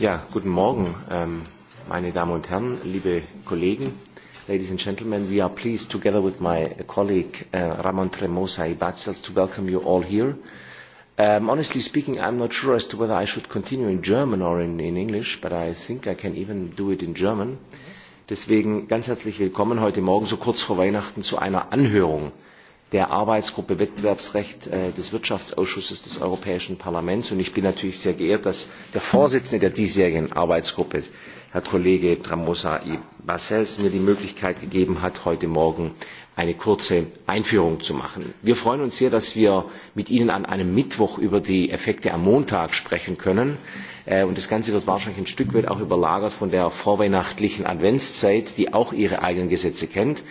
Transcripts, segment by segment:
Ja, guten Morgen, ähm, meine Damen und Herren, liebe Kollegen. Ladies and gentlemen, we are pleased, together with my colleague uh, Ramon Tremosa Ibatzels, to welcome you all here. Um, honestly speaking, I'm not sure as to whether I should continue in German or in, in English, but I think I can even do it in German. Deswegen ganz herzlich willkommen heute Morgen, so kurz vor Weihnachten, zu einer Anhörung der Arbeitsgruppe Wettbewerbsrecht äh, des Wirtschaftsausschusses des Europäischen Parlaments. Und ich bin natürlich sehr geehrt, dass der Vorsitzende der diesjährigen Arbeitsgruppe, Herr Kollege Tramosa I. Bassels, mir die Möglichkeit gegeben hat, heute Morgen eine kurze Einführung zu machen. Wir freuen uns sehr, dass wir mit Ihnen an einem Mittwoch über die Effekte am Montag sprechen können. Äh, und das Ganze wird wahrscheinlich ein Stück weit auch überlagert von der vorweihnachtlichen Adventszeit, die auch ihre eigenen Gesetze kennt.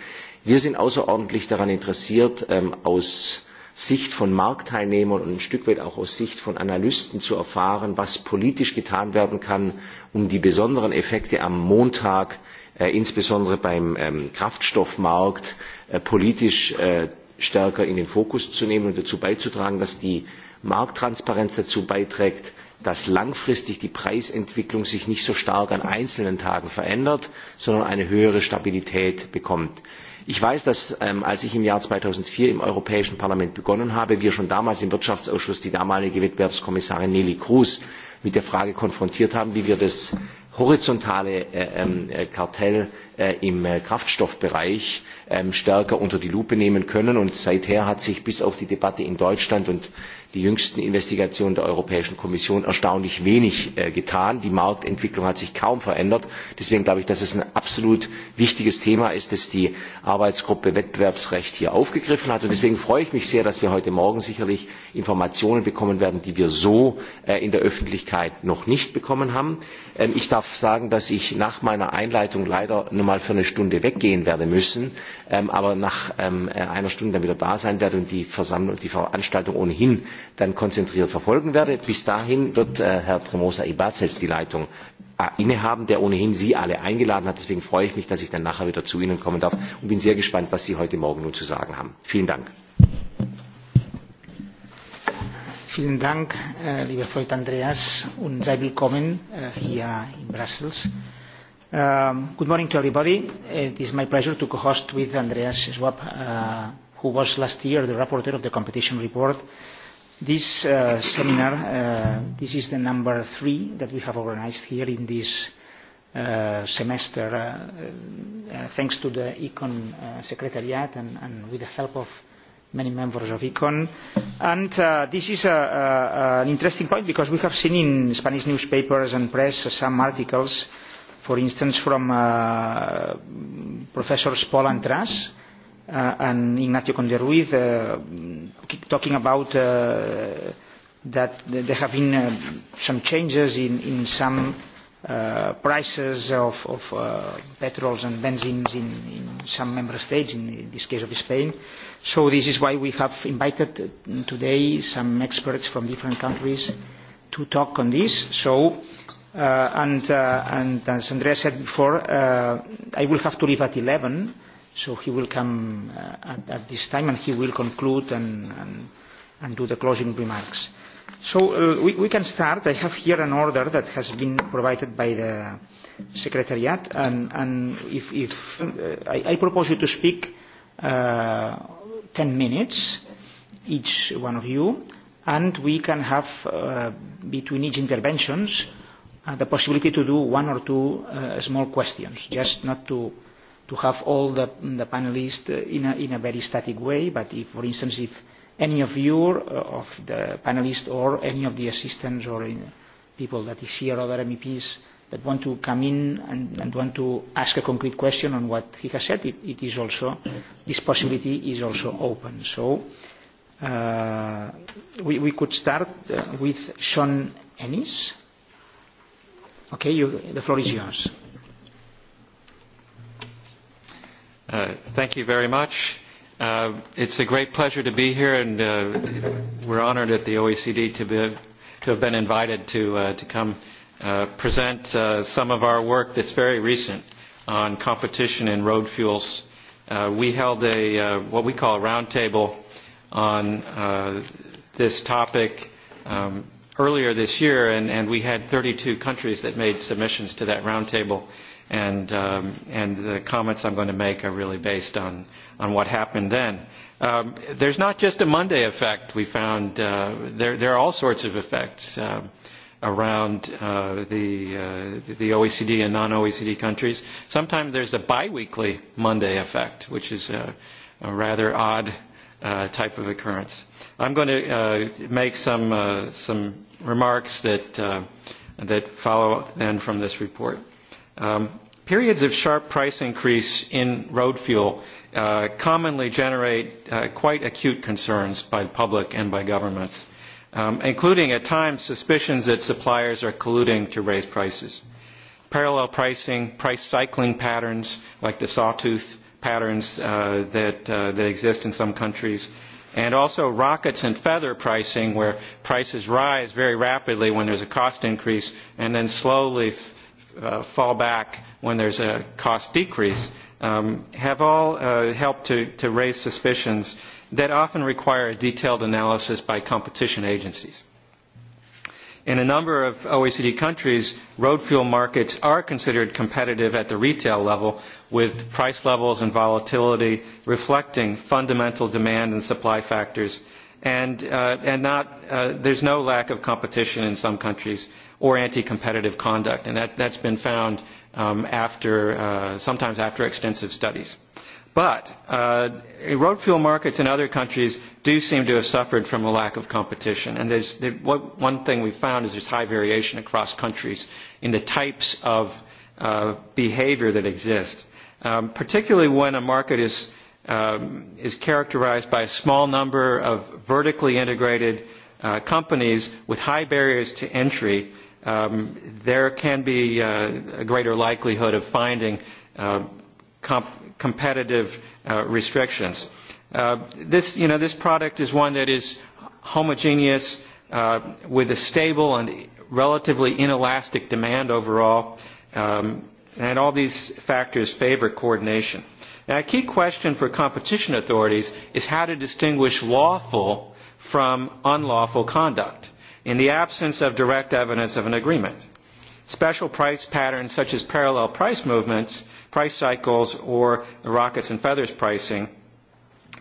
Wir sind außerordentlich daran interessiert, ähm, aus Sicht von Marktteilnehmern und ein Stück weit auch aus Sicht von Analysten zu erfahren, was politisch getan werden kann, um die besonderen Effekte am Montag, äh, insbesondere beim ähm, Kraftstoffmarkt, äh, politisch äh, stärker in den Fokus zu nehmen und dazu beizutragen, dass die Markttransparenz dazu beiträgt, dass langfristig die Preisentwicklung sich nicht so stark an einzelnen Tagen verändert, sondern eine höhere Stabilität bekommt. Ich weiß, dass ähm, als ich im Jahr 2004 im Europäischen Parlament begonnen habe, wir schon damals im Wirtschaftsausschuss die damalige Wettbewerbskommissarin Nelly Cruz mit der Frage konfrontiert haben, wie wir das horizontale äh, ähm, äh, Kartell äh, im äh, Kraftstoffbereich äh, stärker unter die Lupe nehmen können. Und seither hat sich bis auf die Debatte in Deutschland und die jüngsten Investigationen der Europäischen Kommission erstaunlich wenig äh, getan. Die Marktentwicklung hat sich kaum verändert. Deswegen glaube ich, dass es ein absolut wichtiges Thema ist, das die Arbeitsgruppe Wettbewerbsrecht hier aufgegriffen hat. Und deswegen freue ich mich sehr, dass wir heute Morgen sicherlich Informationen bekommen werden, die wir so äh, in der Öffentlichkeit noch nicht bekommen haben. Ähm, ich darf sagen, dass ich nach meiner Einleitung leider nur mal für eine Stunde weggehen werde müssen, ähm, aber nach ähm, äh, einer Stunde dann wieder da sein werde und die Versammlung, die Veranstaltung ohnehin dann konzentriert verfolgen werde. Bis dahin wird äh, Herr Tremosa Ibazes die Leitung äh, innehaben, der ohnehin Sie alle eingeladen hat. Deswegen freue ich mich, dass ich dann nachher wieder zu Ihnen kommen darf und bin sehr gespannt, was Sie heute Morgen nun zu sagen haben. Vielen Dank. Vielen Dank, äh, lieber Freund Andreas, und sei willkommen äh, hier in Brussels. Um, good morning to everybody. It is my pleasure to co-host with Andreas Schwab, uh, who was last year the rapporteur of the competition report This uh, seminar, uh, this is the number three that we have organized here in this uh, semester, uh, uh, thanks to the ECON uh, Secretariat and, and with the help of many members of ECON. And uh, this is a, a, an interesting point because we have seen in Spanish newspapers and press uh, some articles, for instance, from uh, Professor Paul Antras, uh, and Ignacio Conde Ruiz uh, talking about uh, that there have been uh, some changes in, in some uh, prices of, of uh, petrols and benzines in, in some member states, in this case of Spain. So this is why we have invited today some experts from different countries to talk on this. So, uh, and, uh, and as Andrea said before, uh, I will have to leave at 11 So he will come uh, at, at this time and he will conclude and, and, and do the closing remarks. So uh, we, we can start. I have here an order that has been provided by the Secretariat and, and if, if uh, I, I propose you to speak uh, 10 minutes, each one of you, and we can have uh, between each interventions uh, the possibility to do one or two uh, small questions, just not to to have all the, the panelists uh, in a, in a very static way, but if, for instance, if any of you, uh, of the panelists or any of the assistants or in people that is here, other MEPs, that want to come in and, and want to ask a concrete question on what he has said, it, it is also, this possibility is also open. So uh, we, we could start uh, with Sean Ennis. Okay, you, the floor is yours. Uh, thank you very much. Uh, it's a great pleasure to be here, and uh, we're honored at the OECD to, be, to have been invited to, uh, to come uh, present uh, some of our work that's very recent on competition in road fuels. Uh, we held a uh, what we call a roundtable on uh, this topic um, earlier this year, and, and we had 32 countries that made submissions to that roundtable. table and, um, and the comments I'm going to make are really based on, on what happened then. Um, there's not just a Monday effect we found. Uh, there, there are all sorts of effects um, around uh, the, uh, the OECD and non-OECD countries. Sometimes there's a biweekly Monday effect, which is a, a rather odd uh, type of occurrence. I'm going to uh, make some, uh, some remarks that, uh, that follow then from this report. Um, periods of sharp price increase in road fuel uh, commonly generate uh, quite acute concerns by the public and by governments, um, including at times suspicions that suppliers are colluding to raise prices. Parallel pricing, price cycling patterns like the sawtooth patterns uh, that, uh, that exist in some countries, and also rockets and feather pricing where prices rise very rapidly when there's a cost increase and then slowly f uh, fall back when there's a cost decrease um, have all uh, helped to, to raise suspicions that often require a detailed analysis by competition agencies. In a number of OECD countries, road fuel markets are considered competitive at the retail level, with price levels and volatility reflecting fundamental demand and supply factors, and, uh, and not, uh, there's no lack of competition in some countries or anti-competitive conduct. And that, that's been found um, after, uh, sometimes after extensive studies. But uh, road fuel markets in other countries do seem to have suffered from a lack of competition. And there's, there, what, one thing we found is there's high variation across countries in the types of uh, behavior that exist, um, particularly when a market is, um, is characterized by a small number of vertically integrated uh, companies with high barriers to entry um, there can be uh, a greater likelihood of finding uh, comp competitive uh, restrictions. Uh, this, you know, this product is one that is homogeneous uh, with a stable and relatively inelastic demand overall, um, and all these factors favor coordination. Now, a key question for competition authorities is how to distinguish lawful from unlawful conduct in the absence of direct evidence of an agreement. Special price patterns such as parallel price movements, price cycles, or rockets and feathers pricing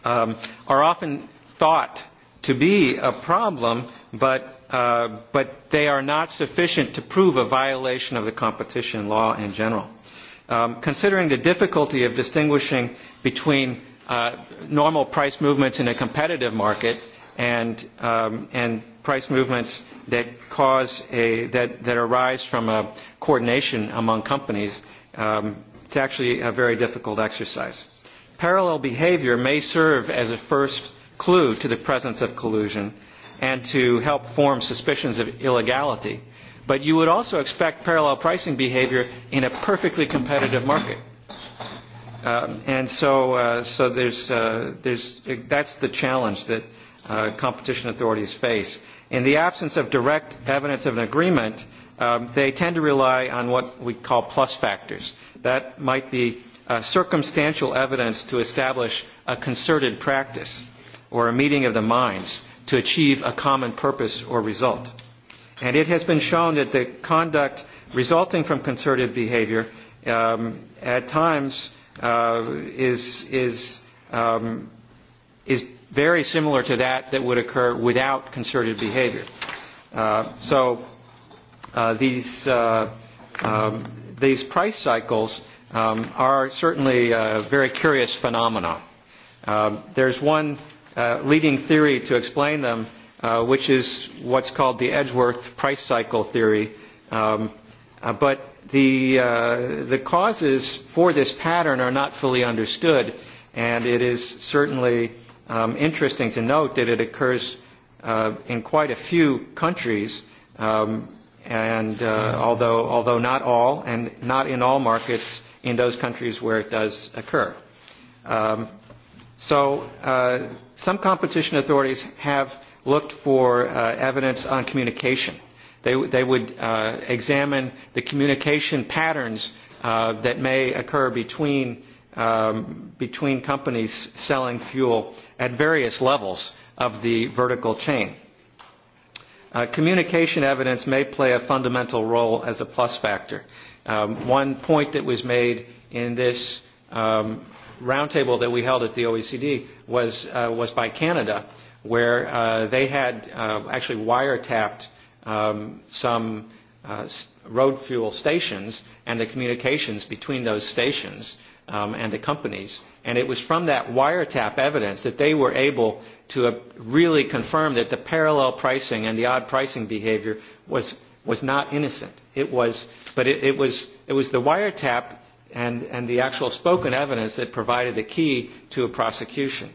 um, are often thought to be a problem, but, uh, but they are not sufficient to prove a violation of the competition law in general. Um, considering the difficulty of distinguishing between uh, normal price movements in a competitive market and, um, and price movements that cause a, that, that arise from a coordination among companies, um, it's actually a very difficult exercise. Parallel behavior may serve as a first clue to the presence of collusion and to help form suspicions of illegality. But you would also expect parallel pricing behavior in a perfectly competitive market. Um, and so, uh, so there's, uh, there's, uh, that's the challenge that uh, competition authorities face. In the absence of direct evidence of an agreement, um, they tend to rely on what we call plus factors. That might be uh, circumstantial evidence to establish a concerted practice or a meeting of the minds to achieve a common purpose or result. And it has been shown that the conduct resulting from concerted behavior um, at times uh, is, is, um, is very similar to that that would occur without concerted behavior. Uh, so uh, these, uh, um, these price cycles um, are certainly a very curious phenomenon. Um, there's one uh, leading theory to explain them, uh, which is what's called the Edgeworth price cycle theory. Um, uh, but the, uh, the causes for this pattern are not fully understood, and it is certainly um, interesting to note that it occurs uh, in quite a few countries, um, and uh, although, although not all, and not in all markets in those countries where it does occur. Um, so uh, some competition authorities have looked for uh, evidence on communication. They, they would uh, examine the communication patterns uh, that may occur between uh, um, between companies selling fuel at various levels of the vertical chain. Uh, communication evidence may play a fundamental role as a plus factor. Um, one point that was made in this um, roundtable that we held at the OECD was, uh, was by Canada, where uh, they had uh, actually wiretapped um, some uh, road fuel stations and the communications between those stations um, and the companies. And it was from that wiretap evidence that they were able to uh, really confirm that the parallel pricing and the odd pricing behavior was, was not innocent. It was, but it, it, was, it was the wiretap and, and the actual spoken evidence that provided the key to a prosecution,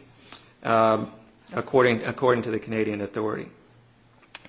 um, according, according to the Canadian authority.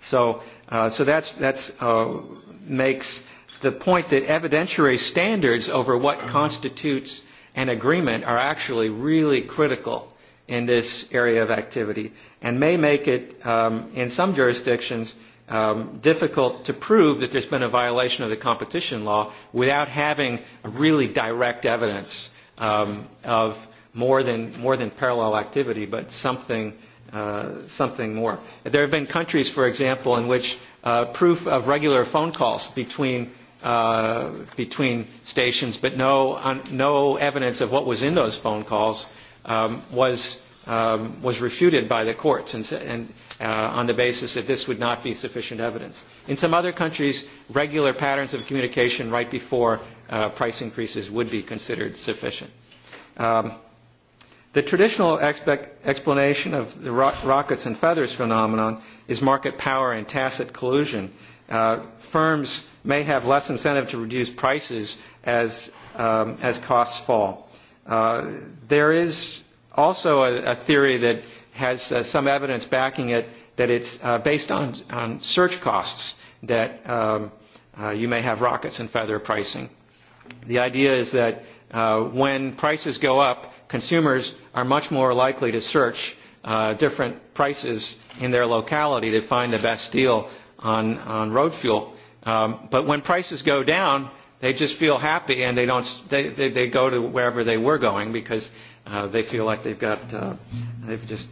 So, uh, so that's, that's uh, makes the point that evidentiary standards over what constitutes an agreement are actually really critical in this area of activity and may make it, um, in some jurisdictions, um, difficult to prove that there's been a violation of the competition law without having really direct evidence um, of more than, more than parallel activity, but something, uh, something more. There have been countries, for example, in which uh, proof of regular phone calls between, uh, between stations, but no, un, no evidence of what was in those phone calls um, was, um, was refuted by the courts and, and, uh, on the basis that this would not be sufficient evidence. In some other countries, regular patterns of communication right before uh, price increases would be considered sufficient. Um, The traditional explanation of the ro rockets and feathers phenomenon is market power and tacit collusion. Uh, firms may have less incentive to reduce prices as, um, as costs fall. Uh, there is also a, a theory that has uh, some evidence backing it that it's uh, based on, on search costs that um, uh, you may have rockets and feather pricing. The idea is that uh, when prices go up, consumers are much more likely to search uh, different prices in their locality to find the best deal on, on road fuel. Um, but when prices go down, they just feel happy and they, don't, they, they, they go to wherever they were going because uh, they feel like they've got, uh, they've just,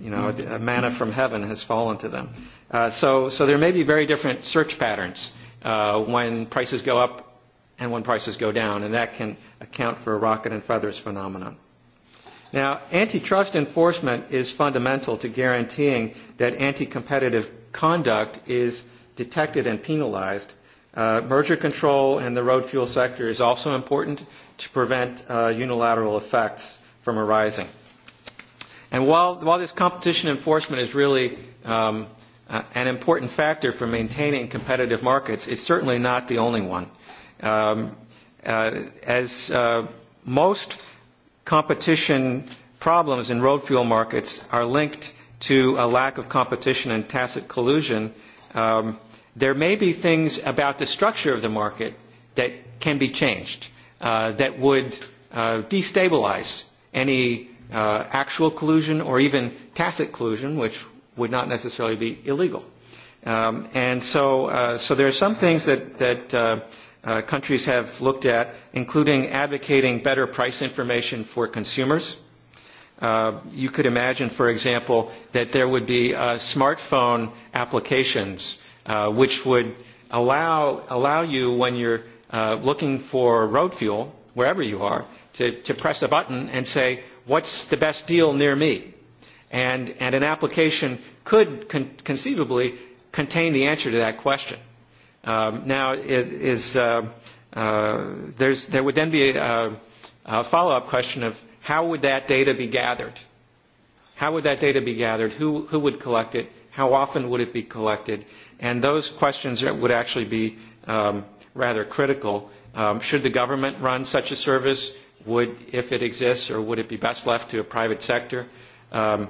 you know, a manna from heaven has fallen to them. Uh, so, so there may be very different search patterns uh, when prices go up and when prices go down, and that can account for a rocket and feathers phenomenon. Now, antitrust enforcement is fundamental to guaranteeing that anti-competitive conduct is detected and penalized. Uh, merger control in the road fuel sector is also important to prevent uh, unilateral effects from arising. And while, while this competition enforcement is really um, uh, an important factor for maintaining competitive markets, it's certainly not the only one. Um, uh, as uh, most competition problems in road fuel markets are linked to a lack of competition and tacit collusion, um, there may be things about the structure of the market that can be changed uh, that would uh, destabilize any uh, actual collusion or even tacit collusion, which would not necessarily be illegal. Um, and so, uh, so there are some things that, that uh, uh, countries have looked at, including advocating better price information for consumers. Uh, you could imagine, for example, that there would be uh, smartphone applications uh, which would allow, allow you, when you're uh, looking for road fuel, wherever you are, to, to press a button and say, what's the best deal near me? And, and an application could con conceivably contain the answer to that question. Um, now, it is, uh, uh, there's, there would then be a, a follow-up question of how would that data be gathered? How would that data be gathered? Who, who would collect it? How often would it be collected? And those questions would actually be um, rather critical. Um, should the government run such a service? Would, if it exists, or would it be best left to a private sector? Um,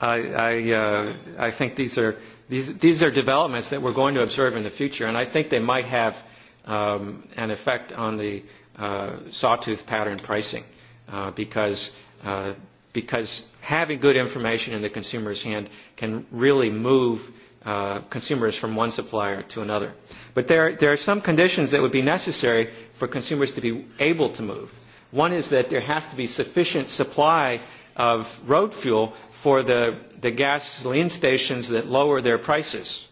I, I, uh, I think these are These, these are developments that we're going to observe in the future, and I think they might have um, an effect on the uh, sawtooth pattern pricing uh, because, uh, because having good information in the consumer's hand can really move uh, consumers from one supplier to another. But there, there are some conditions that would be necessary for consumers to be able to move. One is that there has to be sufficient supply of road fuel for the, the gasoline stations that lower their prices.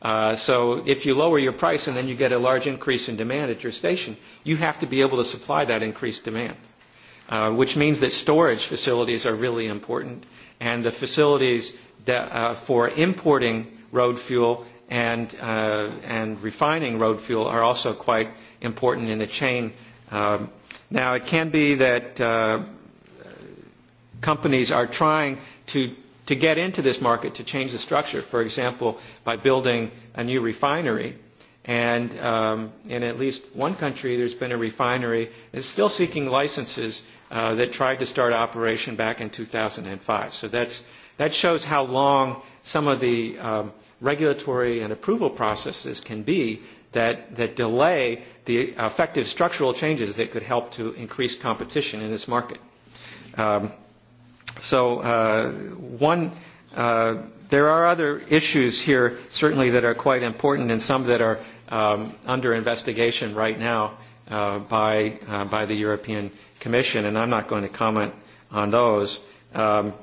Uh, so if you lower your price and then you get a large increase in demand at your station, you have to be able to supply that increased demand, uh, which means that storage facilities are really important and the facilities that, uh, for importing road fuel and, uh, and refining road fuel are also quite important in the chain. Um, now, it can be that uh, companies are trying to, to get into this market to change the structure, for example, by building a new refinery. And um, in at least one country, there's been a refinery that's still seeking licenses uh, that tried to start operation back in 2005. So that's, that shows how long some of the um, regulatory and approval processes can be that, that delay the effective structural changes that could help to increase competition in this market. Um, So uh, one, uh, there are other issues here certainly that are quite important and some that are um, under investigation right now uh, by, uh, by the European Commission, and I'm not going to comment on those. Um,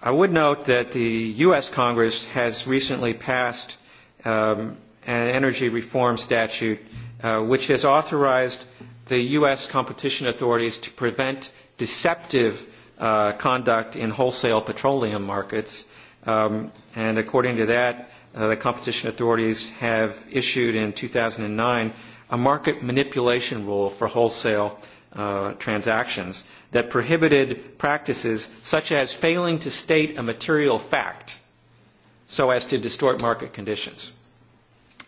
I would note that the U.S. Congress has recently passed um, an energy reform statute uh, which has authorized the U.S. competition authorities to prevent deceptive uh, conduct in wholesale petroleum markets. Um, and according to that, uh, the competition authorities have issued in 2009 a market manipulation rule for wholesale uh, transactions that prohibited practices such as failing to state a material fact so as to distort market conditions.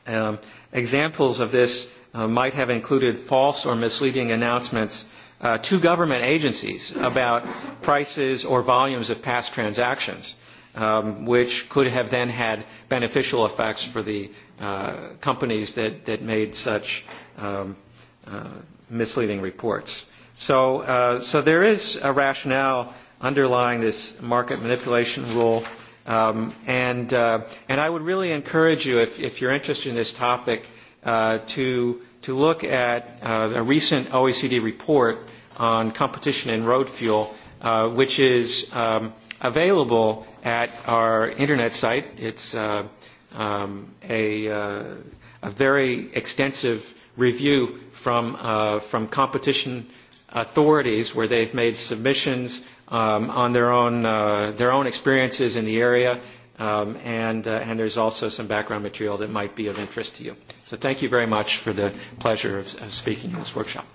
Um, examples of this uh, might have included false or misleading announcements uh, to government agencies about prices or volumes of past transactions, um, which could have then had beneficial effects for the uh, companies that, that made such um, uh, misleading reports. So, uh, so there is a rationale underlying this market manipulation rule. Um, and, uh, and I would really encourage you, if, if you're interested in this topic, uh, to to look at uh, a recent OECD report on competition in road fuel, uh, which is um, available at our internet site. It's uh, um, a, uh, a very extensive review from, uh, from competition authorities where they've made submissions um, on their own, uh, their own experiences in the area Um, and, uh, and there's also some background material that might be of interest to you. So thank you very much for the pleasure of, of speaking in this workshop.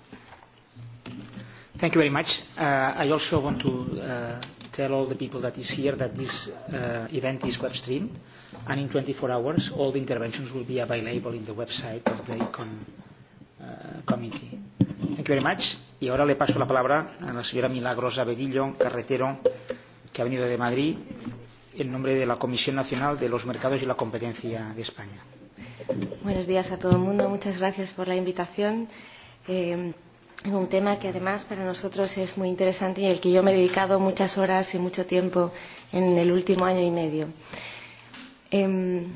Thank you very much. Uh, I also want to uh, tell all the people that is here that this uh, event is web streamed, and in 24 hours all the interventions will be available in the website of the ICON uh, committee. Thank you very much. Y ahora le paso la palabra a la señora Milagrosa Bedillo Carretero, que ha venido de Madrid en nombre de la Comisión Nacional de los Mercados y la Competencia de España. Buenos días a todo el mundo. Muchas gracias por la invitación. Eh, un tema que además para nosotros es muy interesante y al que yo me he dedicado muchas horas y mucho tiempo en el último año y medio. Eh,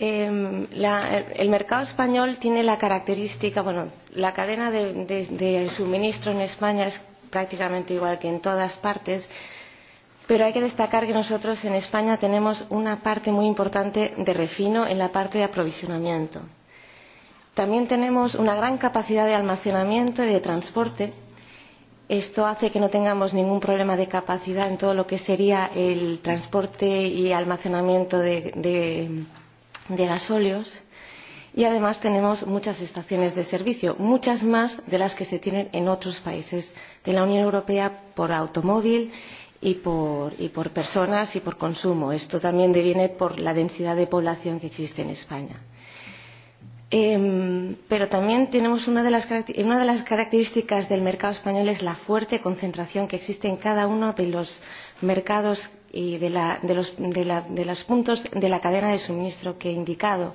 eh, la, el mercado español tiene la característica, bueno, la cadena de, de, de suministro en España es prácticamente igual que en todas partes, Pero hay que destacar que nosotros en España tenemos una parte muy importante de refino en la parte de aprovisionamiento. También tenemos una gran capacidad de almacenamiento y de transporte. Esto hace que no tengamos ningún problema de capacidad en todo lo que sería el transporte y almacenamiento de, de, de gasóleos. Y además tenemos muchas estaciones de servicio, muchas más de las que se tienen en otros países de la Unión Europea por automóvil y por, y por personas y por consumo. Esto también deviene por la densidad de población que existe en España. Eh, pero también tenemos una de, las, una de las características del mercado español es la fuerte concentración que existe en cada uno de los mercados y de, la, de, los, de, la, de los puntos de la cadena de suministro que he indicado.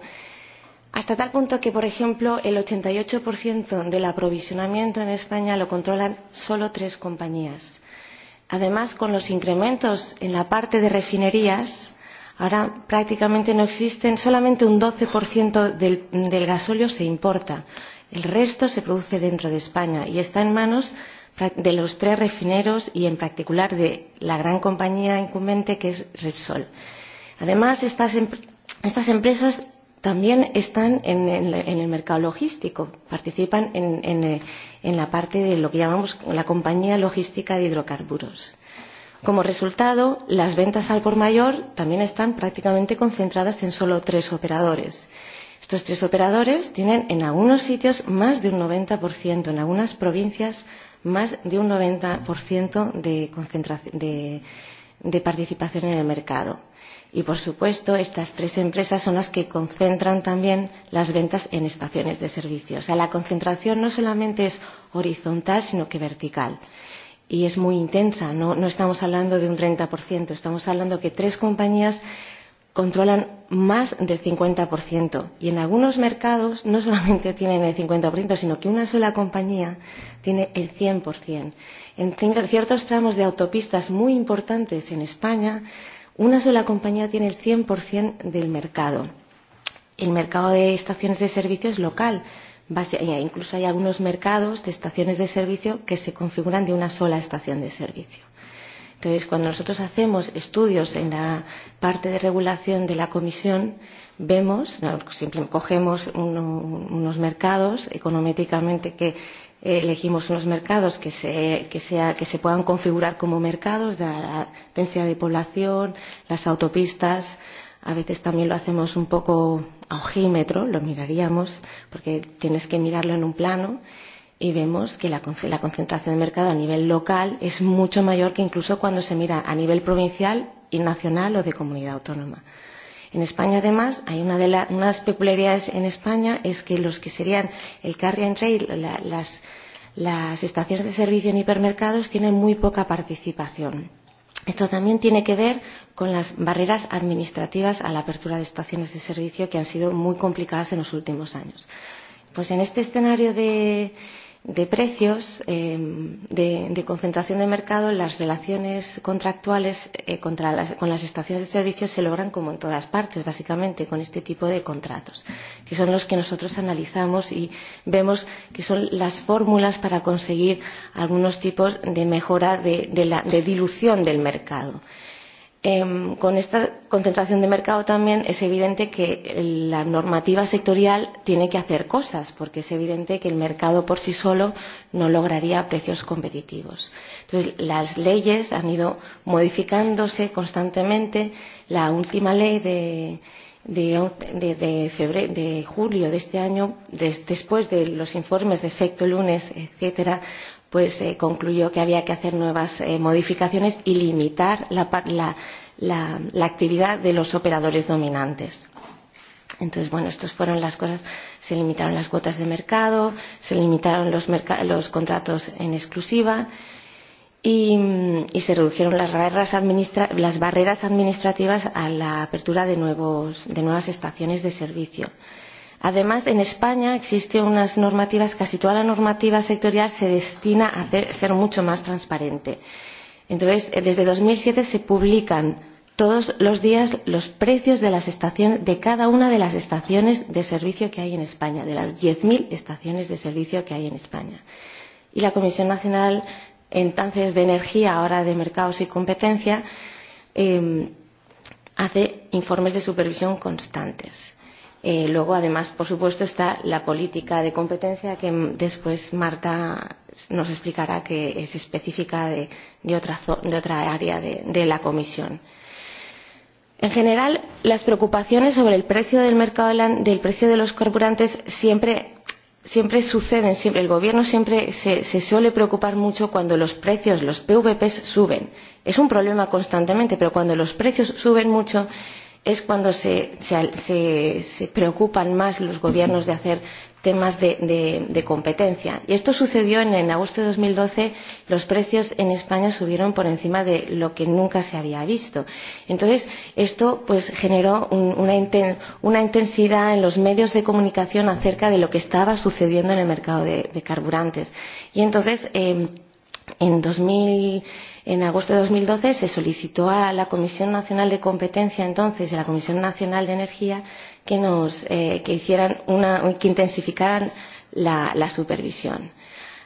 Hasta tal punto que, por ejemplo, el 88% del aprovisionamiento en España lo controlan solo tres compañías. Además, con los incrementos en la parte de refinerías, ahora prácticamente no existen, solamente un 12% del, del gasóleo se importa. El resto se produce dentro de España y está en manos de los tres refineros y en particular de la gran compañía incumbente que es Repsol. Además, estas, em estas empresas también están en, en, en el mercado logístico, participan en, en, en la parte de lo que llamamos la compañía logística de hidrocarburos. Como resultado, las ventas al por mayor también están prácticamente concentradas en solo tres operadores. Estos tres operadores tienen en algunos sitios más de un 90%, en algunas provincias más de un 90% de, de, de participación en el mercado. Y, por supuesto, estas tres empresas son las que concentran también las ventas en estaciones de servicio. O sea, la concentración no solamente es horizontal, sino que vertical. Y es muy intensa. No, no estamos hablando de un 30%, estamos hablando que tres compañías controlan más del 50%. Y en algunos mercados no solamente tienen el 50%, sino que una sola compañía tiene el 100%. En ciertos tramos de autopistas muy importantes en España, una sola compañía tiene el 100% del mercado. El mercado de estaciones de servicio es local. E incluso hay algunos mercados de estaciones de servicio que se configuran de una sola estación de servicio. Entonces, cuando nosotros hacemos estudios en la parte de regulación de la comisión, vemos, no, simplemente cogemos uno, unos mercados econométricamente que, eh, elegimos unos mercados que se, que, sea, que se puedan configurar como mercados, de la densidad de población, las autopistas, a veces también lo hacemos un poco a ojímetro, lo miraríamos, porque tienes que mirarlo en un plano y vemos que la, la concentración de mercado a nivel local es mucho mayor que incluso cuando se mira a nivel provincial y nacional o de comunidad autónoma. En España, además, hay una de, la, una de las peculiaridades en España es que los que serían el carry and trail, la, las, las estaciones de servicio en hipermercados, tienen muy poca participación. Esto también tiene que ver con las barreras administrativas a la apertura de estaciones de servicio que han sido muy complicadas en los últimos años. Pues en este escenario de de precios, eh, de, de concentración de mercado, las relaciones contractuales eh, contra las, con las estaciones de servicio se logran como en todas partes, básicamente, con este tipo de contratos, que son los que nosotros analizamos y vemos que son las fórmulas para conseguir algunos tipos de mejora de, de, la, de dilución del mercado. Eh, con esta concentración de mercado también es evidente que la normativa sectorial tiene que hacer cosas, porque es evidente que el mercado por sí solo no lograría precios competitivos. Entonces, las leyes han ido modificándose constantemente. La última ley de, de, de, de, febrero, de julio de este año, de, después de los informes de efecto lunes, etcétera, pues eh, concluyó que había que hacer nuevas eh, modificaciones y limitar la, la, la, la actividad de los operadores dominantes. Entonces, bueno, estas fueron las cosas. Se limitaron las cuotas de mercado, se limitaron los, merc los contratos en exclusiva y, y se redujeron las barreras, administra las barreras administrativas a la apertura de, nuevos, de nuevas estaciones de servicio. Además, en España existen unas normativas, casi toda la normativa sectorial se destina a hacer, ser mucho más transparente. Entonces, eh, desde 2007 se publican todos los días los precios de, las estaciones, de cada una de las estaciones de servicio que hay en España, de las 10.000 estaciones de servicio que hay en España. Y la Comisión Nacional, entonces de Energía, ahora de Mercados y Competencia, eh, hace informes de supervisión constantes. Eh, luego, además, por supuesto, está la política de competencia que después Marta nos explicará que es específica de, de, otra, de otra área de, de la Comisión. En general, las preocupaciones sobre el precio del mercado del precio de los carburantes siempre, siempre suceden, siempre, el gobierno siempre se, se suele preocupar mucho cuando los precios, los PVPs suben. Es un problema constantemente, pero cuando los precios suben mucho, es cuando se, se, se, se preocupan más los gobiernos de hacer temas de, de, de competencia. Y esto sucedió en, en agosto de 2012, los precios en España subieron por encima de lo que nunca se había visto. Entonces, esto pues, generó un, una, inten, una intensidad en los medios de comunicación acerca de lo que estaba sucediendo en el mercado de, de carburantes. Y entonces, eh, en 2000 En agosto de 2012 se solicitó a la Comisión Nacional de Competencia entonces y a la Comisión Nacional de Energía que, nos, eh, que, hicieran una, que intensificaran la, la supervisión.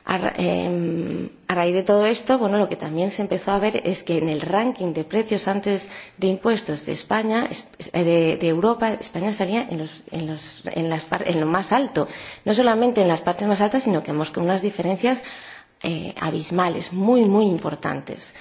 A, eh, a raíz de todo esto, bueno, lo que también se empezó a ver es que en el ranking de precios antes de impuestos de España, eh, de, de Europa, España salía en, los, en, los, en, las, en lo más alto. No solamente en las partes más altas, sino que hemos con unas diferencias eh, abismales, muy, muy importantes.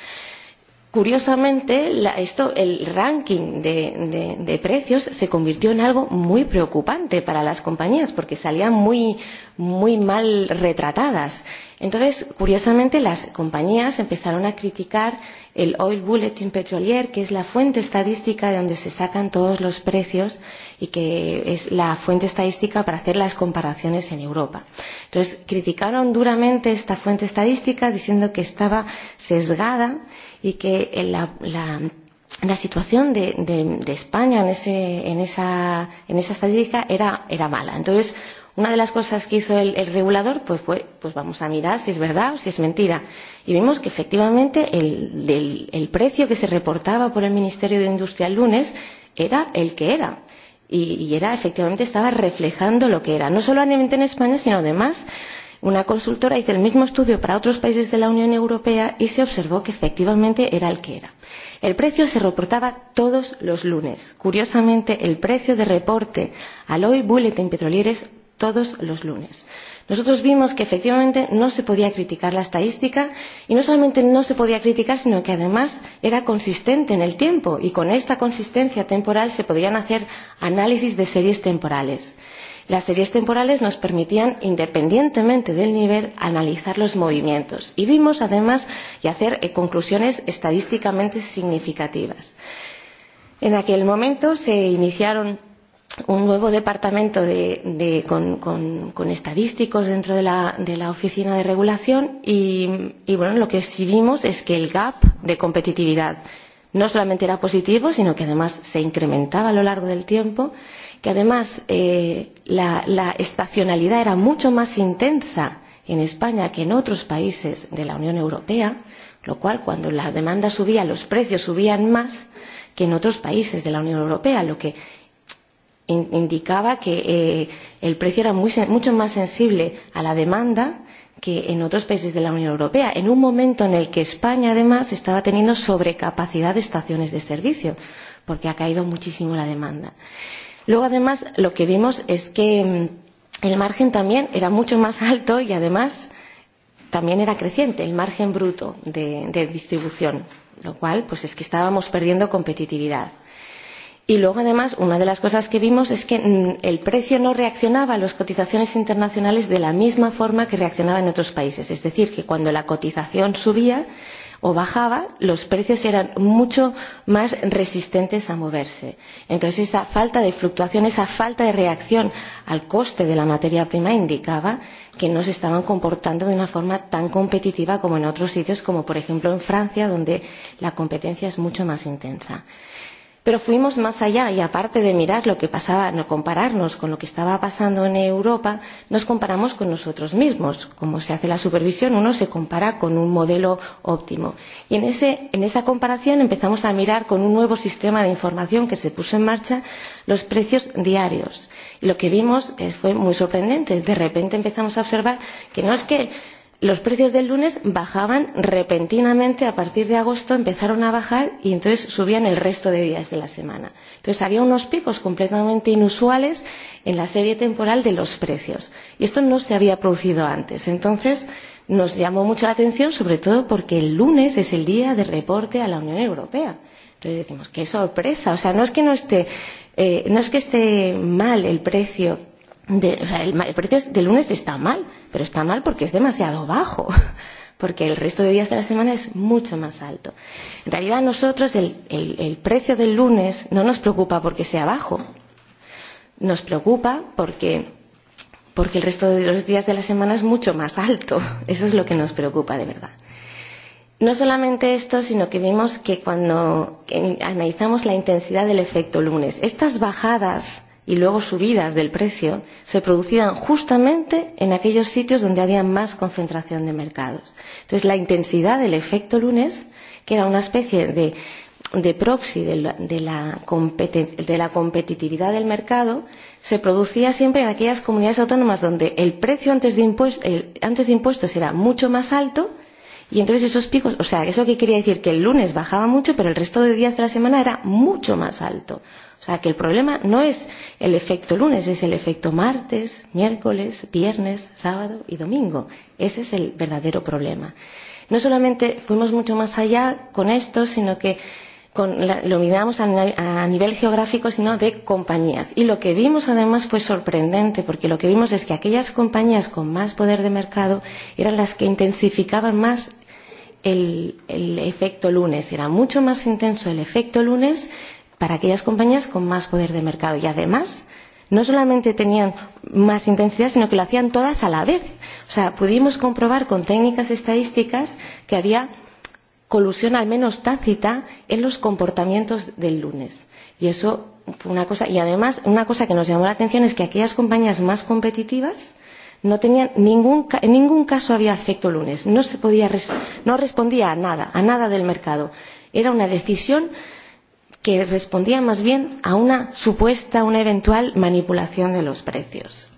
Curiosamente, la, esto, el ranking de, de, de precios se convirtió en algo muy preocupante para las compañías porque salían muy, muy mal retratadas. Entonces, curiosamente, las compañías empezaron a criticar el Oil Bulletin Petrolier, que es la fuente estadística de donde se sacan todos los precios y que es la fuente estadística para hacer las comparaciones en Europa. Entonces, criticaron duramente esta fuente estadística diciendo que estaba sesgada y que en eh, la, la, la situación de, de, de España en, ese, en, esa, en esa estadística era, era mala. Entonces, una de las cosas que hizo el, el regulador pues fue, pues vamos a mirar si es verdad o si es mentira. Y vimos que efectivamente el, del, el precio que se reportaba por el Ministerio de Industria el lunes era el que era. Y, y era efectivamente estaba reflejando lo que era, no solamente en España, sino además Una consultora hizo el mismo estudio para otros países de la Unión Europea y se observó que efectivamente era el que era. El precio se reportaba todos los lunes. Curiosamente, el precio de reporte al Oil Bulletin Petrolier es todos los lunes. Nosotros vimos que efectivamente no se podía criticar la estadística y no solamente no se podía criticar, sino que además era consistente en el tiempo y con esta consistencia temporal se podían hacer análisis de series temporales. Las series temporales nos permitían, independientemente del nivel, analizar los movimientos y vimos además y hacer eh, conclusiones estadísticamente significativas. En aquel momento se iniciaron un nuevo departamento de, de, con, con, con estadísticos dentro de la, de la oficina de regulación y, y bueno, lo que sí vimos es que el gap de competitividad no solamente era positivo, sino que además se incrementaba a lo largo del tiempo que además eh, la, la estacionalidad era mucho más intensa en España que en otros países de la Unión Europea, lo cual cuando la demanda subía los precios subían más que en otros países de la Unión Europea, lo que in indicaba que eh, el precio era muy, mucho más sensible a la demanda que en otros países de la Unión Europea, en un momento en el que España, además, estaba teniendo sobrecapacidad de estaciones de servicio, porque ha caído muchísimo la demanda. Luego, además, lo que vimos es que mm, el margen también era mucho más alto y, además, también era creciente el margen bruto de, de distribución, lo cual pues es que estábamos perdiendo competitividad. Y luego, además, una de las cosas que vimos es que mm, el precio no reaccionaba a las cotizaciones internacionales de la misma forma que reaccionaba en otros países. Es decir, que cuando la cotización subía, o bajaba, los precios eran mucho más resistentes a moverse. Entonces, esa falta de fluctuación, esa falta de reacción al coste de la materia prima indicaba que no se estaban comportando de una forma tan competitiva como en otros sitios, como por ejemplo en Francia, donde la competencia es mucho más intensa. Pero fuimos más allá y aparte de mirar lo que pasaba, no compararnos con lo que estaba pasando en Europa, nos comparamos con nosotros mismos. Como se hace la supervisión, uno se compara con un modelo óptimo. Y en, ese, en esa comparación empezamos a mirar con un nuevo sistema de información que se puso en marcha los precios diarios. Y lo que vimos eh, fue muy sorprendente. De repente empezamos a observar que no es que los precios del lunes bajaban repentinamente a partir de agosto empezaron a bajar y entonces subían el resto de días de la semana. Entonces había unos picos completamente inusuales en la serie temporal de los precios y esto no se había producido antes. Entonces nos llamó mucho la atención sobre todo porque el lunes es el día de reporte a la Unión Europea. Entonces decimos, qué sorpresa, o sea, no es que no esté eh, no es que esté mal el precio de, o sea, el, el precio de lunes está mal, pero está mal porque es demasiado bajo, porque el resto de días de la semana es mucho más alto. En realidad a nosotros el, el, el precio del lunes no nos preocupa porque sea bajo, nos preocupa porque, porque el resto de los días de la semana es mucho más alto. Eso es lo que nos preocupa de verdad. No solamente esto, sino que vimos que cuando analizamos la intensidad del efecto lunes, estas bajadas y luego subidas del precio se producían justamente en aquellos sitios donde había más concentración de mercados. Entonces, la intensidad del efecto lunes, que era una especie de, de proxy de la, de, la de la competitividad del mercado, se producía siempre en aquellas comunidades autónomas donde el precio antes de, impuesto, el, antes de impuestos era mucho más alto y entonces esos picos, o sea, eso que quería decir que el lunes bajaba mucho, pero el resto de días de la semana era mucho más alto. O sea, que el problema no es el efecto lunes, es el efecto martes, miércoles, viernes, sábado y domingo. Ese es el verdadero problema. No solamente fuimos mucho más allá con esto, sino que con la, lo miramos a, a nivel geográfico, sino de compañías. Y lo que vimos además fue sorprendente, porque lo que vimos es que aquellas compañías con más poder de mercado eran las que intensificaban más el, el efecto lunes. Era mucho más intenso el efecto lunes para aquellas compañías con más poder de mercado y además no solamente tenían más intensidad, sino que lo hacían todas a la vez. O sea, pudimos comprobar con técnicas estadísticas que había colusión al menos tácita en los comportamientos del lunes. Y eso fue una cosa, y además una cosa que nos llamó la atención es que aquellas compañías más competitivas no tenían ningún, en ningún caso había efecto lunes, no se podía, no respondía a nada, a nada del mercado. Era una decisión que respondía más bien a una supuesta, una eventual manipulación de los precios.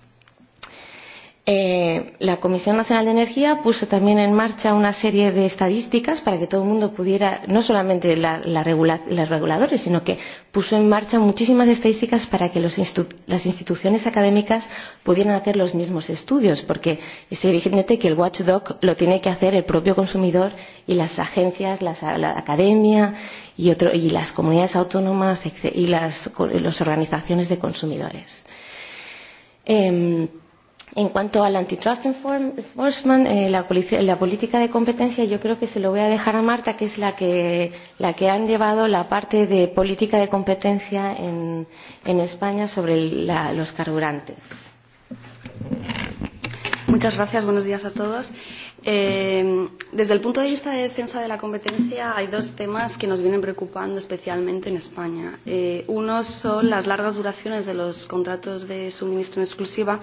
Eh, la Comisión Nacional de Energía puso también en marcha una serie de estadísticas para que todo el mundo pudiera, no solamente la, la regula, los reguladores, sino que puso en marcha muchísimas estadísticas para que los institu las instituciones académicas pudieran hacer los mismos estudios, porque es evidente que el watchdog lo tiene que hacer el propio consumidor y las agencias, las, la academia y, otro, y las comunidades autónomas y las, las organizaciones de consumidores. Eh, En cuanto al antitrust enforcement, eh, la, la política de competencia yo creo que se lo voy a dejar a Marta, que es la que, la que han llevado la parte de política de competencia en, en España sobre la, los carburantes. Muchas gracias, buenos días a todos. Eh, desde el punto de vista de defensa de la competencia hay dos temas que nos vienen preocupando especialmente en España. Eh, uno son las largas duraciones de los contratos de suministro en exclusiva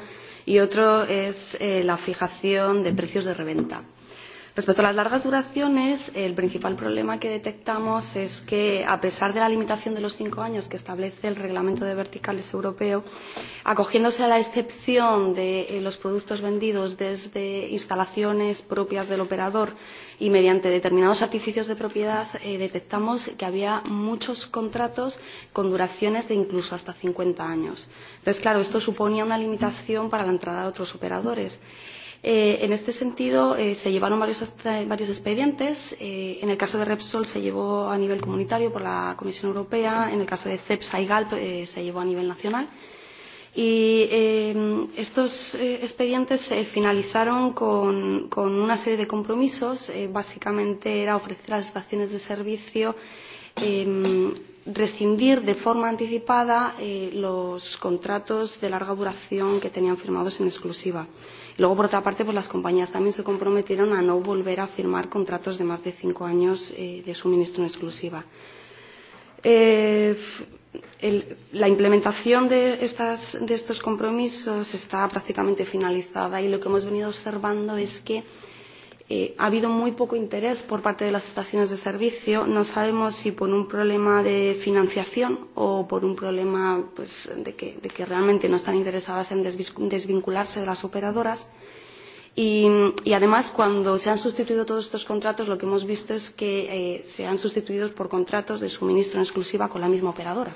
y otro es eh, la fijación de precios de reventa. Respecto a las largas duraciones, el principal problema que detectamos es que, a pesar de la limitación de los cinco años que establece el Reglamento de Verticales Europeo, acogiéndose a la excepción de eh, los productos vendidos desde instalaciones propias del operador y mediante determinados artificios de propiedad, eh, detectamos que había muchos contratos con duraciones de incluso hasta 50 años. Entonces, claro, esto suponía una limitación para la entrada de otros operadores. Eh, en este sentido, eh, se llevaron varios, varios expedientes. Eh, en el caso de Repsol se llevó a nivel comunitario por la Comisión Europea. En el caso de CEPSA y GALP eh, se llevó a nivel nacional. Y eh, estos eh, expedientes se eh, finalizaron con, con una serie de compromisos. Eh, básicamente era ofrecer a las estaciones de servicio eh, rescindir de forma anticipada eh, los contratos de larga duración que tenían firmados en exclusiva. Luego, por otra parte, pues las compañías también se comprometieron a no volver a firmar contratos de más de cinco años eh, de suministro en exclusiva. Eh, el, la implementación de, estas, de estos compromisos está prácticamente finalizada y lo que hemos venido observando es que Eh, ha habido muy poco interés por parte de las estaciones de servicio. No sabemos si por un problema de financiación o por un problema pues, de, que, de que realmente no están interesadas en desvincularse de las operadoras. Y, y además, cuando se han sustituido todos estos contratos, lo que hemos visto es que eh, se han sustituido por contratos de suministro en exclusiva con la misma operadora.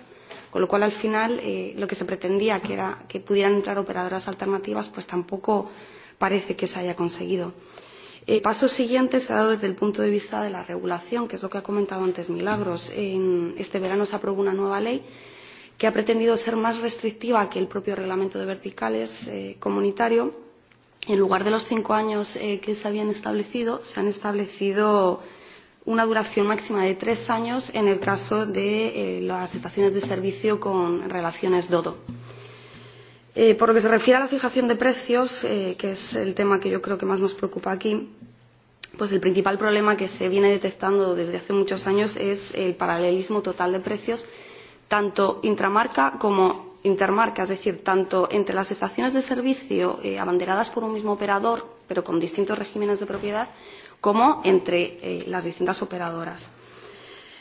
Con lo cual, al final, eh, lo que se pretendía, que era que pudieran entrar operadoras alternativas, pues tampoco parece que se haya conseguido. Eh, pasos siguientes, dado desde el punto de vista de la regulación, que es lo que ha comentado antes Milagros. En este verano se aprobó una nueva ley que ha pretendido ser más restrictiva que el propio reglamento de verticales eh, comunitario. En lugar de los cinco años eh, que se habían establecido, se han establecido una duración máxima de tres años en el caso de eh, las estaciones de servicio con relaciones DODO. Eh, por lo que se refiere a la fijación de precios, eh, que es el tema que yo creo que más nos preocupa aquí, pues el principal problema que se viene detectando desde hace muchos años es el paralelismo total de precios, tanto intramarca como intermarca, es decir, tanto entre las estaciones de servicio eh, abanderadas por un mismo operador, pero con distintos regímenes de propiedad, como entre eh, las distintas operadoras.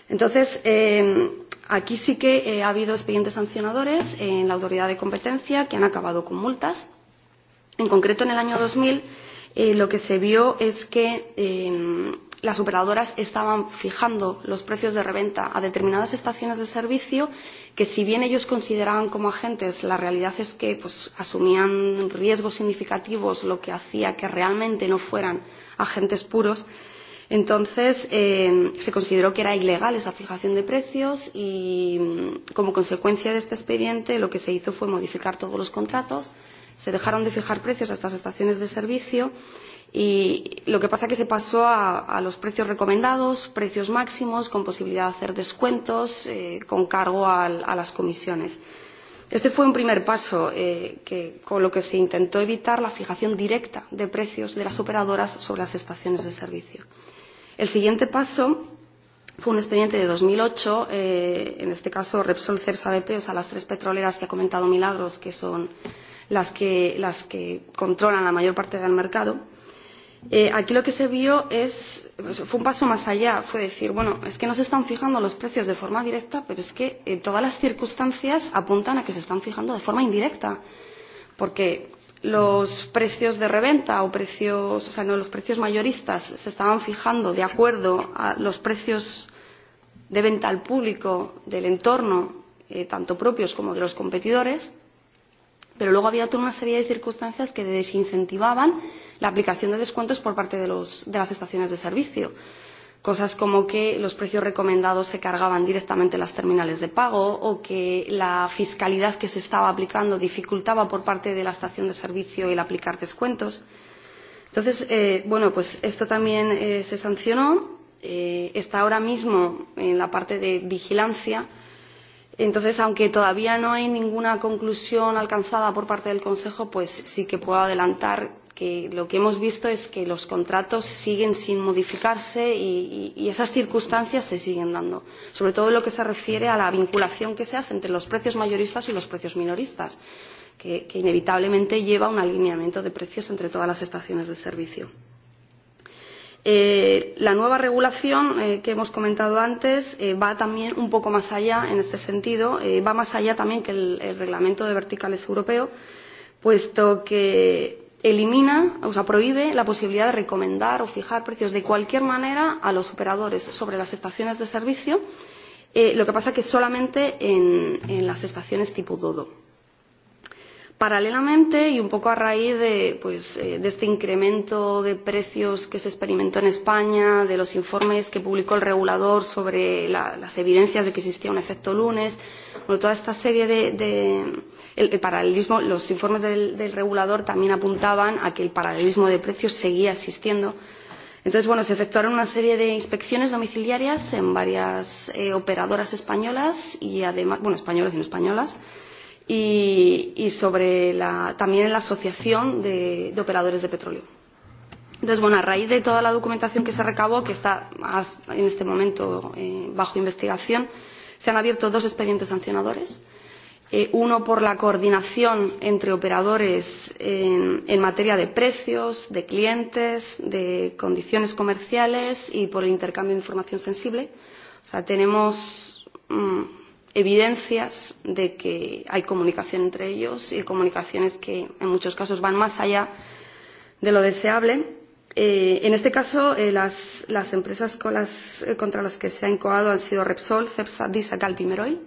Entonces, eh, Aquí sí que eh, ha habido expedientes sancionadores en la autoridad de competencia que han acabado con multas. En concreto, en el año 2000, eh, lo que se vio es que eh, las operadoras estaban fijando los precios de reventa a determinadas estaciones de servicio que si bien ellos consideraban como agentes, la realidad es que pues, asumían riesgos significativos, lo que hacía que realmente no fueran agentes puros, Entonces eh, se consideró que era ilegal esa fijación de precios y mm, como consecuencia de este expediente lo que se hizo fue modificar todos los contratos, se dejaron de fijar precios a estas estaciones de servicio y lo que pasa es que se pasó a, a los precios recomendados, precios máximos, con posibilidad de hacer descuentos eh, con cargo a, a las comisiones. Este fue un primer paso eh, que, con lo que se intentó evitar la fijación directa de precios de las operadoras sobre las estaciones de servicio. El siguiente paso fue un expediente de 2008, eh, en este caso Repsol, Cepsa, BP, o sea, las tres petroleras que ha comentado Milagros, que son las que, las que controlan la mayor parte del mercado. Eh, aquí lo que se vio es, fue un paso más allá, fue decir, bueno, es que no se están fijando los precios de forma directa, pero es que eh, todas las circunstancias apuntan a que se están fijando de forma indirecta, porque los precios de reventa o precios, o sea, no, los precios mayoristas se estaban fijando de acuerdo a los precios de venta al público del entorno, eh, tanto propios como de los competidores, pero luego había toda una serie de circunstancias que desincentivaban la aplicación de descuentos por parte de, los, de las estaciones de servicio. Cosas como que los precios recomendados se cargaban directamente las terminales de pago o que la fiscalidad que se estaba aplicando dificultaba por parte de la estación de servicio el aplicar descuentos. Entonces, eh, bueno, pues esto también eh, se sancionó. Eh, está ahora mismo en la parte de vigilancia. Entonces, aunque todavía no hay ninguna conclusión alcanzada por parte del Consejo, pues sí que puedo adelantar que lo que hemos visto es que los contratos siguen sin modificarse y, y, esas circunstancias se siguen dando, sobre todo en lo que se refiere a la vinculación que se hace entre los precios mayoristas y los precios minoristas, que, que inevitablemente lleva a un alineamiento de precios entre todas las estaciones de servicio. Eh, la nueva regulación eh, que hemos comentado antes eh, va también un poco más allá en este sentido, eh, va más allá también que el, el reglamento de verticales europeo, puesto que elimina, o sea, prohíbe la posibilidad de recomendar o fijar precios de cualquier manera a los operadores sobre las estaciones de servicio, eh, lo que pasa que solamente en, en las estaciones tipo Dodo. Paralelamente, y un poco a raíz de, pues, eh, de este incremento de precios que se experimentó en España, de los informes que publicó el regulador sobre la, las evidencias de que existía un efecto lunes, bueno, toda esta serie de, de el, el paralelismo, los informes del, del regulador también apuntaban a que el paralelismo de precios seguía existiendo. Entonces, bueno, se efectuaron una serie de inspecciones domiciliarias en varias eh, operadoras españolas y además, bueno, españolas y no españolas, y, y sobre la, también en la Asociación de, de Operadores de Petróleo. Entonces, bueno, a raíz de toda la documentación que se recabó, que está en este momento eh, bajo investigación, se han abierto dos expedientes sancionadores. Eh, uno por la coordinación entre operadores en, en materia de precios, de clientes, de condiciones comerciales y por el intercambio de información sensible. O sea, tenemos mmm, evidencias de que hay comunicación entre ellos y comunicaciones que en muchos casos van más allá de lo deseable. Eh, en este caso, eh, las, las empresas con las, eh, contra las que se ha incoado han sido Repsol, Cepsa, Disa, Galpimeroy.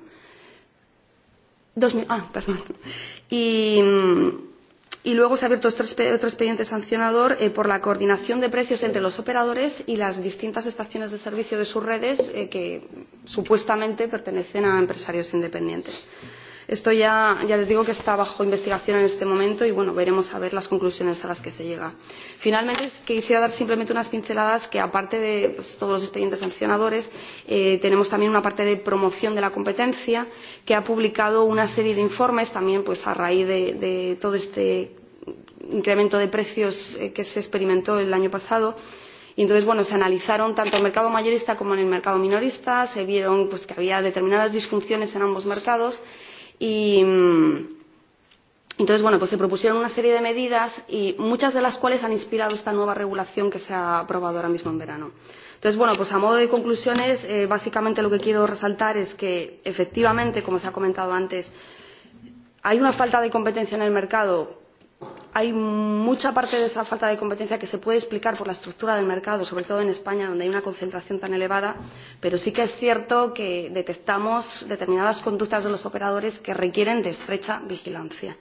ah, perdón. Y, mm, Y luego se ha abierto otro expediente sancionador eh, por la coordinación de precios entre los operadores y las distintas estaciones de servicio de sus redes eh, que supuestamente pertenecen a empresarios independientes. Esto ya, ya les digo que está bajo investigación en este momento y bueno, veremos a ver las conclusiones a las que se llega. Finalmente, quisiera dar simplemente unas pinceladas que aparte de pues, todos los expedientes sancionadores, eh, tenemos también una parte de promoción de la competencia que ha publicado una serie de informes también pues, a raíz de, de todo este incremento de precios eh, que se experimentó el año pasado. Y entonces, bueno, se analizaron tanto en el mercado mayorista como en el mercado minorista, se vieron pues, que había determinadas disfunciones en ambos mercados Y mm, entonces, bueno, pues se propusieron una serie de medidas y muchas de las cuales han inspirado esta nueva regulación que se ha aprobado ahora mismo en verano. Entonces, bueno, pues a modo de conclusiones, eh, básicamente lo que quiero resaltar es que efectivamente, como se ha comentado antes, hay una falta de competencia en el mercado hay mucha parte de esa falta de competencia que se puede explicar por la estructura del mercado, sobre todo en España, donde hay una concentración tan elevada, pero sí que es cierto que detectamos determinadas conductas de los operadores que requieren de estrecha vigilancia.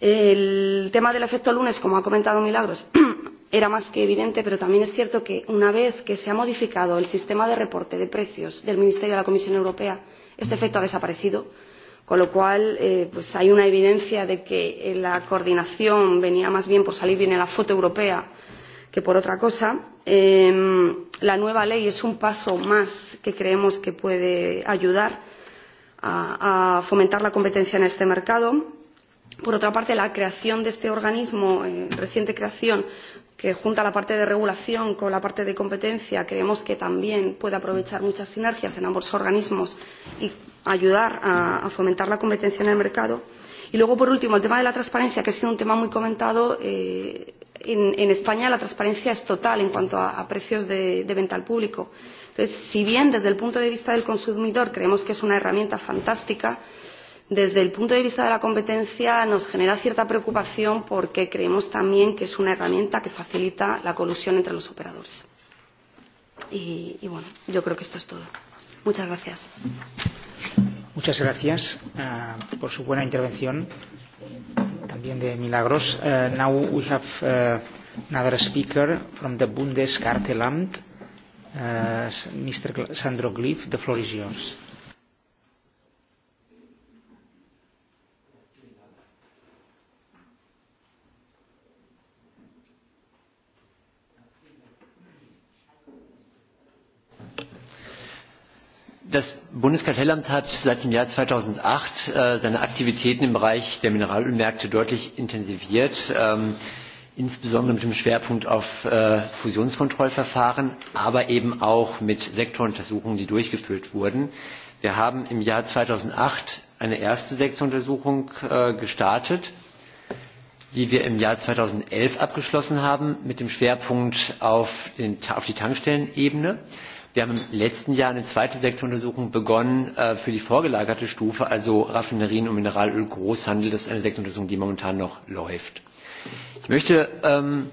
El tema del efecto lunes, como ha comentado Milagros, era más que evidente, pero también es cierto que una vez que se ha modificado el sistema de reporte de precios del Ministerio de la Comisión Europea, este efecto ha desaparecido Con lo cual, eh, pues hay una evidencia de que eh, la coordinación venía más bien por salir bien en la foto europea que por otra cosa. Eh, la nueva ley es un paso más que creemos que puede ayudar a, a fomentar la competencia en este mercado. Por otra parte, la creación de este organismo, eh, reciente creación, que junta la parte de regulación con la parte de competencia, creemos que también puede aprovechar muchas sinergias en ambos organismos y ayudar a, a fomentar la competencia en el mercado. Y luego, por último, el tema de la transparencia, que ha sido un tema muy comentado. Eh, en, en España la transparencia es total en cuanto a, a precios de, de venta al público. Entonces, si bien desde el punto de vista del consumidor creemos que es una herramienta fantástica, desde el punto de vista de la competencia nos genera cierta preocupación porque creemos también que es una herramienta que facilita la colusión entre los operadores. Y, y bueno, yo creo que esto es todo. Muchas gracias. Muchas gracias uh, por su buena intervención, también de Milagros. Uh, now we have uh, another speaker from the Bundeskartelamt, uh, Mr. Sandro Glyph. The floor is yours. Das Bundeskartellamt hat seit dem Jahr 2008 äh, seine Aktivitäten im Bereich der Mineralölmärkte deutlich intensiviert, ähm, insbesondere mit dem Schwerpunkt auf äh, Fusionskontrollverfahren, aber eben auch mit Sektoruntersuchungen, die durchgeführt wurden. Wir haben im Jahr 2008 eine erste Sektoruntersuchung äh, gestartet, die wir im Jahr 2011 abgeschlossen haben, mit dem Schwerpunkt auf, den, auf die Tankstellenebene. ebene Wir haben im letzten Jahr eine zweite Sektoruntersuchung begonnen äh, für die vorgelagerte Stufe, also Raffinerien und Mineralöl Großhandel. Das ist eine Sektoruntersuchung, die momentan noch läuft. Ich möchte ähm,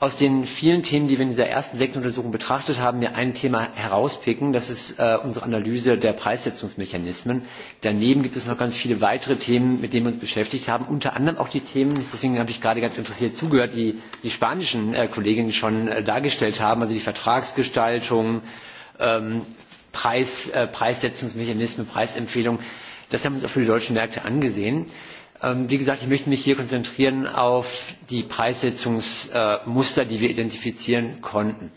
aus den vielen Themen, die wir in dieser ersten Sektoruntersuchung betrachtet haben, wir ein Thema herauspicken. Das ist äh, unsere Analyse der Preissetzungsmechanismen. Daneben gibt es noch ganz viele weitere Themen, mit denen wir uns beschäftigt haben. Unter anderem auch die Themen, deswegen habe ich gerade ganz interessiert zugehört, die die spanischen äh, Kolleginnen schon äh, dargestellt haben, also die Vertragsgestaltung, ähm, Preis, äh, Preissetzungsmechanismen, Preisempfehlungen. Das haben wir uns auch für die deutschen Märkte angesehen. Ähm, wie gesagt, ich möchte mich hier konzentrieren auf die Preissetzungsmuster, die wir identifizieren konnten.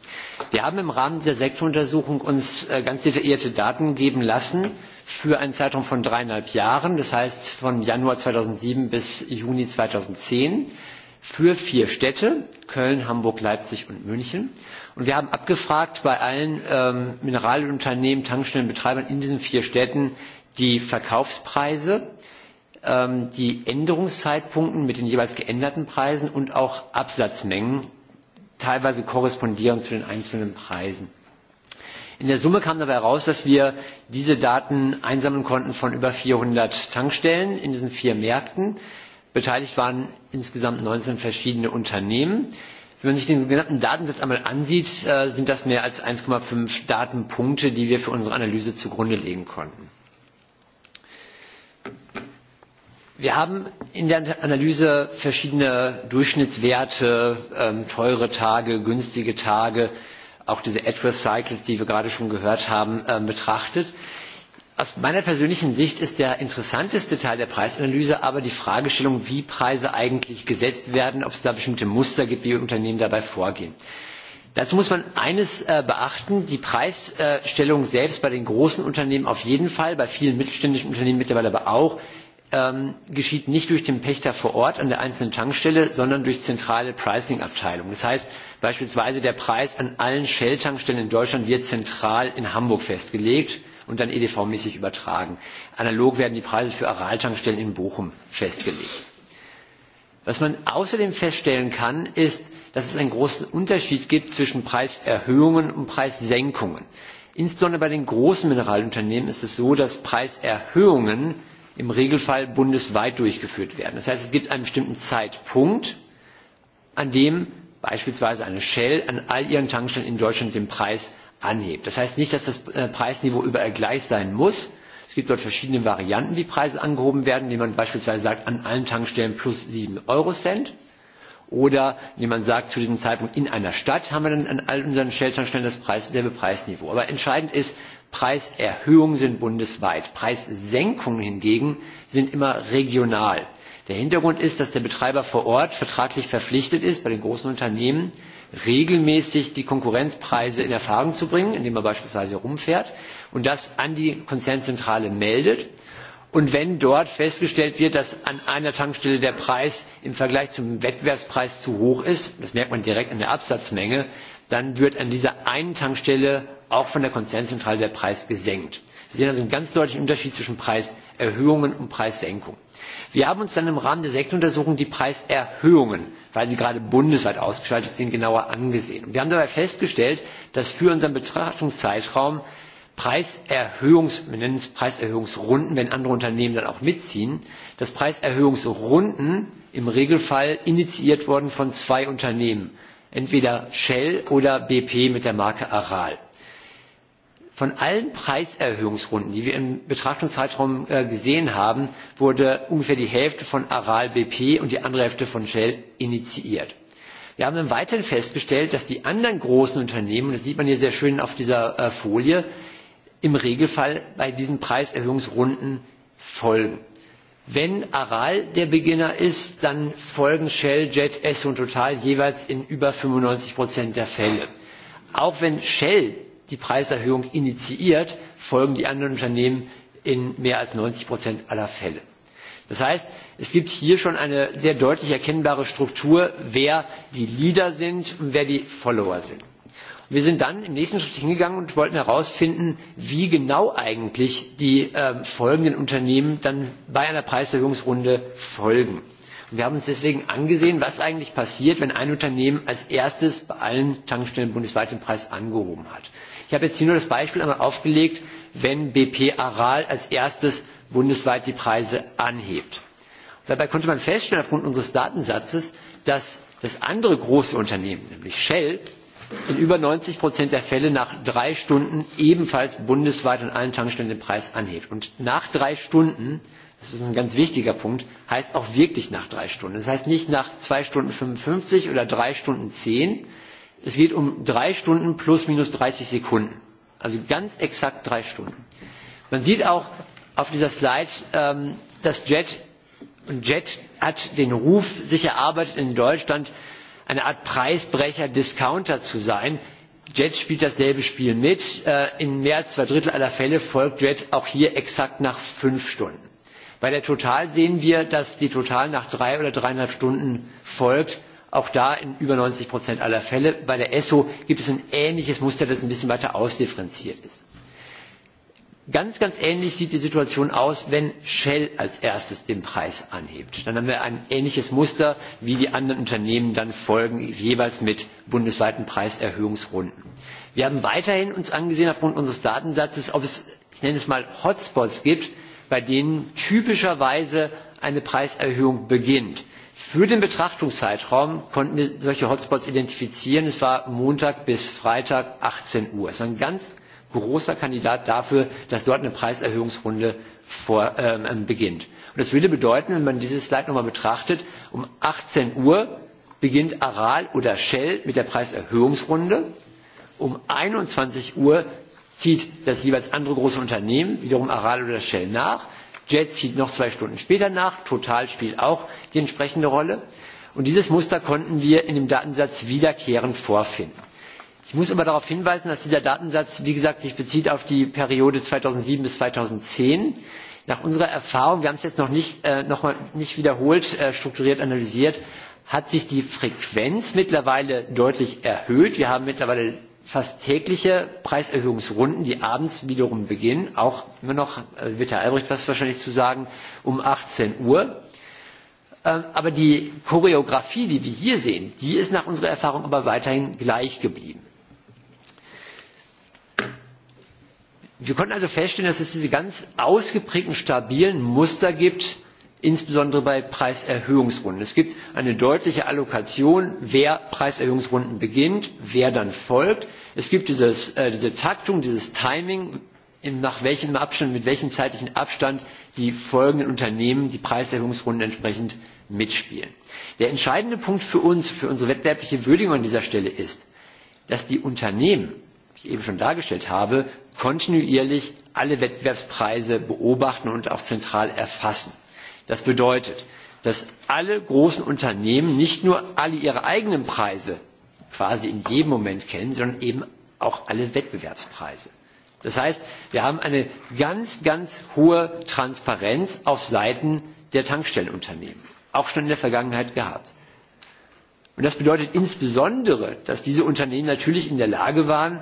Wir haben im Rahmen dieser Sektoruntersuchung uns äh, ganz detaillierte Daten geben lassen für einen Zeitraum von dreieinhalb Jahren, das heißt von Januar 2007 bis Juni 2010 für vier Städte, Köln, Hamburg, Leipzig und München. Und wir haben abgefragt bei allen ähm, Mineralunternehmen, Tankstellenbetreibern in diesen vier Städten die Verkaufspreise ähm, die Änderungszeitpunkten mit den jeweils geänderten Preisen und auch Absatzmengen teilweise korrespondieren zu den einzelnen Preisen. In der Summe kam dabei heraus, dass wir diese Daten einsammeln konnten von über 400 Tankstellen in diesen vier Märkten. Beteiligt waren insgesamt 19 verschiedene Unternehmen. Wenn man sich den genannten Datensatz einmal ansieht, äh, sind das mehr als 1,5 Datenpunkte, die wir für unsere Analyse zugrunde legen konnten. Wir haben in der Analyse verschiedene Durchschnittswerte, ähm, teure Tage, günstige Tage, auch diese Address Cycles, die wir gerade schon gehört haben, äh, betrachtet. Aus meiner persönlichen Sicht ist der interessanteste Teil der Preisanalyse aber die Fragestellung, wie Preise eigentlich gesetzt werden, ob es da bestimmte Muster gibt, wie Unternehmen dabei vorgehen. Dazu muss man eines äh, beachten, die Preisstellung selbst bei den großen Unternehmen auf jeden Fall, bei vielen mittelständischen Unternehmen mittlerweile aber auch, ähm, geschieht nicht durch den Pächter vor Ort an der einzelnen Tankstelle, sondern durch zentrale Pricing-Abteilungen. Das heißt, beispielsweise der Preis an allen Shell-Tankstellen in Deutschland wird zentral in Hamburg festgelegt und dann EDV-mäßig übertragen. Analog werden die Preise für Araltankstellen in Bochum festgelegt. Was man außerdem feststellen kann, ist, dass es einen großen Unterschied gibt zwischen Preiserhöhungen und Preissenkungen. Insbesondere bei den großen Mineralunternehmen ist es so, dass Preiserhöhungen im Regelfall bundesweit durchgeführt werden. Das heißt, es gibt einen bestimmten Zeitpunkt, an dem beispielsweise eine Shell an all ihren Tankstellen in Deutschland den Preis anhebt. Das heißt nicht, dass das äh, Preisniveau überall gleich sein muss. Es gibt dort verschiedene Varianten, wie Preise angehoben werden, indem man beispielsweise sagt, an allen Tankstellen plus 7 Cent Oder indem man sagt, zu diesem Zeitpunkt in einer Stadt haben wir dann an all unseren Shell-Tankstellen das Preis, selbe Preisniveau. Aber entscheidend ist, Preiserhöhungen sind bundesweit. Preissenkungen hingegen sind immer regional. Der Hintergrund ist, dass der Betreiber vor Ort vertraglich verpflichtet ist, bei den großen Unternehmen regelmäßig die Konkurrenzpreise in Erfahrung zu bringen, indem er beispielsweise rumfährt und das an die Konzernzentrale meldet. Und wenn dort festgestellt wird, dass an einer Tankstelle der Preis im Vergleich zum Wettbewerbspreis zu hoch ist, das merkt man direkt an der Absatzmenge, dann wird an dieser einen Tankstelle auch von der Konzernzentrale der Preis gesenkt. Wir sehen also einen ganz deutlichen Unterschied zwischen Preiserhöhungen und Preissenkungen. Wir haben uns dann im Rahmen der Sektoruntersuchung die Preiserhöhungen, weil sie gerade bundesweit ausgeschaltet sind, genauer angesehen. Und wir haben dabei festgestellt, dass für unseren Betrachtungszeitraum Preiserhöhungs, wir nennen es Preiserhöhungsrunden, wenn andere Unternehmen dann auch mitziehen, dass Preiserhöhungsrunden im Regelfall initiiert wurden von zwei Unternehmen, entweder Shell oder BP mit der Marke Aral. Von allen Preiserhöhungsrunden, die wir im Betrachtungszeitraum äh, gesehen haben, wurde ungefähr die Hälfte von Aral BP und die andere Hälfte von Shell initiiert. Wir haben dann weiterhin festgestellt, dass die anderen großen Unternehmen, und das sieht man hier sehr schön auf dieser äh, Folie, im Regelfall bei diesen Preiserhöhungsrunden folgen. Wenn Aral der Beginner ist, dann folgen Shell, Jet, S und Total jeweils in über 95 Prozent der Fälle. Auch wenn Shell die Preiserhöhung initiiert, folgen die anderen Unternehmen in mehr als 90 Prozent aller Fälle. Das heißt, es gibt hier schon eine sehr deutlich erkennbare Struktur, wer die Leader sind und wer die Follower sind. Wir sind dann im nächsten Schritt hingegangen und wollten herausfinden, wie genau eigentlich die äh, folgenden Unternehmen dann bei einer Preiserhöhungsrunde folgen. Und wir haben uns deswegen angesehen, was eigentlich passiert, wenn ein Unternehmen als erstes bei allen Tankstellen bundesweit den Preis angehoben hat. Ich habe jetzt hier nur das Beispiel einmal aufgelegt, wenn BP Aral als erstes bundesweit die Preise anhebt. Dabei konnte man feststellen aufgrund unseres Datensatzes, dass das andere große Unternehmen, nämlich Shell, in über 90 Prozent der Fälle nach drei Stunden ebenfalls bundesweit an allen Tankstellen den Preis anhebt. Und nach drei Stunden, das ist ein ganz wichtiger Punkt, heißt auch wirklich nach drei Stunden. Das heißt nicht nach zwei Stunden 55 oder drei Stunden zehn, Es geht um drei Stunden plus minus 30 Sekunden. Also ganz exakt drei Stunden. Man sieht auch auf dieser Slide, ähm, dass JET, und JET hat den Ruf sich erarbeitet in Deutschland, eine Art Preisbrecher, Discounter zu sein. JET spielt dasselbe Spiel mit. Äh, in mehr als zwei Drittel aller Fälle folgt JET auch hier exakt nach fünf Stunden. Bei der Total sehen wir, dass die Total nach drei oder dreieinhalb Stunden folgt auch da in über 90 Prozent aller Fälle. Bei der ESSO gibt es ein ähnliches Muster, das ein bisschen weiter ausdifferenziert ist. Ganz, ganz ähnlich sieht die Situation aus, wenn Shell als erstes den Preis anhebt. Dann haben wir ein ähnliches Muster, wie die anderen Unternehmen dann folgen, jeweils mit bundesweiten Preiserhöhungsrunden. Wir haben weiterhin uns angesehen aufgrund unseres Datensatzes, ob es, ich nenne es mal Hotspots gibt, bei denen typischerweise eine Preiserhöhung beginnt. Für den Betrachtungszeitraum konnten wir solche Hotspots identifizieren. Es war Montag bis Freitag 18 Uhr. Es war ein ganz großer Kandidat dafür, dass dort eine Preiserhöhungsrunde vor, ähm, ähm beginnt. Und das würde bedeuten, wenn man dieses Slide nochmal betrachtet, um 18 Uhr beginnt Aral oder Shell mit der Preiserhöhungsrunde. Um 21 Uhr zieht das jeweils andere große Unternehmen, wiederum Aral oder Shell, nach. Jet zieht noch zwei Stunden später nach, Total spielt auch die entsprechende Rolle. Und dieses Muster konnten wir in dem Datensatz wiederkehrend vorfinden. Ich muss aber darauf hinweisen, dass dieser Datensatz, wie gesagt, sich bezieht auf die Periode 2007 bis 2010. Nach unserer Erfahrung, wir haben es jetzt noch nicht, äh, noch mal nicht wiederholt äh, strukturiert analysiert, hat sich die Frequenz mittlerweile deutlich erhöht. Wir haben mittlerweile fast tägliche Preiserhöhungsrunden, die abends wiederum beginnen, auch immer noch, äh, wird Herr Albrecht was wahrscheinlich zu sagen, um 18 Uhr. Ähm, aber die Choreografie, die wir hier sehen, die ist nach unserer Erfahrung aber weiterhin gleich geblieben. Wir konnten also feststellen, dass es diese ganz ausgeprägten stabilen Muster gibt, insbesondere bei Preiserhöhungsrunden. Es gibt eine deutliche Allokation, wer Preiserhöhungsrunden beginnt, wer dann folgt. Es gibt dieses, äh, diese Taktung, dieses Timing, in, nach welchem Abstand, mit welchem zeitlichen Abstand die folgenden Unternehmen die Preiserhöhungsrunden entsprechend mitspielen. Der entscheidende Punkt für uns, für unsere wettbewerbliche Würdigung an dieser Stelle ist, dass die Unternehmen, wie ich eben schon dargestellt habe, kontinuierlich alle Wettbewerbspreise beobachten und auch zentral erfassen. Das bedeutet, dass alle großen Unternehmen nicht nur alle ihre eigenen Preise quasi in jedem Moment kennen, sondern eben auch alle Wettbewerbspreise. Das heißt, wir haben eine ganz, ganz hohe Transparenz auf Seiten der Tankstellenunternehmen, auch schon in der Vergangenheit gehabt. Und das bedeutet insbesondere, dass diese Unternehmen natürlich in der Lage waren,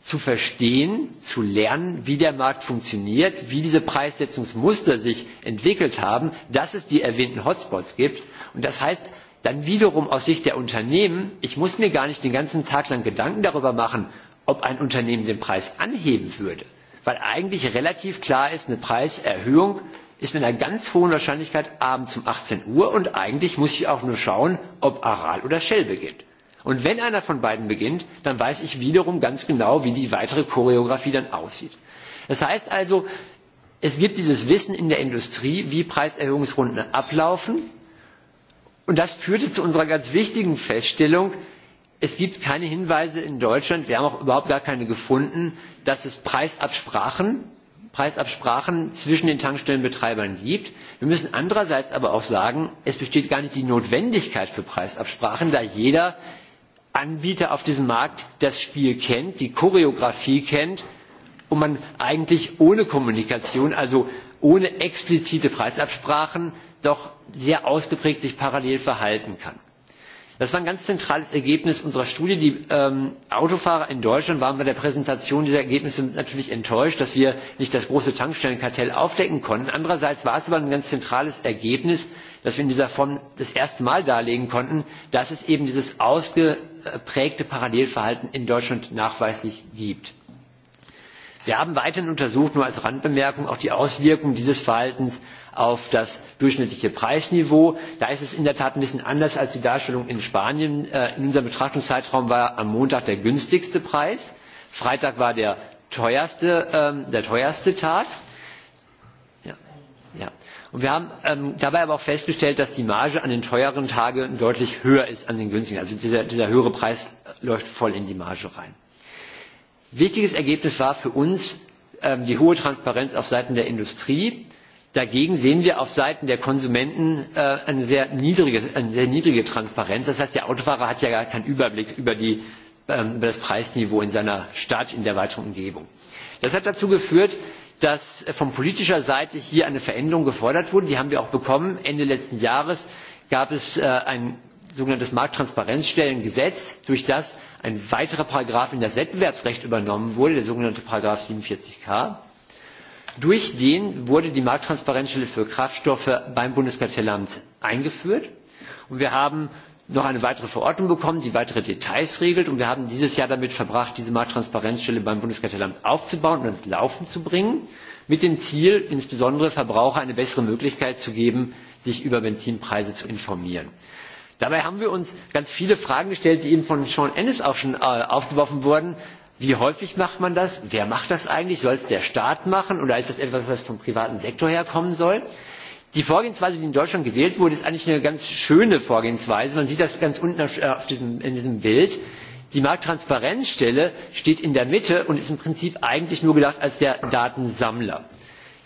zu verstehen, zu lernen, wie der Markt funktioniert, wie diese Preissetzungsmuster sich entwickelt haben, dass es die erwähnten Hotspots gibt. Und das heißt dann wiederum aus Sicht der Unternehmen, ich muss mir gar nicht den ganzen Tag lang Gedanken darüber machen, ob ein Unternehmen den Preis anheben würde, weil eigentlich relativ klar ist, eine Preiserhöhung ist mit einer ganz hohen Wahrscheinlichkeit abends um 18 Uhr und eigentlich muss ich auch nur schauen, ob Aral oder Shell beginnt. Und wenn einer von beiden beginnt, dann weiß ich wiederum ganz genau, wie die weitere Choreografie dann aussieht. Das heißt also, es gibt dieses Wissen in der Industrie, wie Preiserhöhungsrunden ablaufen. Und das führte zu unserer ganz wichtigen Feststellung, es gibt keine Hinweise in Deutschland, wir haben auch überhaupt gar keine gefunden, dass es Preisabsprachen, Preisabsprachen zwischen den Tankstellenbetreibern gibt. Wir müssen andererseits aber auch sagen, es besteht gar nicht die Notwendigkeit für Preisabsprachen, da jeder Anbieter auf diesem Markt das Spiel kennt, die Choreografie kennt und man eigentlich ohne Kommunikation, also ohne explizite Preisabsprachen, doch sehr ausgeprägt sich parallel verhalten kann. Das war ein ganz zentrales Ergebnis unserer Studie. Die ähm, Autofahrer in Deutschland waren bei der Präsentation dieser Ergebnisse natürlich enttäuscht, dass wir nicht das große Tankstellenkartell aufdecken konnten. Andererseits war es aber ein ganz zentrales Ergebnis, dass wir in dieser Form das erste Mal darlegen konnten, dass es eben dieses ausgeprägte Parallelverhalten in Deutschland nachweislich gibt. Wir haben weiterhin untersucht, nur als Randbemerkung, auch die Auswirkungen dieses Verhaltens auf das durchschnittliche Preisniveau. Da ist es in der Tat ein bisschen anders als die Darstellung in Spanien. Äh, in unserem Betrachtungszeitraum war am Montag der günstigste Preis, Freitag war der teuerste, ähm, der teuerste Tag. Ja, ja. Und wir haben ähm, dabei aber auch festgestellt, dass die Marge an den teuren Tagen deutlich höher ist an den günstigen. Also dieser, dieser höhere Preis läuft voll in die Marge rein. Wichtiges Ergebnis war für uns ähm, die hohe Transparenz auf Seiten der Industrie. Dagegen sehen wir auf Seiten der Konsumenten äh, eine, sehr niedrige, eine sehr niedrige Transparenz. Das heißt, der Autofahrer hat ja gar keinen Überblick über, die, ähm, über das Preisniveau in seiner Stadt, in der weiteren Umgebung. Das hat dazu geführt, dass von politischer Seite hier eine Veränderung gefordert wurde. Die haben wir auch bekommen. Ende letzten Jahres gab es äh, ein sogenanntes Markttransparenzstellengesetz, durch das ein weiterer Paragraph in das Wettbewerbsrecht übernommen wurde, der sogenannte Paragraph 47k. Durch den wurde die Markttransparenzstelle für Kraftstoffe beim Bundeskartellamt eingeführt. Und wir haben noch eine weitere Verordnung bekommen, die weitere Details regelt. Und wir haben dieses Jahr damit verbracht, diese Markttransparenzstelle beim Bundeskartellamt aufzubauen und ins Laufen zu bringen, mit dem Ziel, insbesondere Verbraucher eine bessere Möglichkeit zu geben, sich über Benzinpreise zu informieren. Dabei haben wir uns ganz viele Fragen gestellt, die eben von Sean Ennis auch schon äh, aufgeworfen wurden. Wie häufig macht man das? Wer macht das eigentlich? Soll es der Staat machen oder ist das etwas, was vom privaten Sektor herkommen soll? Die Vorgehensweise, die in Deutschland gewählt wurde, ist eigentlich eine ganz schöne Vorgehensweise. Man sieht das ganz unten äh, auf diesem, in diesem Bild. Die Markttransparenzstelle steht in der Mitte und ist im Prinzip eigentlich nur gedacht als der Datensammler.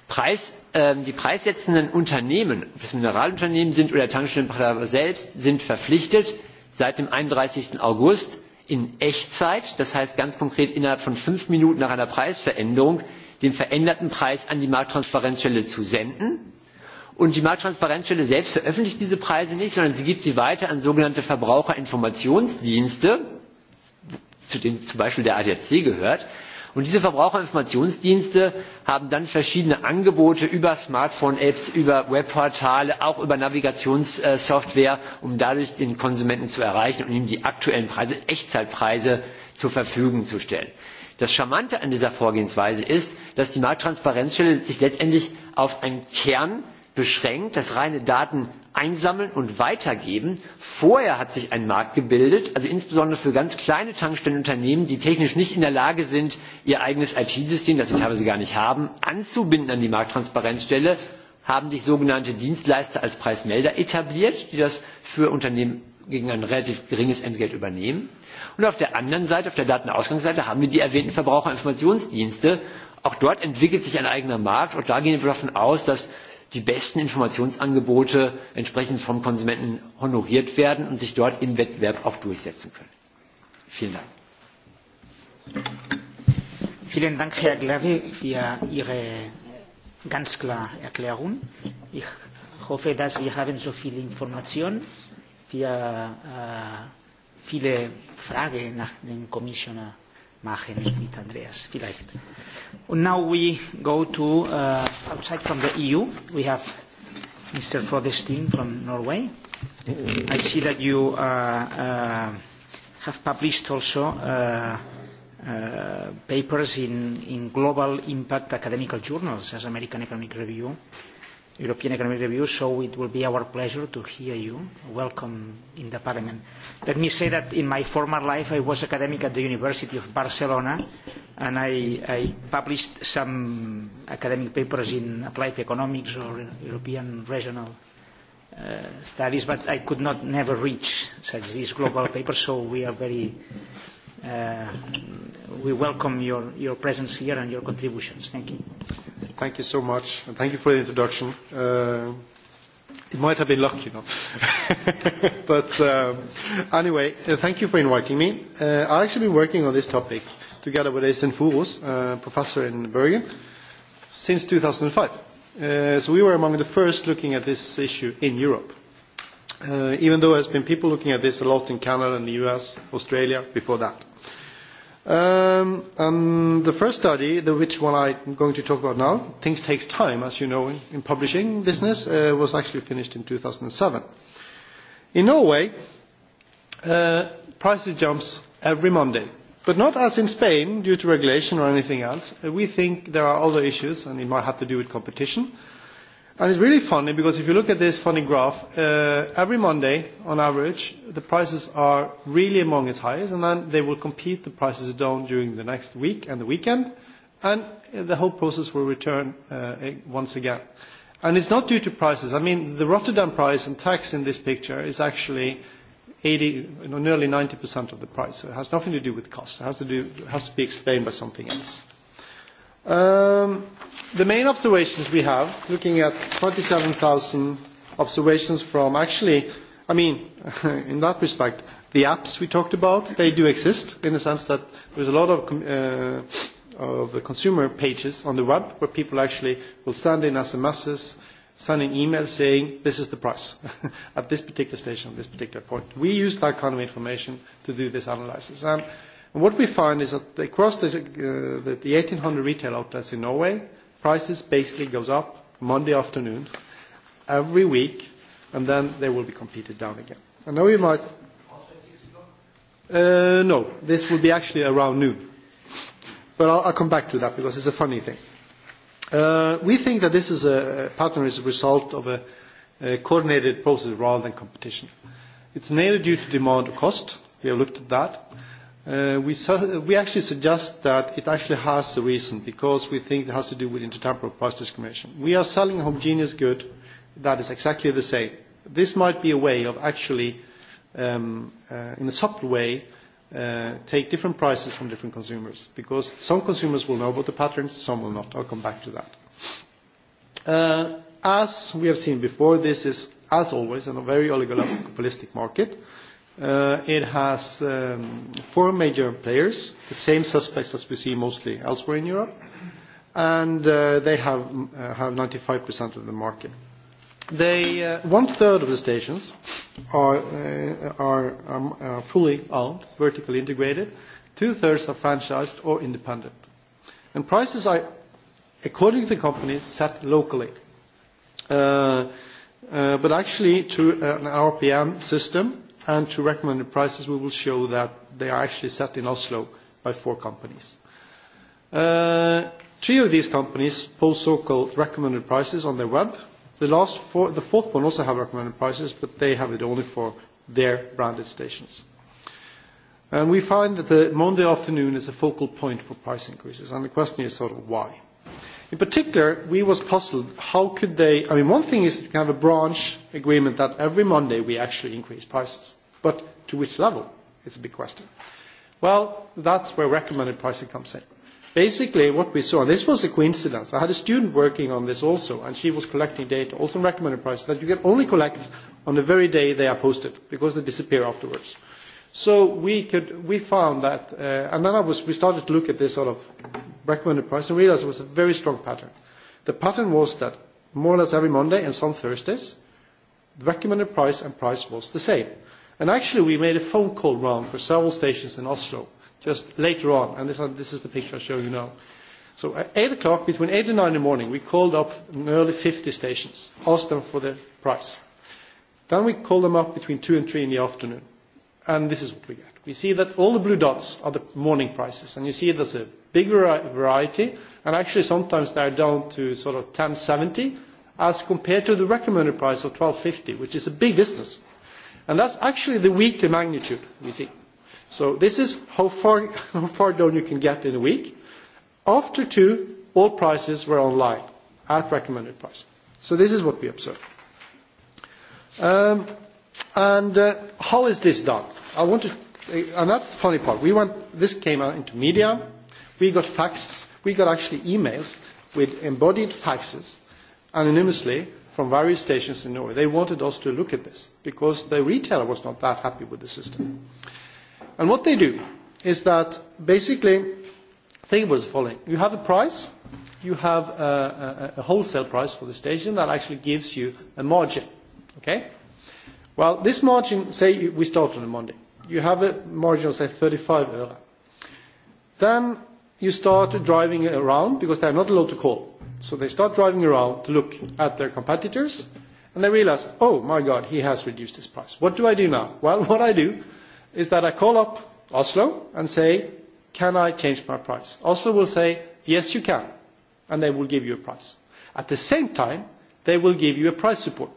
Preis, äh, die preissetzenden Unternehmen, ob es Mineralunternehmen sind oder Tankstellenpartner selbst, sind verpflichtet, seit dem 31. August in Echtzeit, das heißt ganz konkret innerhalb von fünf Minuten nach einer Preisveränderung, den veränderten Preis an die Markttransparenzstelle zu senden Und die Markttransparenzstelle selbst veröffentlicht diese Preise nicht, sondern sie gibt sie weiter an sogenannte Verbraucherinformationsdienste, zu denen zum Beispiel der ADAC gehört. Und diese Verbraucherinformationsdienste haben dann verschiedene Angebote über Smartphone-Apps, über Webportale, auch über Navigationssoftware, um dadurch den Konsumenten zu erreichen und ihm die aktuellen Preise, Echtzeitpreise zur Verfügung zu stellen. Das Charmante an dieser Vorgehensweise ist, dass die Markttransparenzstelle sich letztendlich auf einen Kern beschränkt, das reine Daten einsammeln und weitergeben. Vorher hat sich ein Markt gebildet, also insbesondere für ganz kleine Tankstellenunternehmen, die technisch nicht in der Lage sind, ihr eigenes IT-System, das sie teilweise gar nicht haben, anzubinden an die Markttransparenzstelle, haben sich sogenannte Dienstleister als Preismelder etabliert, die das für Unternehmen gegen ein relativ geringes Entgelt übernehmen. Und auf der anderen Seite, auf der Datenausgangsseite, haben wir die erwähnten Verbraucherinformationsdienste. Auch dort entwickelt sich ein eigener Markt und da gehen wir davon aus, dass die besten Informationsangebote entsprechend vom Konsumenten honoriert werden und sich dort im Wettbewerb auch durchsetzen können. Vielen Dank. Vielen Dank, Herr Glave, für Ihre ganz klare Erklärung. Ich hoffe, dass wir haben so viel Information für äh, viele Fragen nach dem Kommissioner machen mit Andreas, vielleicht. And now we go to uh, outside from the EU. We have Mr. Frodestin from Norway. I see that you uh, uh, have published also uh, uh, papers in, in global impact academical journals as American Economic Review European Economic Review, so it will be our pleasure to hear you. Welcome in the Parliament. Let me say that in my former life I was academic at the University of Barcelona and I, I published some academic papers in applied economics or European regional uh, studies, but I could not never reach such these global papers, so we are very uh, we welcome your, your presence here and your contributions. Thank you. Thank you so much. And thank you for the introduction. Uh, it might have been luck, you know. but um, anyway, uh, thank you for inviting me. Uh, I've actually been working on this topic together with Eisen Fugos, uh, professor in Bergen, since 2005. Uh, so we were among the first looking at this issue in Europe. Uh, even though there's been people looking at this a lot in Canada and the US, Australia, before that. Um, um, the first study, the which one I'm going to talk about now, things takes time, as you know, in, in publishing business, uh, was actually finished in 2007. In Norway, uh, prices jumps every Monday, but not as in Spain due to regulation or anything else. Uh, we think there are other issues, and it might have to do with competition. Uh, And it's really funny because if you look at this funny graph, uh, every Monday, on average, the prices are really among its highest, and then they will compete the prices down during the next week and the weekend, and the whole process will return uh, once again. And it's not due to prices. I mean, the Rotterdam price and tax in this picture is actually 80, you know, nearly 90% of the price. So it has nothing to do with cost. It has to, do, it has to be explained by something else. Um, the main observations we have, looking at 27,000 observations from actually, I mean, in that respect, the apps we talked about, they do exist in the sense that there's a lot of, uh, of the consumer pages on the web where people actually will send in SMSs, send an email saying this is the price at this particular station, at this particular point. We use that kind of information to do this analysis. And And what we find is that across the, uh, the, the 1,800 retail outlets in Norway, prices basically goes up Monday afternoon every week, and then they will be competed down again. I know you might... Uh, no, this will be actually around noon. But I'll, I'll come back to that because it's a funny thing. Uh, we think that this is a, a pattern is a result of a, a coordinated process rather than competition. It's mainly due to demand or cost. We have looked at that. Uh, we, su we actually suggest that it actually has a reason because we think it has to do with intertemporal price discrimination. We are selling a homogeneous good that is exactly the same. This might be a way of actually, um, uh, in a subtle way, uh, take different prices from different consumers because some consumers will know about the patterns, some will not. I'll come back to that. Uh, as we have seen before, this is, as always, a very oligopolistic market. Uh, it has um, four major players, the same suspects as we see mostly elsewhere in Europe, and uh, they have, uh, have 95% of the market. They, uh, one third of the stations are, uh, are, um, are fully owned, vertically integrated, two thirds are franchised or independent. And prices are, according to the companies, set locally. Uh, uh, but actually, through uh, an RPM system, and to recommended prices we will show that they are actually set in Oslo by four companies. Uh, three of these companies post so-called recommended prices on their web. The, last four, the fourth one also have recommended prices, but they have it only for their branded stations. And we find that the Monday afternoon is a focal point for price increases, and the question is sort of why. In particular, we was puzzled how could they, I mean, one thing is to have a branch agreement that every Monday we actually increase prices, but to which level is a big question. Well, that's where recommended pricing comes in. Basically, what we saw, and this was a coincidence, I had a student working on this also, and she was collecting data, also on recommended prices, that you can only collect on the very day they are posted, because they disappear afterwards. So we, could, we found that, uh, and then I was, we started to look at this sort of recommended price and realized it was a very strong pattern. The pattern was that more or less every Monday and some Thursdays, the recommended price and price was the same. And actually we made a phone call round for several stations in Oslo just later on, and this, this is the picture I show you now. So at 8 o'clock, between 8 and 9 in the morning, we called up nearly 50 stations, asked them for the price. Then we called them up between 2 and 3 in the afternoon. And this is what we get. We see that all the blue dots are the morning prices, and you see there's a big variety, and actually sometimes they're down to sort of 1070 as compared to the recommended price of 1250, which is a big distance. And that's actually the weekly magnitude we see. So this is how far, how far down you can get in a week. After two, all prices were online at recommended price. So this is what we observed. Um, And uh, how is this done? I want to, uh, and that's the funny part. We went, this came out into media. We got faxes. We got actually emails with embodied faxes anonymously from various stations in Norway. They wanted us to look at this because the retailer was not that happy with the system. And what they do is that basically, think about the following. You have a price, you have a, a, a wholesale price for the station that actually gives you a margin. Okay? Well, this margin, say we start on a Monday, you have a margin of, say, 35 euro. Then you start driving around because they're not allowed to call. So they start driving around to look at their competitors and they realize, oh my God, he has reduced his price. What do I do now? Well, what I do is that I call up Oslo and say, can I change my price? Oslo will say, yes, you can, and they will give you a price. At the same time, they will give you a price support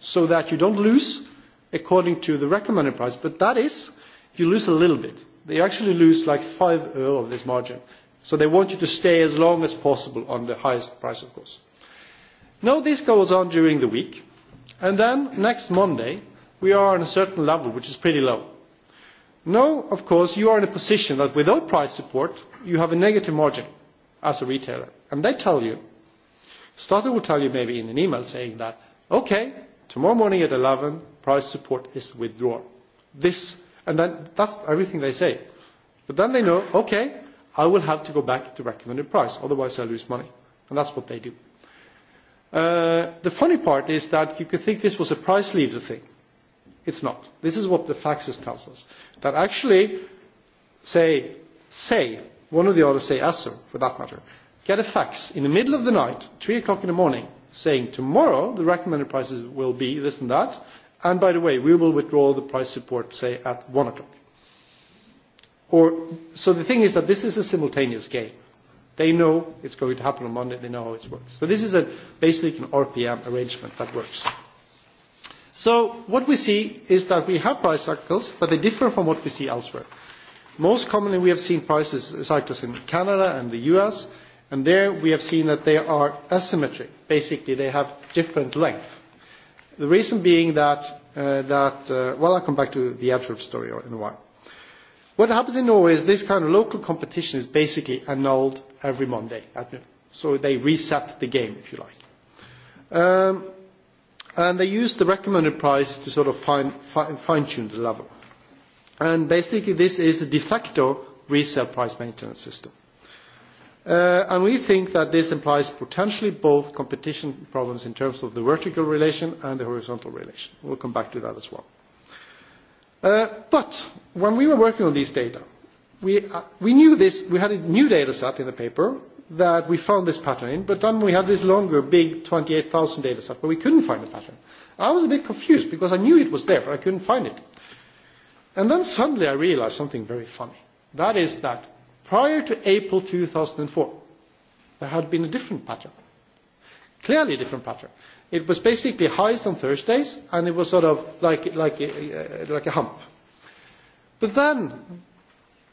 so that you don't lose according to the recommended price, but that is, you lose a little bit. They actually lose like 5 euro of this margin. So they want you to stay as long as possible on the highest price, of course. Now this goes on during the week, and then next Monday, we are on a certain level, which is pretty low. Now, of course, you are in a position that without price support, you have a negative margin as a retailer. And they tell you, Starter will tell you maybe in an email saying that, okay, tomorrow morning at 11, price support is withdrawn. This, and then that's everything they say. But then they know, okay, I will have to go back to recommended price, otherwise I lose money. And that's what they do. Uh, the funny part is that you could think this was a price leader thing. It's not. This is what the faxes tells us. That actually, say, say, one of the others say ASO, for that matter, get a fax in the middle of the night, 3 o'clock in the morning, saying tomorrow the recommended prices will be this and that, And by the way, we will withdraw the price support, say, at one o'clock. Or, so the thing is that this is a simultaneous game. They know it's going to happen on Monday. They know how it works. So this is a, basically an RPM arrangement that works. So what we see is that we have price cycles, but they differ from what we see elsewhere. Most commonly we have seen price cycles in Canada and the US, and there we have seen that they are asymmetric. Basically, they have different length. The reason being that, uh, that uh, well, I'll come back to the Absorb story in a while. What happens in Norway is this kind of local competition is basically annulled every Monday. At noon. So they reset the game, if you like. Um, and they use the recommended price to sort of fine, fine, fine tune the level. And basically this is a de facto resale price maintenance system. Uh, and we think that this implies potentially both competition problems in terms of the vertical relation and the horizontal relation. We'll come back to that as well. Uh, but when we were working on these data, we, uh, we knew this, we had a new data set in the paper that we found this pattern in, but then we had this longer, big 28,000 data set where we couldn't find the pattern. I was a bit confused because I knew it was there, but I couldn't find it. And then suddenly I realized something very funny. That is that Prior to April 2004, there had been a different pattern, clearly a different pattern. It was basically highest on Thursdays, and it was sort of like, like, uh, like a hump. But then,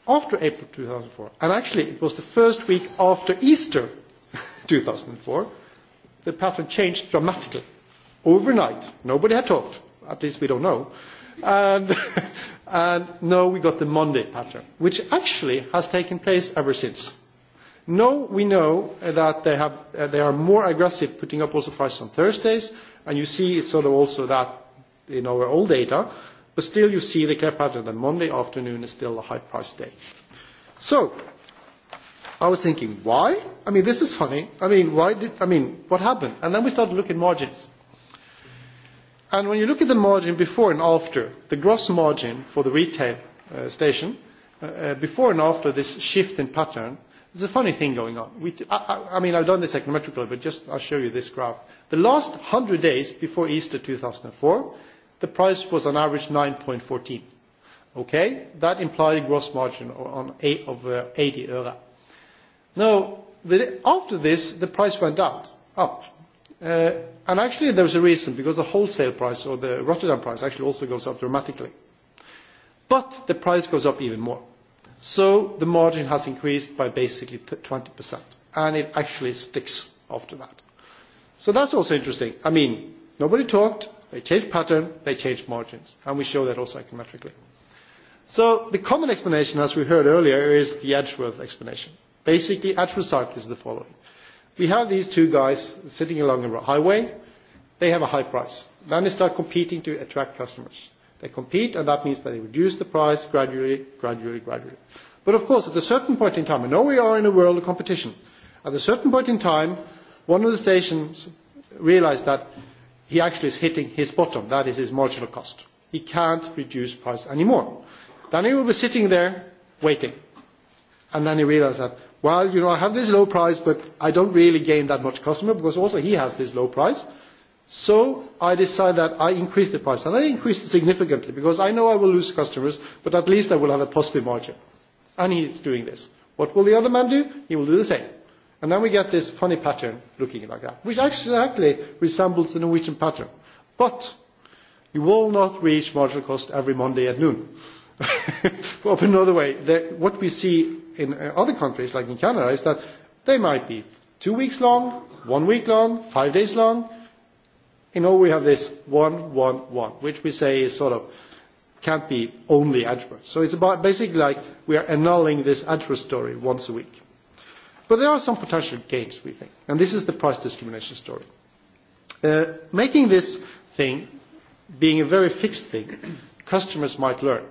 after April 2004, and actually it was the first week after Easter 2004, the pattern changed dramatically. Overnight, nobody had talked, at least we don't know, and, and no, we got the Monday pattern, which actually has taken place ever since. No, we know that they, have, uh, they are more aggressive putting up also prices on Thursdays, and you see it's sort of also that in our old data, but still you see the clear pattern that Monday afternoon is still a high price day. So, I was thinking, why? I mean, this is funny. I mean, why did, I mean, what happened? And then we started looking at margins. And when you look at the margin before and after, the gross margin for the retail uh, station, uh, uh, before and after this shift in pattern, there's a funny thing going on. We t I, I, I mean, I've done this econometrically, but just I'll show you this graph. The last 100 days before Easter 2004, the price was on average 9.14. Okay, that implied gross margin on eight of uh, 80 euro. Now, the, after this, the price went out, up Uh, and actually there is a reason, because the wholesale price or the Rotterdam price actually also goes up dramatically. But the price goes up even more. So the margin has increased by basically 20%, and it actually sticks after that. So that's also interesting. I mean, nobody talked, they changed pattern, they changed margins, and we show that also econometrically. So the common explanation, as we heard earlier, is the Edgeworth explanation. Basically, Edgeworth cycle is the following. We have these two guys sitting along the highway. They have a high price. Then they start competing to attract customers. They compete, and that means that they reduce the price gradually, gradually, gradually. But of course, at a certain point in time, I know we are in a world of competition, at a certain point in time, one of the stations realized that he actually is hitting his bottom, that is his marginal cost. He can't reduce price anymore. Then he will be sitting there waiting. And then he realized that, well, you know, I have this low price, but I don't really gain that much customer because also he has this low price. So I decide that I increase the price, and I increase it significantly because I know I will lose customers, but at least I will have a positive margin. And he is doing this. What will the other man do? He will do the same. And then we get this funny pattern looking like that, which actually, resembles the Norwegian pattern. But you will not reach marginal cost every Monday at noon. well, another way, what we see in uh, other countries, like in Canada, is that they might be two weeks long, one week long, five days long. You know we have this one, one, one, which we say is sort of can't be only adverse. So it's about basically like we are annulling this adverse story once a week. But there are some potential gains, we think, and this is the price discrimination story. Uh, making this thing being a very fixed thing, customers might learn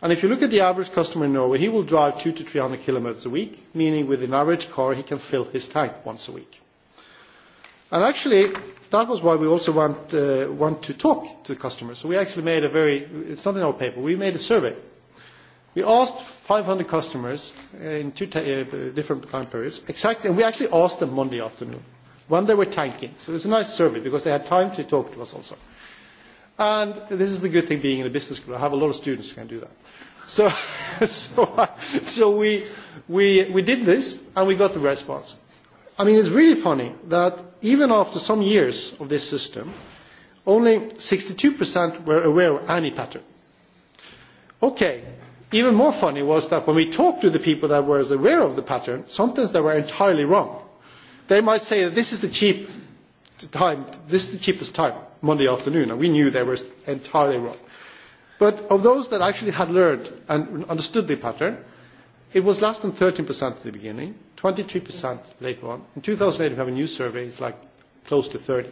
And if you look at the average customer in Norway, he will drive two to three hundred kilometres a week, meaning with an average car he can fill his tank once a week. And actually, that was why we also want, uh, want to talk to the customers. So we actually made a very, it's not in our paper, we made a survey. We asked 500 customers uh, in two uh, different time periods, exactly, and we actually asked them Monday afternoon when they were tanking. So it was a nice survey because they had time to talk to us also. And this is the good thing being in a business school. I have a lot of students who can do that. So, so, so we, we, we did this and we got the response. I mean, it's really funny that even after some years of this system, only 62% were aware of any pattern. Okay, even more funny was that when we talked to the people that were aware of the pattern, sometimes they were entirely wrong. They might say that this is the cheap time, this is the cheapest time. Monday afternoon, and we knew they were entirely wrong. But of those that actually had learned and understood the pattern, it was less than 13% at the beginning, 23% later on. In 2008, we have a new survey, it's like close to 30.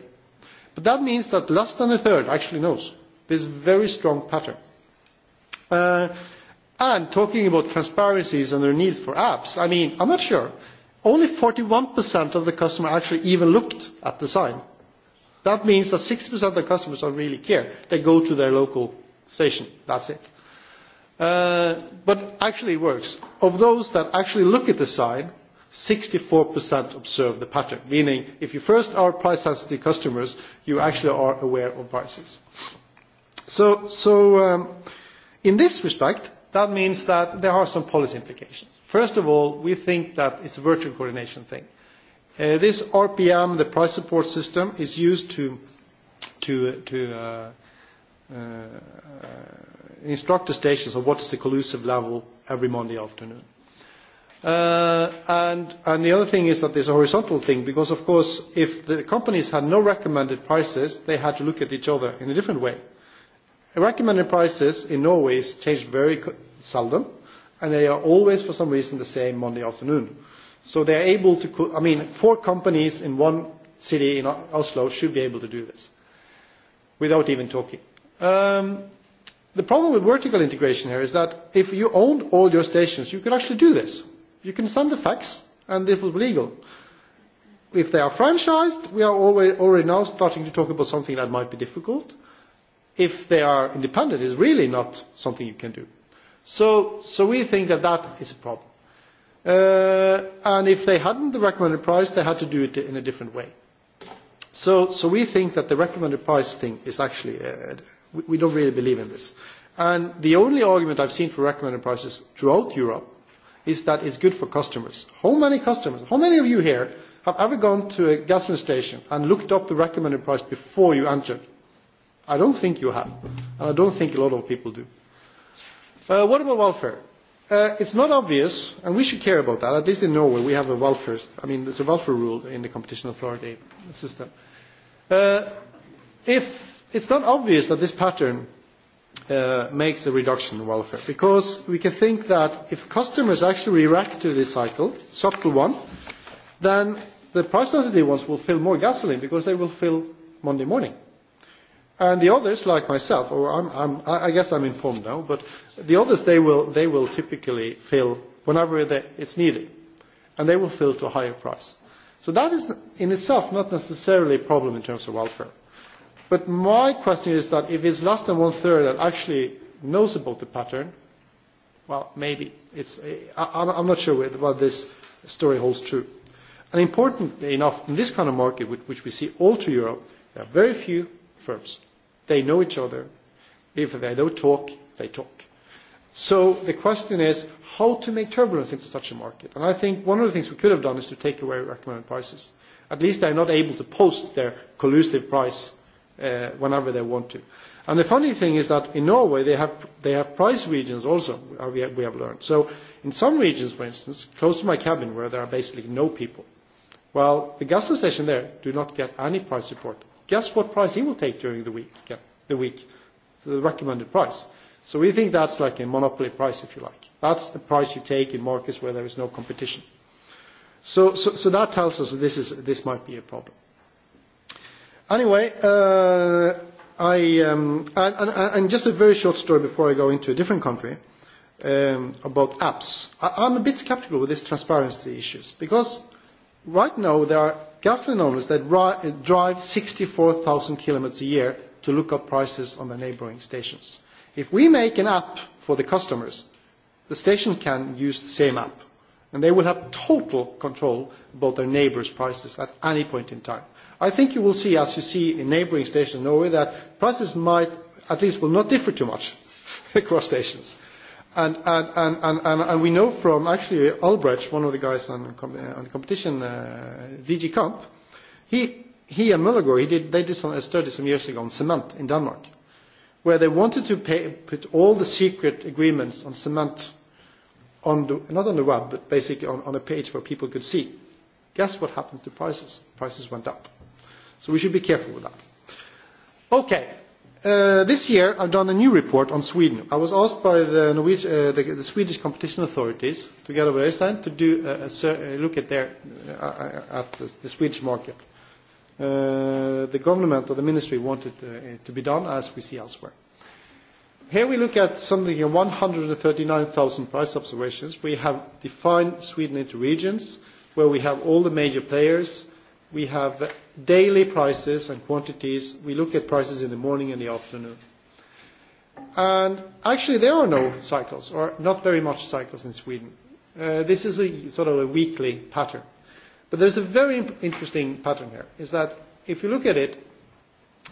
But that means that less than a third actually knows this very strong pattern. Uh, and talking about transparencies and their needs for apps, I mean, I'm not sure. Only 41% of the customer actually even looked at the sign. That means that 60% of the customers don't really care. They go to their local station. That's it. Uh, but actually it works. Of those that actually look at the sign, 64% observe the pattern, meaning if you first are price sensitive customers, you actually are aware of prices. So, so um, in this respect, that means that there are some policy implications. First of all, we think that it's a virtual coordination thing. Uh, this RPM, the price support system, is used to, to, uh, to uh, uh, instruct the stations of what is the collusive level every Monday afternoon. Uh, and, and the other thing is that there's a horizontal thing because, of course, if the companies had no recommended prices, they had to look at each other in a different way. The recommended prices in Norway change very seldom, and they are always, for some reason, the same Monday afternoon. Uh, So they're able to, co I mean, four companies in one city in Oslo should be able to do this without even talking. Um, the problem with vertical integration here is that if you owned all your stations, you could actually do this. You can send a fax, and this was legal. If they are franchised, we are already, already now starting to talk about something that might be difficult. If they are independent, it's really not something you can do. So, so we think that that is a problem. Uh, and if they hadn't the recommended price, they had to do it in a different way. So, so we think that the recommended price thing is actually, uh, we, we don't really believe in this. And the only argument I've seen for recommended prices throughout Europe is that it's good for customers. How many customers, how many of you here have ever gone to a gas station and looked up the recommended price before you entered? I don't think you have, and I don't think a lot of people do. Uh, what about welfare? Uh, it's not obvious, and we should care about that. At least in Norway, we have a welfare. I mean, there's a welfare rule in the competition authority system. Uh, if it's not obvious that this pattern uh, makes a reduction in welfare, because we can think that if customers actually react to this cycle, subtle one, then the price sensitive ones will fill more gasoline because they will fill Monday morning. And the others, like myself, or oh, I'm, I'm, I guess I'm informed now, but the others, they will, they will typically fill whenever they, it's needed, and they will fill to a higher price. So that is in itself not necessarily a problem in terms of welfare. But my question is that if it's less than one third that actually knows about the pattern, well, maybe. It's, I, I'm not sure whether this story holds true. And importantly enough, in this kind of market, which we see all through Europe, there are very few firms. They know each other. If they don't talk, they talk. So the question is how to make turbulence into such a market. And I think one of the things we could have done is to take away recommended prices. At least they're not able to post their collusive price uh, whenever they want to. And the funny thing is that in Norway they have, they have price regions also, uh, we have, we have learned. So in some regions, for instance, close to my cabin where there are basically no people, well, the gas station there do not get any price support Guess what price he will take during the week, yeah, the week, the recommended price. So we think that's like a monopoly price, if you like. That's the price you take in markets where there is no competition. So, so, so that tells us that this, is, this might be a problem. Anyway, uh, I, um, and, and, and just a very short story before I go into a different country um, about apps. I, I'm a bit skeptical with these transparency issues because right now there are Gasoline owners that eh, drive 64,000 kilometers a year to look up prices on the neighboring stations. If we make an app for the customers, the station can use the same app and they will have total control about their neighbours' prices at any point in time. I think you will see, as you see in neighbouring stations in Norway, that prices might, at least will not differ too much across stations. And, and, and, and, and, and we know from actually Albrecht, one of the guys on, uh, on the competition, uh, DG Comp, he, he and Mulligor, he did, they did some, a study some years ago on cement in Denmark, where they wanted to pay, put all the secret agreements on cement on the, not on the web, but basically on, on a page where people could see. Guess what happened to prices? Prices went up. So we should be careful with that. Okay, Uh, this year, I've done a new report on Sweden. I was asked by the, Norwegian, uh, the, the Swedish competition authorities, together with Einstein, to do a, a, a look at, their, uh, uh, at the Swedish market. Uh, the government or the ministry wanted uh, to be done, as we see elsewhere. Here we look at something like 139,000 price observations. We have defined Sweden into regions where we have all the major players. We have daily prices and quantities. We look at prices in the morning and the afternoon. And actually there are no cycles, or not very much cycles in Sweden. Uh, this is a sort of a weekly pattern. But there's a very imp interesting pattern here, is that if you look at it,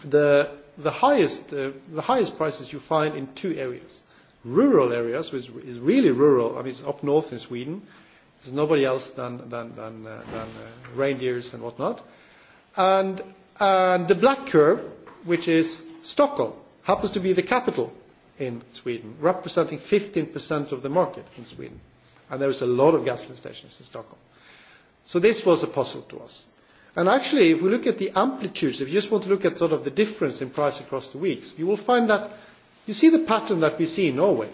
the, the, highest, uh, the highest prices you find in two areas. Rural areas, which is really rural, I mean it's up north in Sweden, there's nobody else than, than, than, uh, than uh, reindeers and whatnot. And, and the black curve, which is Stockholm, happens to be the capital in Sweden, representing 15% of the market in Sweden. And there is a lot of gasoline stations in Stockholm. So this was a puzzle to us. And actually, if we look at the amplitudes, if you just want to look at sort of the difference in price across the weeks, you will find that you see the pattern that we see in Norway.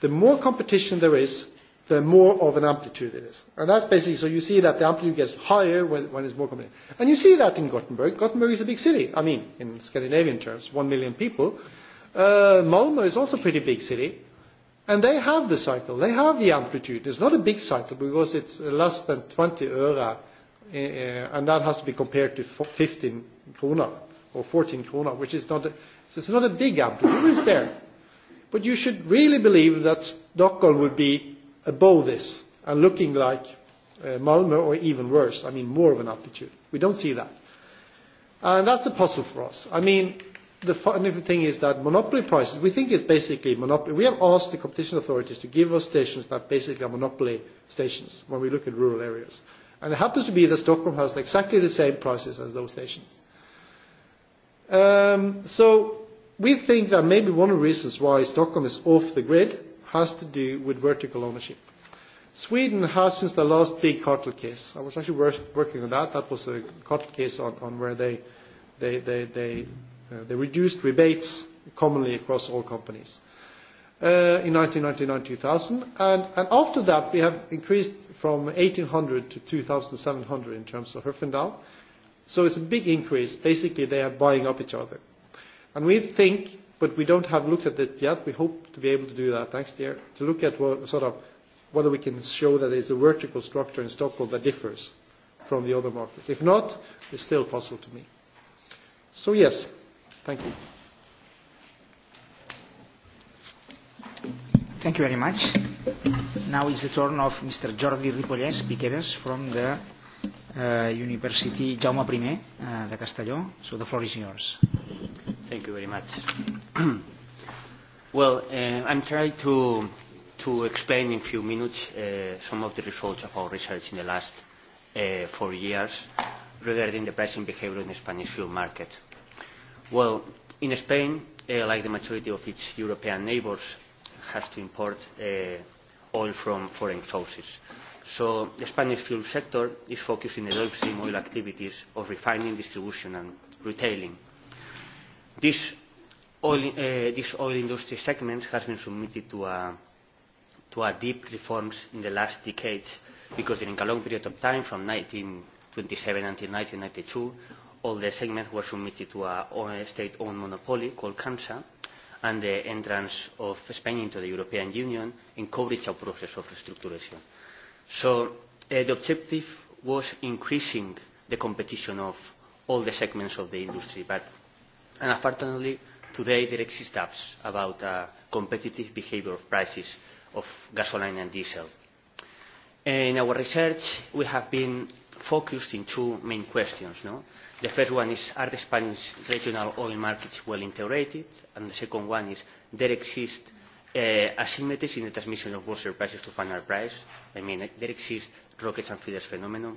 The more competition there is, the more of an amplitude it is. And that's basically, so you see that the amplitude gets higher when, when it's more complicated. And you see that in Gothenburg. Gothenburg is a big city. I mean, in Scandinavian terms, one million people. Uh, Malmo is also a pretty big city. And they have the cycle. They have the amplitude. It's not a big cycle because it's less than 20 euro. Uh, and that has to be compared to 15 krona or 14 krona, which is not a, so it's not a big amplitude. It's there. But you should really believe that Stockholm would be above this and looking like uh, Malmö or even worse, I mean more of an altitude. We don't see that. And that's a puzzle for us. I mean, the funny thing is that monopoly prices, we think it's basically monopoly. We have asked the competition authorities to give us stations that basically are monopoly stations when we look at rural areas. And it happens to be that Stockholm has exactly the same prices as those stations. Um, so we think that maybe one of the reasons why Stockholm is off the grid has to do with vertical ownership. Sweden has, since the last big cartel case, I was actually work, working on that, that was a cartel case on, on where they, they, they, they, uh, they reduced rebates commonly across all companies uh, in 1999-2000, and, and after that we have increased from 1800 to 2700 in terms of Herfindahl. So it's a big increase. Basically, they are buying up each other. And we think but we don't have looked at it yet. We hope to be able to do that next year, to look at what, sort of whether we can show that there's a vertical structure in Stockholm that differs from the other markets. If not, it's still possible to me. So yes, thank you. Thank you very much. Now is the turn of Mr. Jordi Ripollet, speakers from the uh, University Jaume I uh, de Castelló. So the floor is yours. Thank you very much. well, uh, I'm trying to, to explain in a few minutes uh, some of the results of our research in the last uh, four years regarding the pricing behavior in the Spanish fuel market. Well, in Spain, uh, like the majority of its European neighbors, has to import uh, oil from foreign sources. So the Spanish fuel sector is focused in the downstream oil activities of refining, distribution and retailing. This oil, uh, this oil industry segment has been submitted to a, to a deep reforms in the last decades because during a long period of time from 1927 until 1992 all the segments were submitted to a state-owned monopoly called CAMSA and the entrance of Spain into the European Union encouraged a process of restructuration. So uh, the objective was increasing the competition of all the segments of the industry, but And unfortunately, today there exist apps about uh, competitive behavior of prices of gasoline and diesel. In our research, we have been focused in two main questions. No? The first one is, are the Spanish regional oil markets well integrated? And the second one is, there exist uh, asymmetries in the transmission of wholesale prices to final price. I mean, there exist rockets and feeders phenomenon.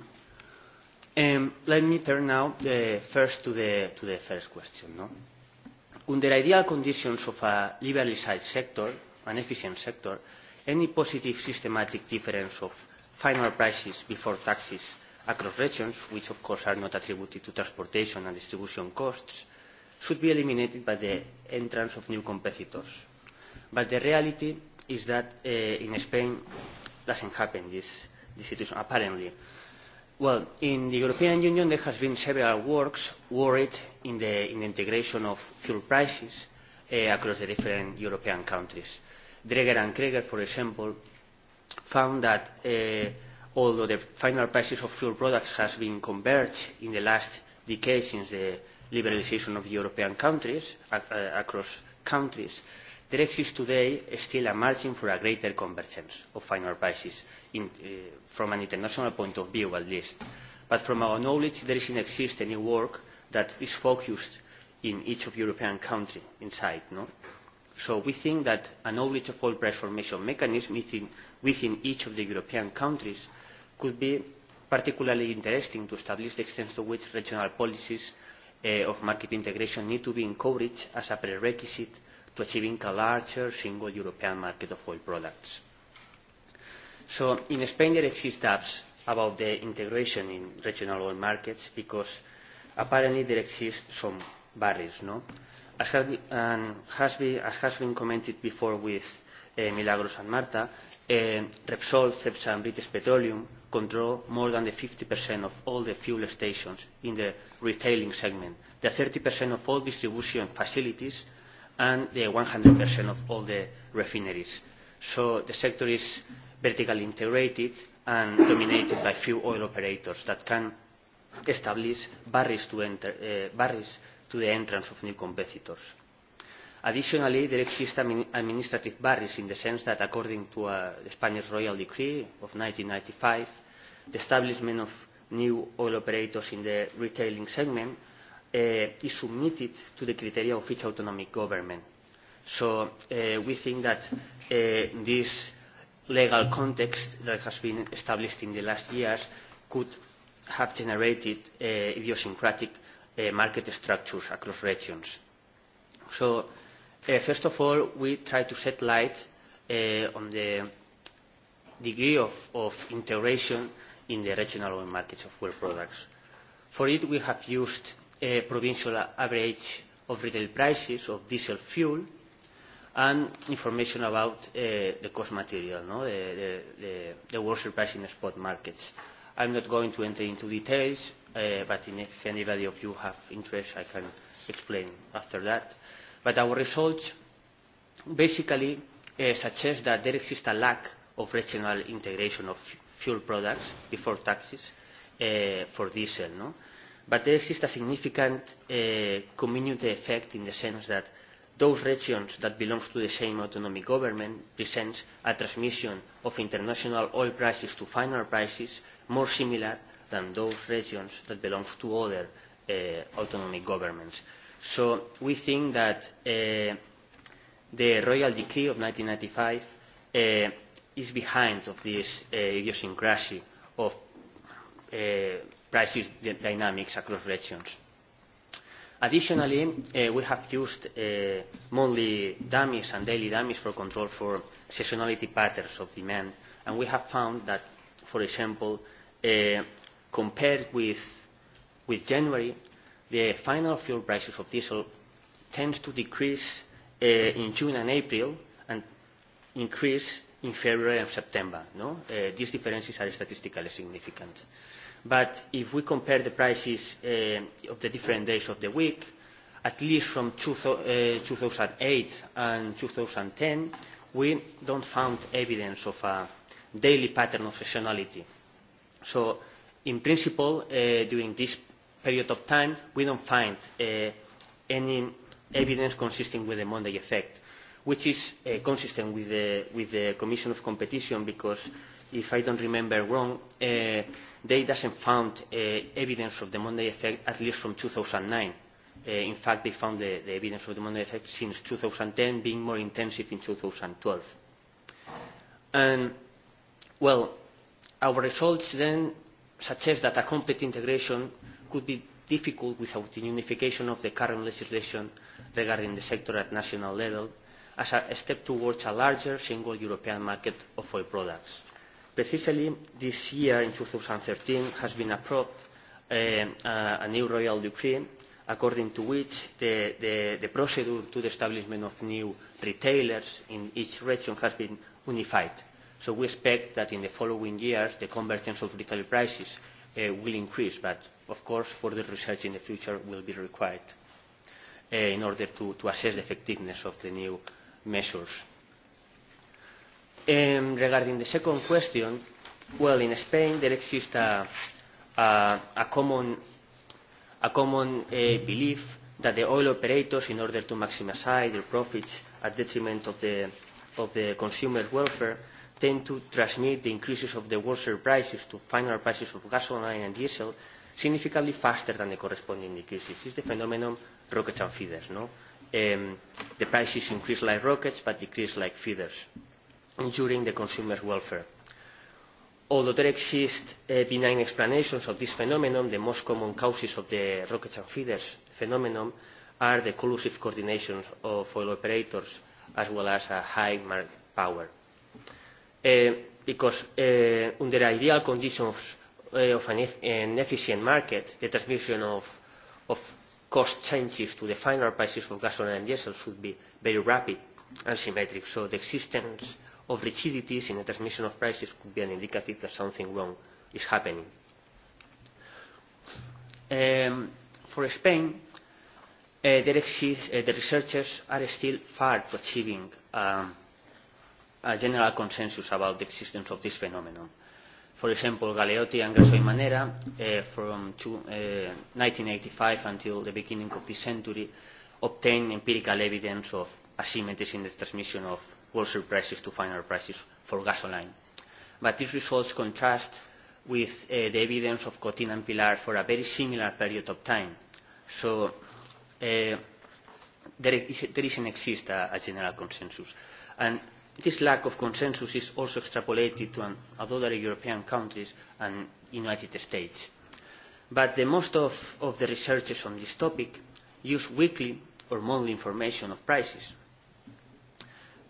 Um, let me turn now the first to the, to the first question. No? Under ideal conditions of a liberalized sector, an efficient sector, any positive systematic difference of final prices before taxes across regions, which of course are not attributed to transportation and distribution costs, should be eliminated by the entrance of new competitors. But the reality is that uh, in Spain doesn't happen, this, this situation, apparently. Well, in the European Union there has been several works worried in the, in the integration of fuel prices uh, across the different European countries. Dreger and Kreger, for example, found that uh, although the final prices of fuel products has been converged in the last decade since the liberalization of European countries, uh, across countries, uh, there exists today still a margin for a greater convergence of final prices, in, uh, from an international point of view at least. But from our knowledge, there isn't exist any work that is focused in each of European country inside. No? So we think that a knowledge of all price formation mechanism within, within each of the European countries could be particularly interesting to establish the extent to which regional policies uh, of market integration need to be encouraged as a prerequisite to achieving a larger single European market of oil products. So in Spain there exist doubts about the integration in regional oil markets because apparently there exist some barriers, no? As has, been, um, has been, as has been commented before with uh, Milagros and Marta, uh, Repsol, Cepsa and British Petroleum control more than the 50% of all the fuel stations in the retailing segment, the 30% of all distribution facilities and the 100% of all the refineries. So the sector is vertically integrated and dominated by few oil operators that can establish barriers to, enter, uh, barriers to the entrance of new competitors. Additionally, there exist administrative barriers in the sense that according to a uh, the Spanish Royal Decree of 1995, the establishment of new oil operators in the retailing segment uh, is submitted to the criteria of each autonomic government. So uh, we think that uh, this legal context that has been established in the last years could have generated uh, idiosyncratic uh, market structures across regions. So, uh, first of all, we try to shed light uh, on the degree of, of integration in the regional oil markets of world products. For it, we have used uh, provincial average of retail prices of diesel fuel and information about uh, the cost material, no? the, the, the, the worst price in the spot markets. I'm not going to enter into details, uh, but in, if anybody of you have interest, I can explain after that. But our results basically uh, suggest that there exists a lack of regional integration of fuel products before taxes uh, for diesel. No? but there exists a significant uh, community effect in the sense that those regions that belong to the same autonomic government presents a transmission of international oil prices to final prices more similar than those regions that belong to other uh, autonomic governments. So we think that uh, the Royal Decree of 1995 uh, is behind of this uh, idiosyncrasy of uh, prices dynamics across regions. Additionally, uh, we have used uh, monthly dummies and daily dummies for control for seasonality patterns of demand, and we have found that, for example, uh, compared with, with January, the final fuel prices of diesel tends to decrease uh, in June and April and increase in February and September. No? Uh, these differences are statistically significant. Uh, but if we compare the prices uh, of the different days of the week, at least from two, uh, 2008 and 2010, we don't found evidence of a daily pattern of seasonality. So, in principle, uh, during this period of time, we don't find uh, any evidence consistent with the Monday effect, which is uh, consistent with the, with the Commission of Competition because if I don't remember wrong, uh, they doesn't found uh, evidence of the Monday effect, at least from 2009. Uh, in fact, they found the, the evidence of the Monday effect since 2010, being more intensive in 2012. And, well, our results then suggest that a complete integration could be difficult without the unification of the current legislation regarding the sector at national level as a step towards a larger single European market of oil products. Precisely this year in 2013 has been approved uh, uh, a new royal decree according to which the, the, the procedure to the establishment of new retailers in each region has been unified. So we expect that in the following years the convergence of retail prices uh, will increase, but of course further research in the future will be required uh, in order to, to assess the effectiveness of the new measures. Um, regarding the second question, well, in Spain there exists a, a, a common, a common uh, belief that the oil operators, in order to maximize their profits at detriment of the, of the consumer welfare, tend to transmit the increases of the wholesale prices to final prices of gasoline and diesel significantly faster than the corresponding decreases. It's the phenomenon rockets and feeders, no? Um, the prices increase like rockets but decrease like feeders during the consumer's welfare. Although there exist uh, benign explanations of this phenomenon, the most common causes of the rockets and feeders phenomenon are the collusive coordination of oil operators as well as a high market power. Uh, because uh, under ideal conditions uh, of an, e an efficient market, the transmission of, of cost changes to the final prices of gasoline and diesel should be very rapid and symmetric. So the existence of rigidities in the transmission of prices could be an indicative that something wrong is happening. Um, for Spain, uh, there exists, uh, the researchers are still far to achieving um, a general consensus about the existence of this phenomenon. For example, Galeotti and Gasoy Manera, uh, from two, uh, 1985 until the beginning of this century, obtained empirical evidence of asymmetries in the transmission of worsen prices to final prices for gasoline. But these results contrast with uh, the evidence of Cotin and Pilar for a very similar period of time. So uh, there, is, there isn't exist a, uh, a general consensus. And this lack of consensus is also extrapolated to an, other European countries and United States. But the most of, of the researchers on this topic use weekly or monthly information of prices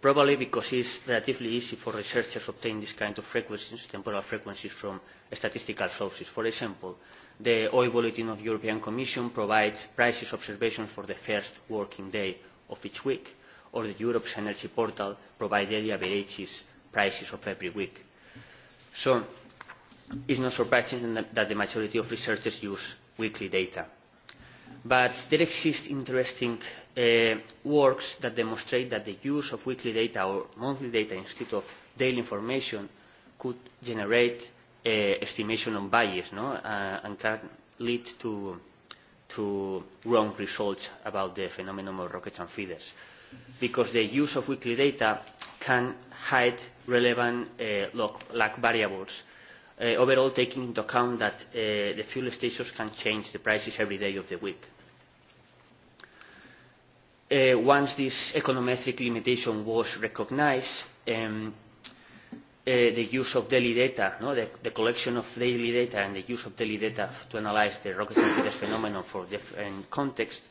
probably because it's relatively easy for researchers to obtain this kind of frequencies, temporal frequencies from statistical sources. For example, the oil bulletin of the European Commission provides prices observations for the first working day of each week, or the Europe's energy portal provides daily averages prices of every week. So it's not surprising that the majority of researchers use weekly data but there exist interesting uh, works that demonstrate that the use of weekly data or monthly data instead of daily information could generate uh, estimation on bias no? uh, and can lead to, to wrong results about the phenomenon of rockets and feeders because the use of weekly data can hide relevant uh, log, variables uh, overall taking into account that uh, the fuel stations can change the prices every day of the week. Uh, once this econometric limitation was recognized, um, uh, the use of daily data, no, the, the collection of daily data and the use of daily data to analyze the rocket scientific phenomenon for different contexts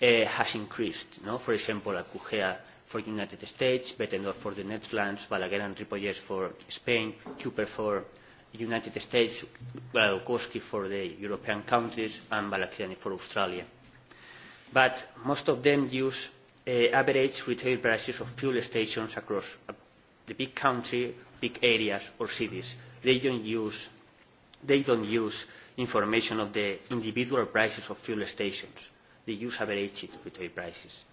uh, has increased. No? For example, at CUGEA for the United States, Betendorf for the Netherlands, Balaguer and Ripolles for Spain, Cooper for United States, Galagoski for the European countries, and Balakiani for Australia. But most of them use uh, average retail prices of fuel stations across uh, the big country, big areas or cities. They don't use, they don't use information of the individual prices of fuel stations. They use average retail prices.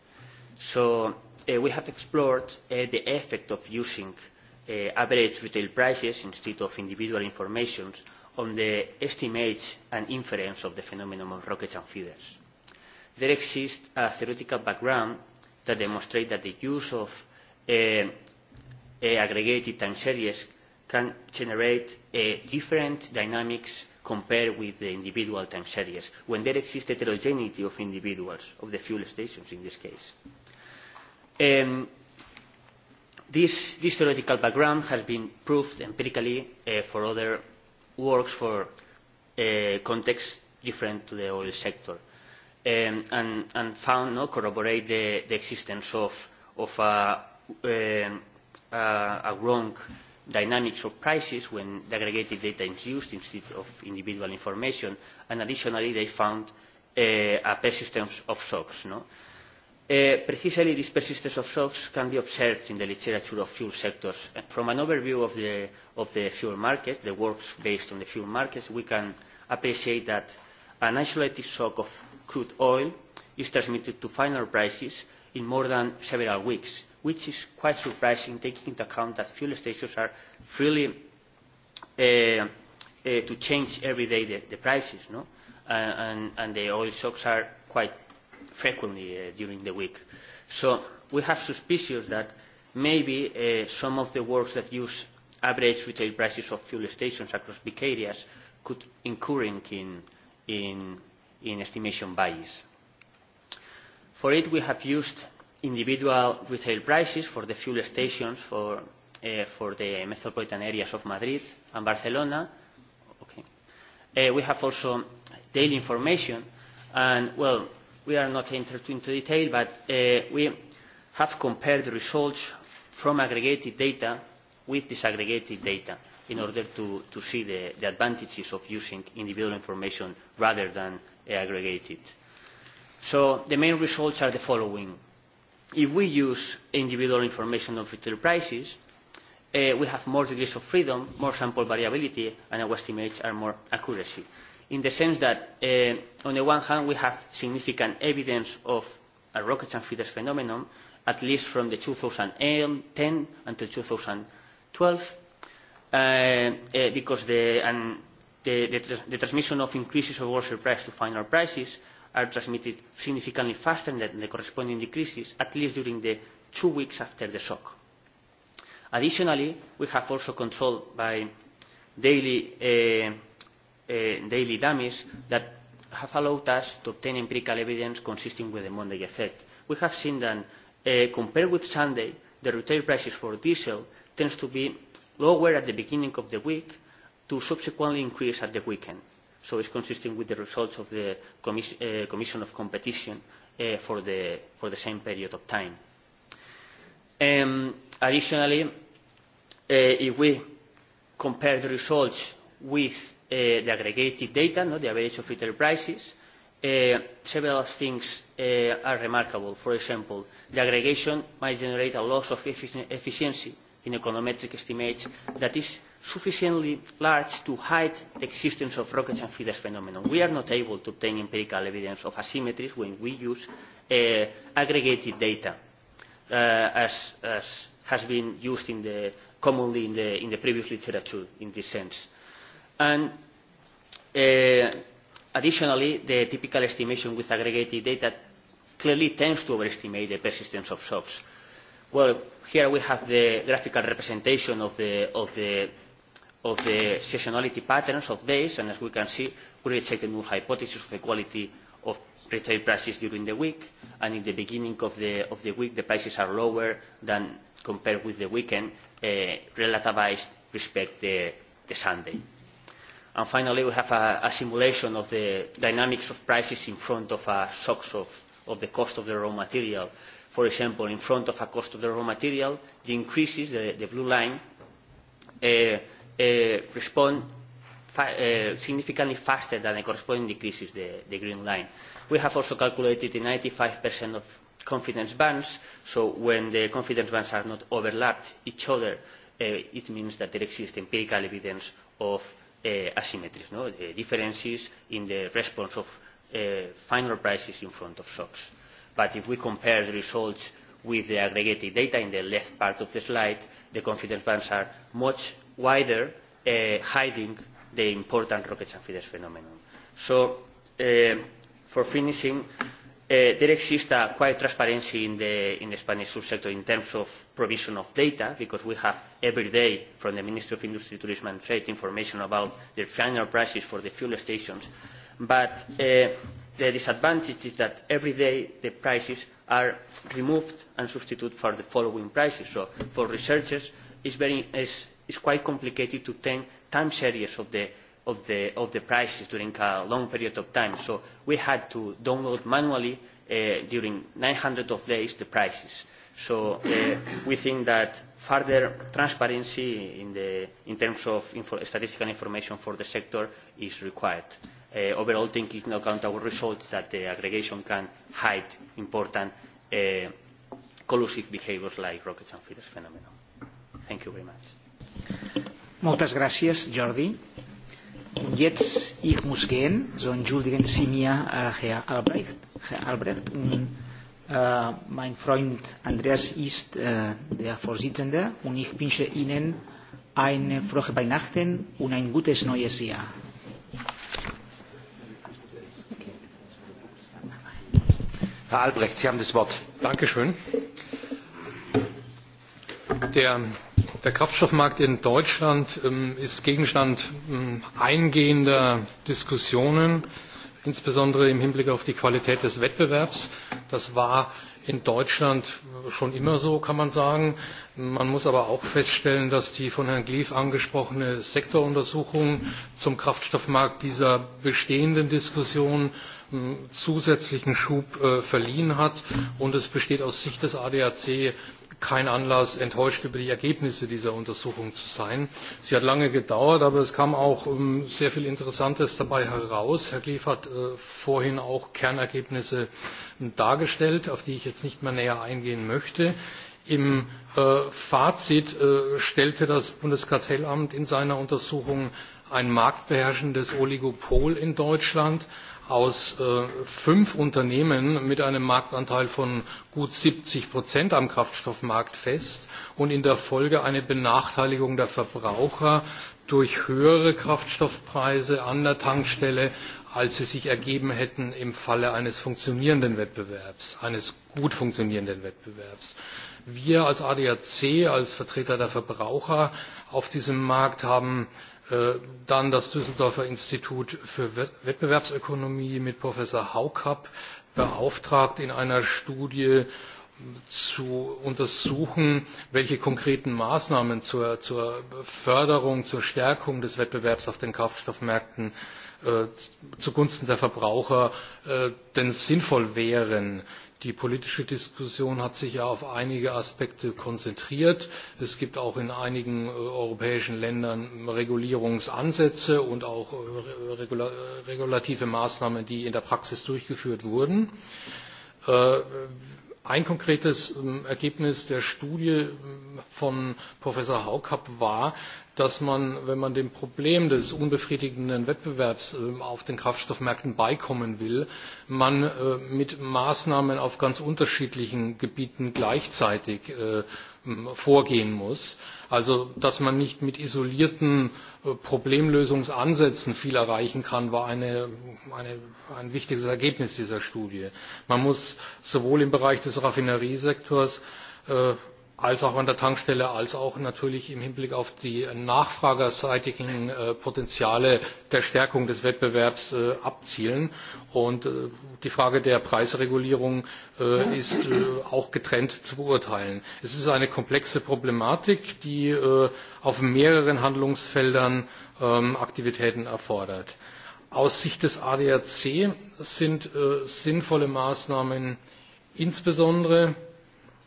So uh, we have explored uh, the effect of using uh, uh, average retail prices instead of individual information on the estimates and inference of the phenomenon of rockets and feeders. There exists a theoretical background that demonstrates that the use of uh, uh, aggregated time series can generate uh, different dynamics compared with the individual time series, when there exists heterogeneity of individuals, of the fuel stations in this case. Um, This, this theoretical background has been proved empirically uh, for other works for uh, contexts different to the oil sector um, and, and found no, corroborate the, the existence of, of a, um, a, a wrong dynamics of prices when the aggregated data is used instead of individual information and additionally they found uh, a persistence of shocks. No? Uh, precisely these persistence of shocks can be observed in the literature of fuel sectors. And from an overview of the, of the fuel markets, the works based on the fuel markets, we can appreciate that an isolated shock of crude oil is transmitted to final prices in more than several weeks, which is quite surprising taking into account that fuel stations are freely uh, uh, to change every day the, the prices, no? Uh, and, and the oil shocks are quite frequently uh, during the week. So we have suspicions that maybe uh, some of the works that use average retail prices of fuel stations across big areas could incur in, in, in estimation bias. For it, we have used individual retail prices for the fuel stations for, uh, for the metropolitan areas of Madrid and Barcelona. Okay. Uh, we have also daily information and, well, we are not entered into detail, but uh, we have compared the results from aggregated data with disaggregated data in order to, to see the, the advantages of using individual information rather than uh, aggregated. So the main results are the following. If we use individual information on retail prices, uh, we have more degrees of freedom, more sample variability, and our estimates are more accuracy in the sense that uh, on the one hand we have significant evidence of a rocket and feeders phenomenon, at least from the 2010 until 2012, uh, uh, because the, and the, the, tr the transmission of increases of wholesale price to final prices are transmitted significantly faster than the corresponding decreases, at least during the two weeks after the shock. Additionally, we have also controlled by daily uh, uh daily dummies that have allowed us to obtain empirical evidence consistent with the Monday effect. We have seen that uh, compared with Sunday, the retail prices for diesel tends to be lower at the beginning of the week to subsequently increase at the weekend. So it's consistent with the results of the commis uh, Commission of Competition uh, for, the, for the same period of time. Um, additionally, uh, if we compare the results with uh, eh, the aggregated data, no, the average of retail prices. Uh, several things uh, are remarkable. For example, the aggregation might generate a loss of effic efficiency in econometric estimates that is sufficiently large to hide the existence of rockets and feeders phenomenon. We are not able to obtain empirical evidence of asymmetries when we use uh, aggregated data, uh, as, as has been used in the, commonly in the, in the previous literature in this sense. And uh, additionally, the typical estimation with aggregated data clearly tends to overestimate the persistence of shocks. Well, here we have the graphical representation of the, of the, of the seasonality patterns of days, and as we can see, we reject the new hypothesis of the quality of retail prices during the week, and in the beginning of the, of the week, the prices are lower than compared with the weekend, uh, relativized respect the, the Sunday. Mm -hmm. And finally, we have a, a simulation of the dynamics of prices in front of a shocks of, of the cost of the raw material. For example, in front of a cost of the raw material, the increases, the, the blue line, uh, uh, respond fa uh, significantly faster than the corresponding decreases, the, the green line. We have also calculated the 95% of confidence bands, so when the confidence bands are not overlapped each other, uh, it means that there exists empirical evidence of uh, asymmetries, no? the eh, differences in the response of uh, final prices in front of shocks. But if we compare the results with the aggregated data in the left part of the slide, the confidence bands are much wider, uh, hiding the important rocket and feeders phenomenon. So, uh, for finishing, Uh, there exists uh, quite transparency in the, in the Spanish sector in terms of provision of data, because we have every day from the Ministry of Industry, Tourism and Trade information about the final prices for the fuel stations. But uh, the disadvantage is that every day the prices are removed and substituted for the following prices. So for researchers, it's, very, it's, it's quite complicated to take time series of the of the, of the prices during a long period of time. So we had to download manually uh, during 900 of days the prices. So uh, we think that further transparency in, the, in terms of info statistical information for the sector is required. Uh, overall, taking into account our results that the aggregation can hide important uh, collusive behaviors like rockets and feeders phenomenon. Thank you very much. Moltes gràcies, Jordi. Jetzt, ich muss gehen, so entschuldigen Sie mir, äh, Herr Albrecht, Herr Albrecht und äh, mein Freund Andreas ist äh, der Vorsitzende und ich wünsche Ihnen eine frohe Weihnachten und ein gutes neues Jahr. Herr Albrecht, Sie haben das Wort. Dankeschön. Der Der Kraftstoffmarkt in Deutschland ähm, ist Gegenstand ähm, eingehender Diskussionen, insbesondere im Hinblick auf die Qualität des Wettbewerbs. Das war in Deutschland schon immer so, kann man sagen. Man muss aber auch feststellen, dass die von Herrn Glief angesprochene Sektoruntersuchung zum Kraftstoffmarkt dieser bestehenden Diskussion ähm, zusätzlichen Schub äh, verliehen hat. Und es besteht aus Sicht des ADAC kein Anlass, enttäuscht über die Ergebnisse dieser Untersuchung zu sein. Sie hat lange gedauert, aber es kam auch ähm, sehr viel Interessantes dabei heraus. Herr Glief hat äh, vorhin auch Kernergebnisse ähm, dargestellt, auf die ich jetzt nicht mehr näher eingehen möchte. Im äh, Fazit äh, stellte das Bundeskartellamt in seiner Untersuchung ein marktbeherrschendes Oligopol in Deutschland aus äh, fünf Unternehmen mit einem Marktanteil von gut 70 Prozent am Kraftstoffmarkt fest und in der Folge eine Benachteiligung der Verbraucher durch höhere Kraftstoffpreise an der Tankstelle, als sie sich ergeben hätten im Falle eines funktionierenden Wettbewerbs, eines gut funktionierenden Wettbewerbs. Wir als ADAC, als Vertreter der Verbraucher auf diesem Markt haben äh, Äh, dann das Düsseldorfer Institut für Wettbewerbsökonomie mit Professor Haukapp beauftragt in einer Studie zu untersuchen, welche konkreten Maßnahmen zur, zur Förderung, zur Stärkung des Wettbewerbs auf den Kraftstoffmärkten äh, zugunsten der Verbraucher äh, denn sinnvoll wären. Die politische Diskussion hat sich ja auf einige Aspekte konzentriert. Es gibt auch in einigen äh, europäischen Ländern Regulierungsansätze und auch äh, regula regulative Maßnahmen, die in der Praxis durchgeführt wurden. Äh, ein konkretes ähm, Ergebnis der Studie ähm, von Professor Haukap war, dass man, wenn man dem Problem des unbefriedigenden Wettbewerbs ähm, auf den Kraftstoffmärkten beikommen will, man äh, mit Maßnahmen auf ganz unterschiedlichen Gebieten gleichzeitig äh, vorgehen muss. Also, dass man nicht mit isolierten äh, Problemlösungsansätzen viel erreichen kann, war eine, eine, ein wichtiges Ergebnis dieser Studie. Man muss sowohl im Bereich des Raffineriesektors als auch an der Tankstelle, als auch natürlich im Hinblick auf die nachfragerseitigen äh, Potenziale der Stärkung des Wettbewerbs äh, abzielen. Und äh, die Frage der Preisregulierung äh, ist äh, auch getrennt zu beurteilen. Es ist eine komplexe Problematik, die äh, auf mehreren Handlungsfeldern äh, Aktivitäten erfordert. Aus Sicht des ADAC sind äh, sinnvolle Maßnahmen insbesondere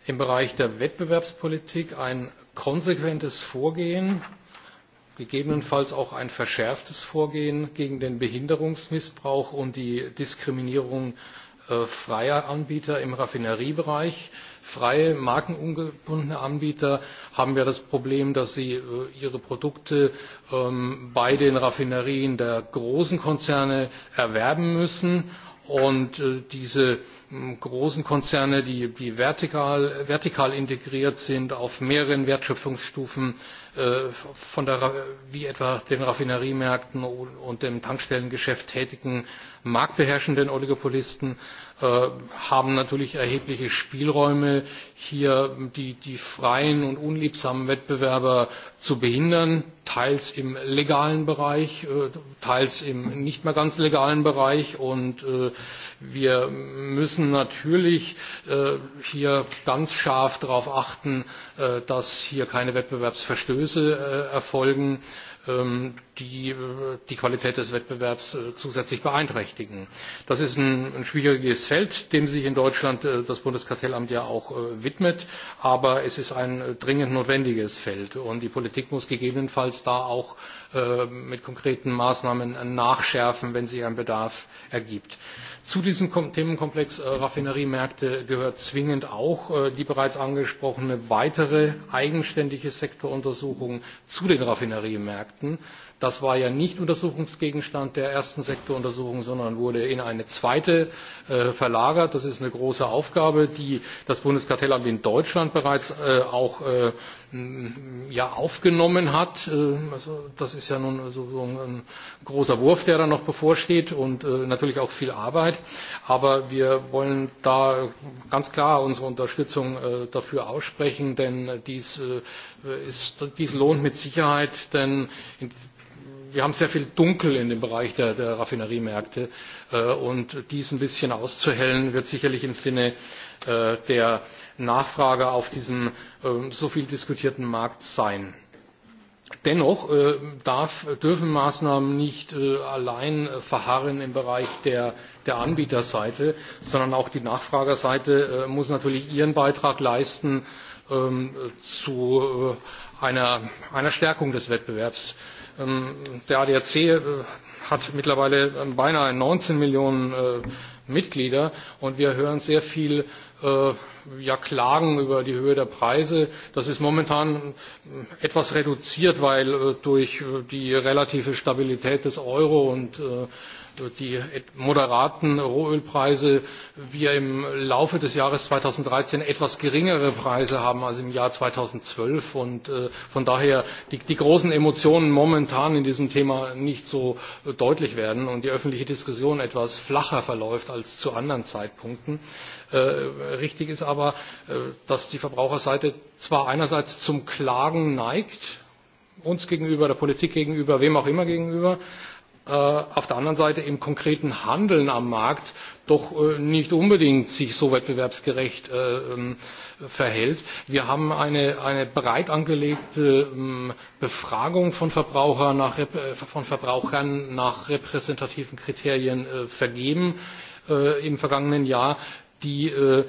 im Bereich der Wettbewerbspolitik ein konsequentes Vorgehen, gegebenenfalls auch ein verschärftes Vorgehen gegen den Behinderungsmissbrauch und die Diskriminierung äh, freier Anbieter im Raffineriebereich. Freie, markenungebundene Anbieter haben ja das Problem, dass sie äh, ihre Produkte ähm, bei den Raffinerien der großen Konzerne erwerben müssen und äh, diese Ähm, großen Konzerne, die, die vertikal, vertikal integriert sind, auf mehreren Wertschöpfungsstufen, äh, von der, wie etwa den Raffineriemärkten und, und dem Tankstellengeschäft tätigen marktbeherrschenden Oligopolisten, äh, haben natürlich erhebliche Spielräume, hier die, die freien und unliebsamen Wettbewerber zu behindern, teils im legalen Bereich, äh, teils im nicht mehr ganz legalen Bereich. Und äh, wir müssen müssen natürlich äh, hier ganz scharf darauf achten, äh, dass hier keine Wettbewerbsverstöße äh, erfolgen, ähm, die äh, die Qualität des Wettbewerbs äh, zusätzlich beeinträchtigen. Das ist ein, ein schwieriges Feld, dem sich in Deutschland äh, das Bundeskartellamt ja auch widmet, aber es ist ein dringend notwendiges Feld und die Politik muss gegebenenfalls da auch mit konkreten Maßnahmen nachschärfen, wenn sich ein Bedarf ergibt. Mhm. Zu diesem Themenkomplex äh, Raffineriemärkte gehört zwingend auch äh, die bereits angesprochene weitere eigenständige Sektoruntersuchung zu den Raffineriemärkten. Das war ja nicht Untersuchungsgegenstand der ersten Sektoruntersuchung, sondern wurde in eine zweite äh, verlagert. Das ist eine große Aufgabe, die das Bundeskartellamt in Deutschland bereits äh, auch äh, ja, aufgenommen hat. Äh, also das ist ja nun so ein großer Wurf, der da noch bevorsteht und äh, natürlich auch viel Arbeit. Aber wir wollen da ganz klar unsere Unterstützung äh, dafür aussprechen, denn dies, ist, dies lohnt mit Sicherheit, denn in wir haben sehr viel Dunkel in dem Bereich der, der Raffineriemärkte äh, und dies ein bisschen auszuhellen wird sicherlich im Sinne äh, der Nachfrage auf diesem äh, so viel diskutierten Markt sein. Dennoch äh, darf, dürfen Maßnahmen nicht äh, allein verharren im Bereich der, der Anbieterseite, sondern auch die Nachfragerseite äh, muss natürlich ihren Beitrag leisten ähm, äh, zu einer, einer Stärkung des Wettbewerbs. Ähm, der ADAC äh, hat mittlerweile ähm, beinahe 19 Millionen äh, Mitglieder und wir hören sehr viel äh, ja, Klagen über die Höhe der Preise. Das ist momentan etwas reduziert, weil durch die relative Stabilität des Euro und die moderaten Rohölpreise wir im Laufe des Jahres 2013 etwas geringere Preise haben als im Jahr 2012 und äh, von daher die, die großen Emotionen momentan in diesem Thema nicht so deutlich werden und die öffentliche Diskussion etwas flacher verläuft als zu anderen Zeitpunkten. Äh, richtig ist aber, äh, dass die Verbraucherseite zwar einerseits zum Klagen neigt, uns gegenüber, der Politik gegenüber, wem auch immer gegenüber, Äh, auf der anderen Seite im konkreten Handeln am Markt doch äh, nicht unbedingt sich so wettbewerbsgerecht äh, ähm, verhält. Wir haben eine, eine breit angelegte ähm, Befragung von Verbrauchern nach, von Verbrauchern nach repräsentativen Kriterien vergeben im vergangenen Jahr die äh,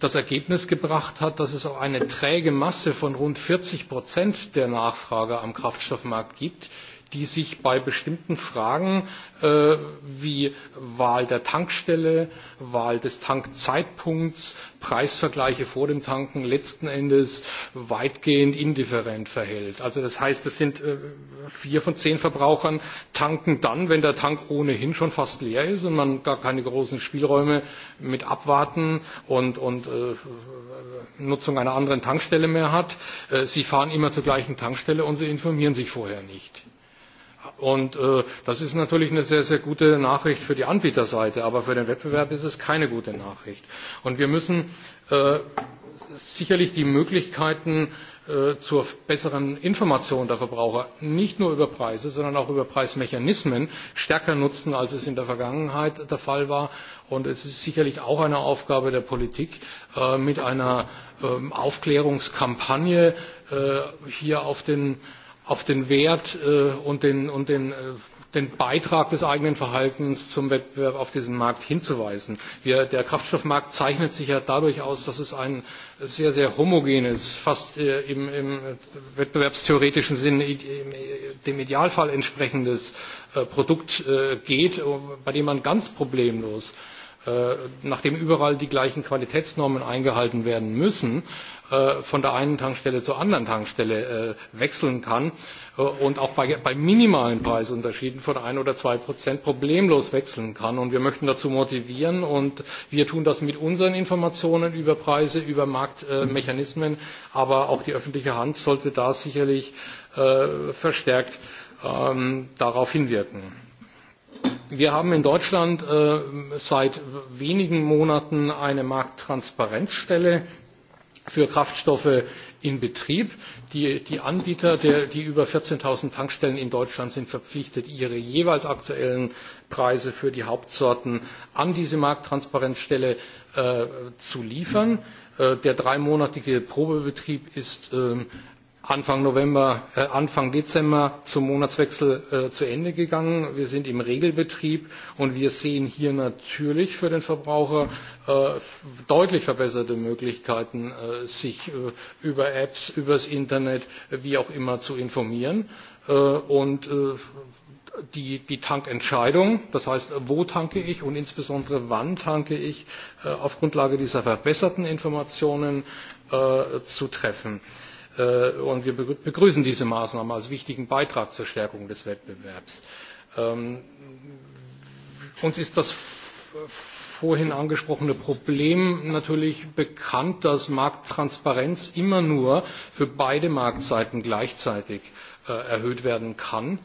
das Ergebnis gebracht hat, dass es auch eine träge Masse von rund 40 Prozent der Nachfrage am Kraftstoffmarkt gibt, die sich bei bestimmten Fragen äh, wie Wahl der Tankstelle, Wahl des Tankzeitpunkts, Preisvergleiche vor dem Tanken letzten Endes weitgehend indifferent verhält. Also das heißt, es sind äh, vier von zehn Verbrauchern tanken dann, wenn der Tank ohnehin schon fast leer ist und man gar keine großen Spielräume mit Abwarten und, und äh, Nutzung einer anderen Tankstelle mehr hat. Äh, sie fahren immer zur gleichen Tankstelle und sie informieren sich vorher nicht. Und äh, das ist natürlich eine sehr, sehr gute Nachricht für die Anbieterseite, aber für den Wettbewerb ist es keine gute Nachricht. Und wir müssen äh, sicherlich die Möglichkeiten äh, zur besseren Information der Verbraucher nicht nur über Preise, sondern auch über Preismechanismen stärker nutzen, als es in der Vergangenheit der Fall war. Und es ist sicherlich auch eine Aufgabe der Politik, äh, mit einer ähm, Aufklärungskampagne äh, hier auf den auf den Wert äh, und den, und den, äh, den Beitrag des eigenen Verhaltens zum Wettbewerb auf diesem Markt hinzuweisen. Wir, der Kraftstoffmarkt zeichnet sich ja dadurch aus, dass es ein sehr, sehr homogenes, fast äh, im, im wettbewerbstheoretischen Sinne im, äh, dem Idealfall entsprechendes äh, Produkt äh, geht, äh, bei dem man ganz problemlos äh, nachdem überall die gleichen Qualitätsnormen eingehalten werden müssen, Äh, von der einen Tankstelle zur anderen Tankstelle äh, wechseln kann äh, und auch bei, bei minimalen Preisunterschieden von ein oder zwei Prozent problemlos wechseln kann. Und wir möchten dazu motivieren und wir tun das mit unseren Informationen über Preise, über Marktmechanismen, aber auch die öffentliche Hand sollte da sicherlich äh, verstärkt ähm, darauf hinwirken. Wir haben in Deutschland äh, seit wenigen Monaten eine Markttransparenzstelle für Kraftstoffe in Betrieb. Die, die Anbieter, der, die über 14.000 Tankstellen in Deutschland sind verpflichtet, ihre jeweils aktuellen Preise für die Hauptsorten an diese Markttransparenzstelle äh, zu liefern. Äh, der dreimonatige Probebetrieb ist äh, Anfang November, äh, Anfang Dezember zum Monatswechsel äh, zu Ende gegangen. Wir sind im Regelbetrieb und wir sehen hier natürlich für den Verbraucher äh, deutlich verbesserte Möglichkeiten, äh, sich äh, über Apps, übers Internet, äh, wie auch immer zu informieren. Äh, und äh, die, die Tankentscheidung, das heißt, wo tanke ich und insbesondere wann tanke ich, äh, auf Grundlage dieser verbesserten Informationen äh, zu treffen. Äh, und wir begrüßen diese Maßnahmen als wichtigen Beitrag zur Stärkung des Wettbewerbs. Ähm, uns ist das vorhin angesprochene Problem natürlich bekannt, dass Markttransparenz immer nur für beide Marktseiten gleichzeitig äh, erhöht werden kann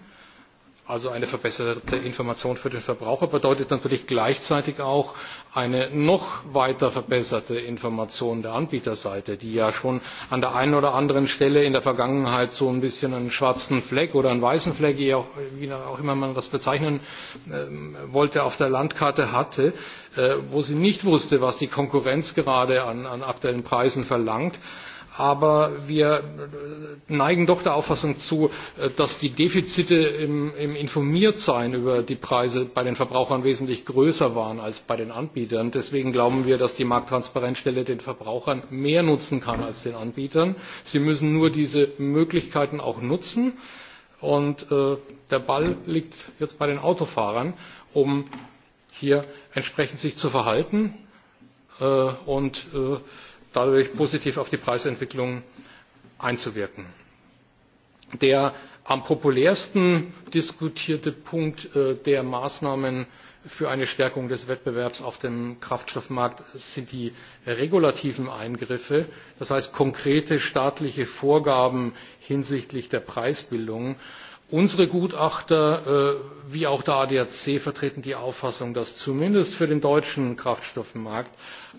Also eine verbesserte Information für den Verbraucher bedeutet natürlich gleichzeitig auch eine noch weiter verbesserte Information der Anbieterseite, die ja schon an der einen oder anderen Stelle in der Vergangenheit so ein bisschen einen schwarzen Fleck oder einen weißen Fleck, wie auch, wie auch immer man das bezeichnen ähm, wollte, auf der Landkarte hatte, äh, wo sie nicht wusste, was die Konkurrenz gerade an, an aktuellen Preisen verlangt aber wir äh, neigen doch der Auffassung zu, äh, dass die Defizite im, im Informiertsein über die Preise bei den Verbrauchern wesentlich größer waren als bei den Anbietern. Deswegen glauben wir, dass die Markttransparenzstelle den Verbrauchern mehr nutzen kann als den Anbietern. Sie müssen nur diese Möglichkeiten auch nutzen. Und äh, der Ball liegt jetzt bei den Autofahrern, um hier entsprechend sich zu verhalten. Äh, und äh, dadurch positiv auf die Preisentwicklung einzuwirken. Der am populärsten diskutierte Punkt äh, der Maßnahmen für eine Stärkung des Wettbewerbs auf dem Kraftstoffmarkt sind die regulativen Eingriffe, das heißt konkrete staatliche Vorgaben hinsichtlich der Preisbildung. Unsere Gutachter äh, wie auch der ADAC vertreten die Auffassung, dass zumindest für den deutschen Kraftstoffmarkt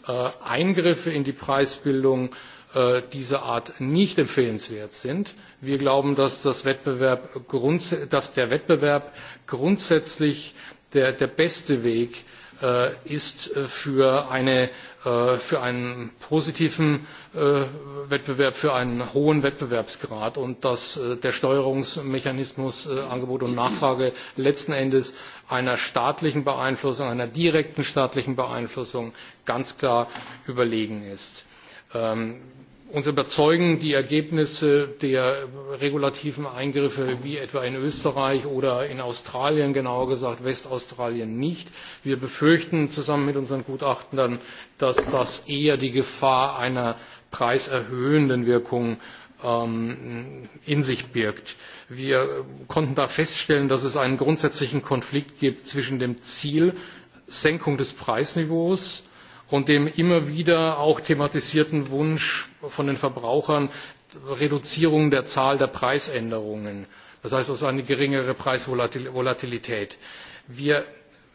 äh, Eingriffe in die Preisbildung äh, dieser Art nicht empfehlenswert sind. Wir glauben, dass, das Wettbewerb dass der Wettbewerb grundsätzlich der, der beste Weg äh, ist äh, für, eine, äh, für einen positiven äh, Wettbewerb, für einen hohen Wettbewerbsgrad und dass äh, der Steuerungsmechanismus äh, Angebot und Nachfrage letzten Endes einer staatlichen Beeinflussung, einer direkten staatlichen Beeinflussung ganz klar überlegen ist. Ähm, Uns überzeugen die Ergebnisse der regulativen Eingriffe wie etwa in Österreich oder in Australien, genauer gesagt Westaustralien nicht. Wir befürchten zusammen mit unseren Gutachtern, dass das eher die Gefahr einer preiserhöhenden Wirkung ähm, in sich birgt. Wir konnten da feststellen, dass es einen grundsätzlichen Konflikt gibt zwischen dem Ziel Senkung des Preisniveaus und dem immer wieder auch thematisierten Wunsch von den Verbrauchern, Reduzierung der Zahl der Preisänderungen. Das heißt also eine geringere Preisvolatilität. Wir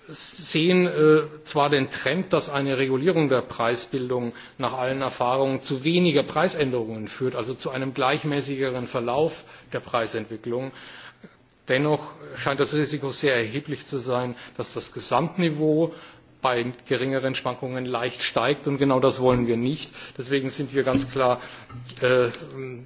sehen äh, zwar den Trend, dass eine Regulierung der Preisbildung nach allen Erfahrungen zu weniger Preisänderungen führt, also zu einem gleichmäßigeren Verlauf der Preisentwicklung. Dennoch scheint das Risiko sehr erheblich zu sein, dass das Gesamtniveau bei geringeren Schwankungen leicht steigt. Und genau das wollen wir nicht. Deswegen sind wir ganz klar äh,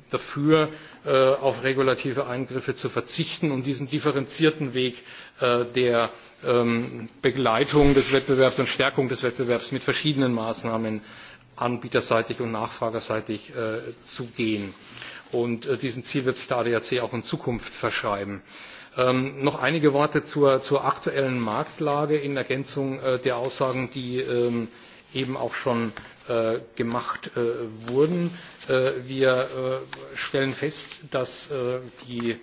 dafür, äh, auf regulative Eingriffe zu verzichten und diesen differenzierten Weg äh, der ähm, Begleitung des Wettbewerbs und Stärkung des Wettbewerbs mit verschiedenen Maßnahmen anbieterseitig und nachfragerseitig äh, zu gehen. Und äh, diesem Ziel wird sich der ADAC auch in Zukunft verschreiben. Äh, Ähm, noch einige Worte zur, zur aktuellen Marktlage in Ergänzung äh, der Aussagen, die ähm, eben auch schon äh, gemacht äh, wurden. Äh, wir äh, stellen fest, dass äh, die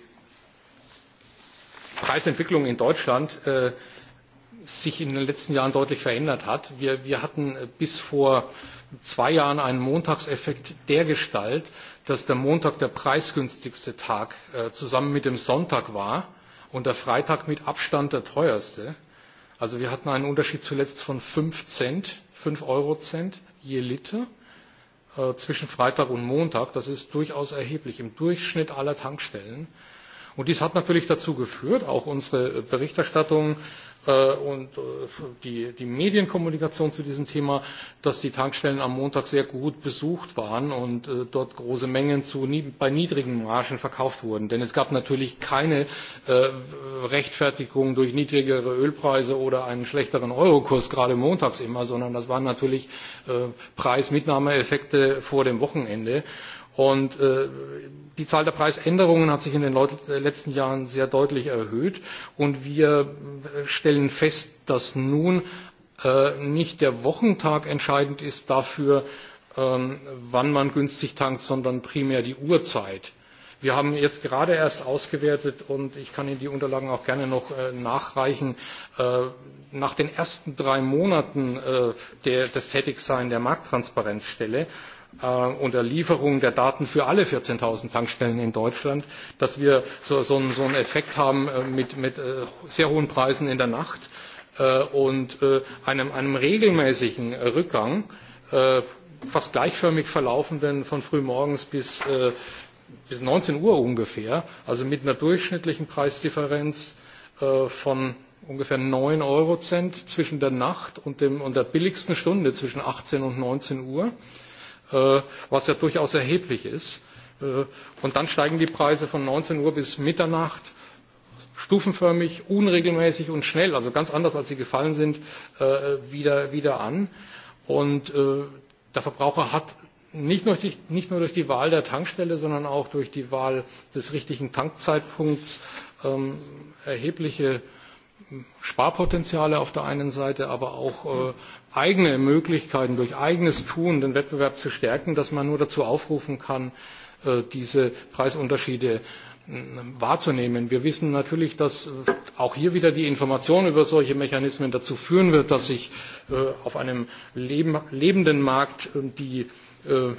Preisentwicklung in Deutschland äh, sich in den letzten Jahren deutlich verändert hat. Wir, wir hatten äh, bis vor zwei Jahren einen Montagseffekt der Gestalt, dass der Montag der preisgünstigste Tag äh, zusammen mit dem Sonntag war und der Freitag mit Abstand der teuerste. Also wir hatten einen Unterschied zuletzt von 5 Cent, 5 Cent je Liter äh, zwischen Freitag und Montag. Das ist durchaus erheblich im Durchschnitt aller Tankstellen. Und dies hat natürlich dazu geführt, auch unsere Berichterstattung, Äh, und äh, die, die Medienkommunikation zu diesem Thema, dass die Tankstellen am Montag sehr gut besucht waren und äh, dort große Mengen zu, bei niedrigen Margen verkauft wurden. Denn es gab natürlich keine Rechtfertigung durch niedrigere Ölpreise oder einen schlechteren Eurokurs, gerade montags immer, sondern das waren natürlich Preismitnahmeeffekte vor dem Wochenende. Und äh, die Zahl der Preisänderungen hat sich in den äh, letzten Jahren sehr deutlich erhöht. Und wir äh, stellen fest, dass nun nicht der Wochentag entscheidend ist dafür, ähm, wann man günstig tankt, sondern primär die Uhrzeit. Wir haben jetzt gerade erst ausgewertet und ich kann Ihnen die Unterlagen auch gerne noch nachreichen. nach den ersten drei Monaten des Tätigseins der Markttransparenzstelle Äh, und der Lieferung der Daten für alle 14.000 Tankstellen in Deutschland, dass wir so, so, einen, so einen Effekt haben äh, mit, mit äh, sehr hohen Preisen in der Nacht und einem, einem regelmäßigen Rückgang, fast gleichförmig verlaufenden von frühmorgens bis, bis 19 Uhr ungefähr, also mit einer durchschnittlichen Preisdifferenz von ungefähr 9 Euro Cent zwischen der Nacht und, dem, und der billigsten Stunde zwischen 18 und 19 Uhr. Äh, was ja durchaus erheblich ist. Äh, und dann steigen die Preise von 19 Uhr bis Mitternacht stufenförmig, unregelmäßig und schnell, also ganz anders als sie gefallen sind, äh, wieder, wieder an. Und der Verbraucher hat nicht nur, durch, nicht nur durch die Wahl der Tankstelle, sondern auch durch die Wahl des richtigen Tankzeitpunkts ähm, erhebliche Sparpotenziale auf der einen Seite, aber auch äh, eigene Möglichkeiten durch eigenes Tun den Wettbewerb zu stärken, dass man nur dazu aufrufen kann, äh, diese Preisunterschiede ähm, wahrzunehmen. Wir wissen natürlich, dass äh, auch hier wieder die Information über solche Mechanismen dazu führen wird, dass sich äh, auf einem leben, lebenden Markt äh, die, äh,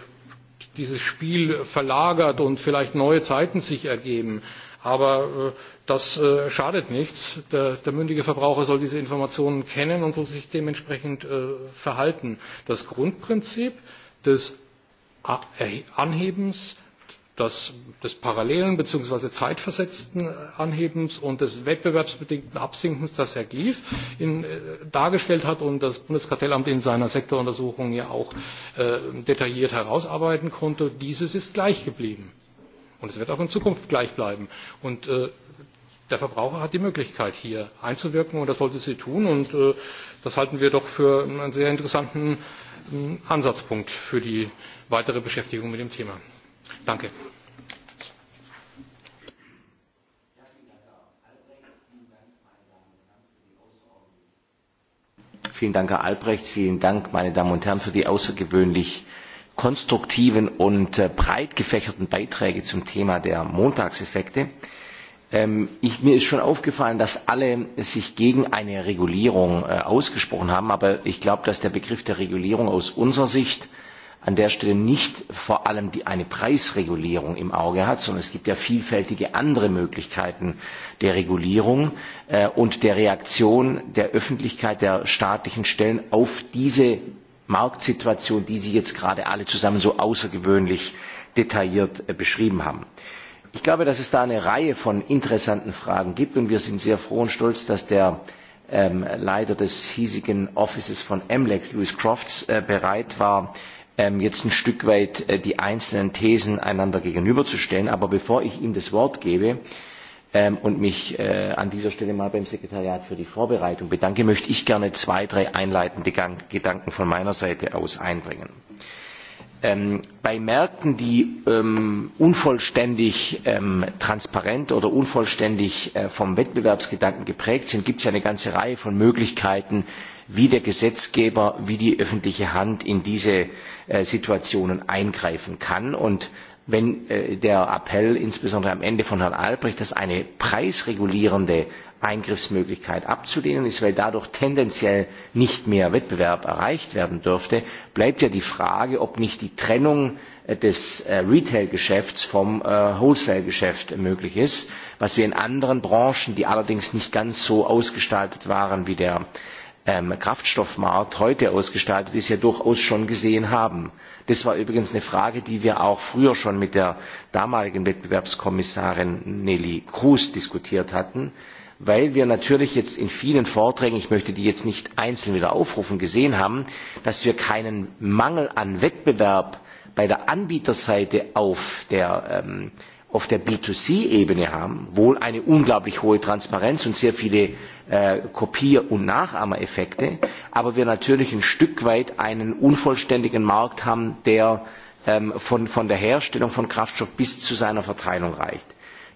dieses Spiel verlagert und vielleicht neue Zeiten sich ergeben. Aber äh, Das äh, schadet nichts. Der, der mündige Verbraucher soll diese Informationen kennen und soll sich dementsprechend äh, verhalten. Das Grundprinzip des äh, Anhebens, das, des parallelen bzw. zeitversetzten äh, Anhebens und des wettbewerbsbedingten Absinkens, das Herr Glief in, äh, dargestellt hat und das Bundeskartellamt in seiner Sektoruntersuchung ja auch äh, detailliert herausarbeiten konnte, dieses ist gleich geblieben. Und es wird auch in Zukunft gleich bleiben. Und äh, der Verbraucher hat die Möglichkeit, hier einzuwirken und das sollte sie tun. Und äh, das halten wir doch für einen sehr interessanten äh, Ansatzpunkt für die weitere Beschäftigung mit dem Thema. Danke. Vielen Dank, Herr Albrecht. Vielen Dank, meine Damen und Herren, für die außergewöhnlich konstruktiven und äh, breit gefächerten Beiträge zum Thema der Montagseffekte. Ähm, ich, mir ist schon aufgefallen, dass alle sich gegen eine Regulierung äh, ausgesprochen haben, aber ich glaube, dass der Begriff der Regulierung aus unserer Sicht an der Stelle nicht vor allem die, eine Preisregulierung im Auge hat, sondern es gibt ja vielfältige andere Möglichkeiten der Regulierung äh, und der Reaktion der Öffentlichkeit, der staatlichen Stellen auf diese Marktsituation, die Sie jetzt gerade alle zusammen so außergewöhnlich detailliert äh, beschrieben haben. Äh, Ich glaube, dass es da eine Reihe von interessanten Fragen gibt und wir sind sehr froh und stolz, dass der ähm, Leiter des hiesigen Offices von MLEX, Louis Crofts, äh, bereit war, ähm, jetzt ein Stück weit äh, die einzelnen Thesen einander gegenüberzustellen. Aber bevor ich ihm das Wort gebe, ähm, und mich äh, an dieser Stelle mal beim Sekretariat für die Vorbereitung bedanke, möchte ich gerne zwei, drei einleitende Gedanken von meiner Seite aus einbringen. Mhm. Ähm, bei Märkten, die ähm, unvollständig ähm, transparent oder unvollständig äh, vom Wettbewerbsgedanken geprägt sind, gibt es ja eine ganze Reihe von Möglichkeiten, wie der Gesetzgeber, wie die öffentliche Hand in diese äh, Situationen eingreifen kann. Und wenn äh, der Appell insbesondere am Ende von Herrn Albrecht, dass eine preisregulierende Eingriffsmöglichkeit abzulehnen ist, weil dadurch tendenziell nicht mehr Wettbewerb erreicht werden dürfte, bleibt ja die Frage, ob nicht die Trennung äh, des äh, Retail-Geschäfts vom äh, Wholesale-Geschäft möglich ist, was wir in anderen Branchen, die allerdings nicht ganz so ausgestaltet waren wie der ähm, Kraftstoffmarkt heute ausgestaltet ist, ja durchaus schon gesehen haben. Das war übrigens eine Frage, die wir auch früher schon mit der damaligen Wettbewerbskommissarin Nelly Cruz diskutiert hatten, weil wir natürlich jetzt in vielen Vorträgen, ich möchte die jetzt nicht einzeln wieder aufrufen, gesehen haben, dass wir keinen Mangel an Wettbewerb bei der Anbieterseite auf der ähm, auf der B2C-Ebene haben, wohl eine unglaublich hohe Transparenz und sehr viele Kopie äh, Kopier- und Nachahmereffekte, aber wir natürlich ein Stück weit einen unvollständigen Markt haben, der ähm, von, von der Herstellung von Kraftstoff bis zu seiner Verteilung reicht.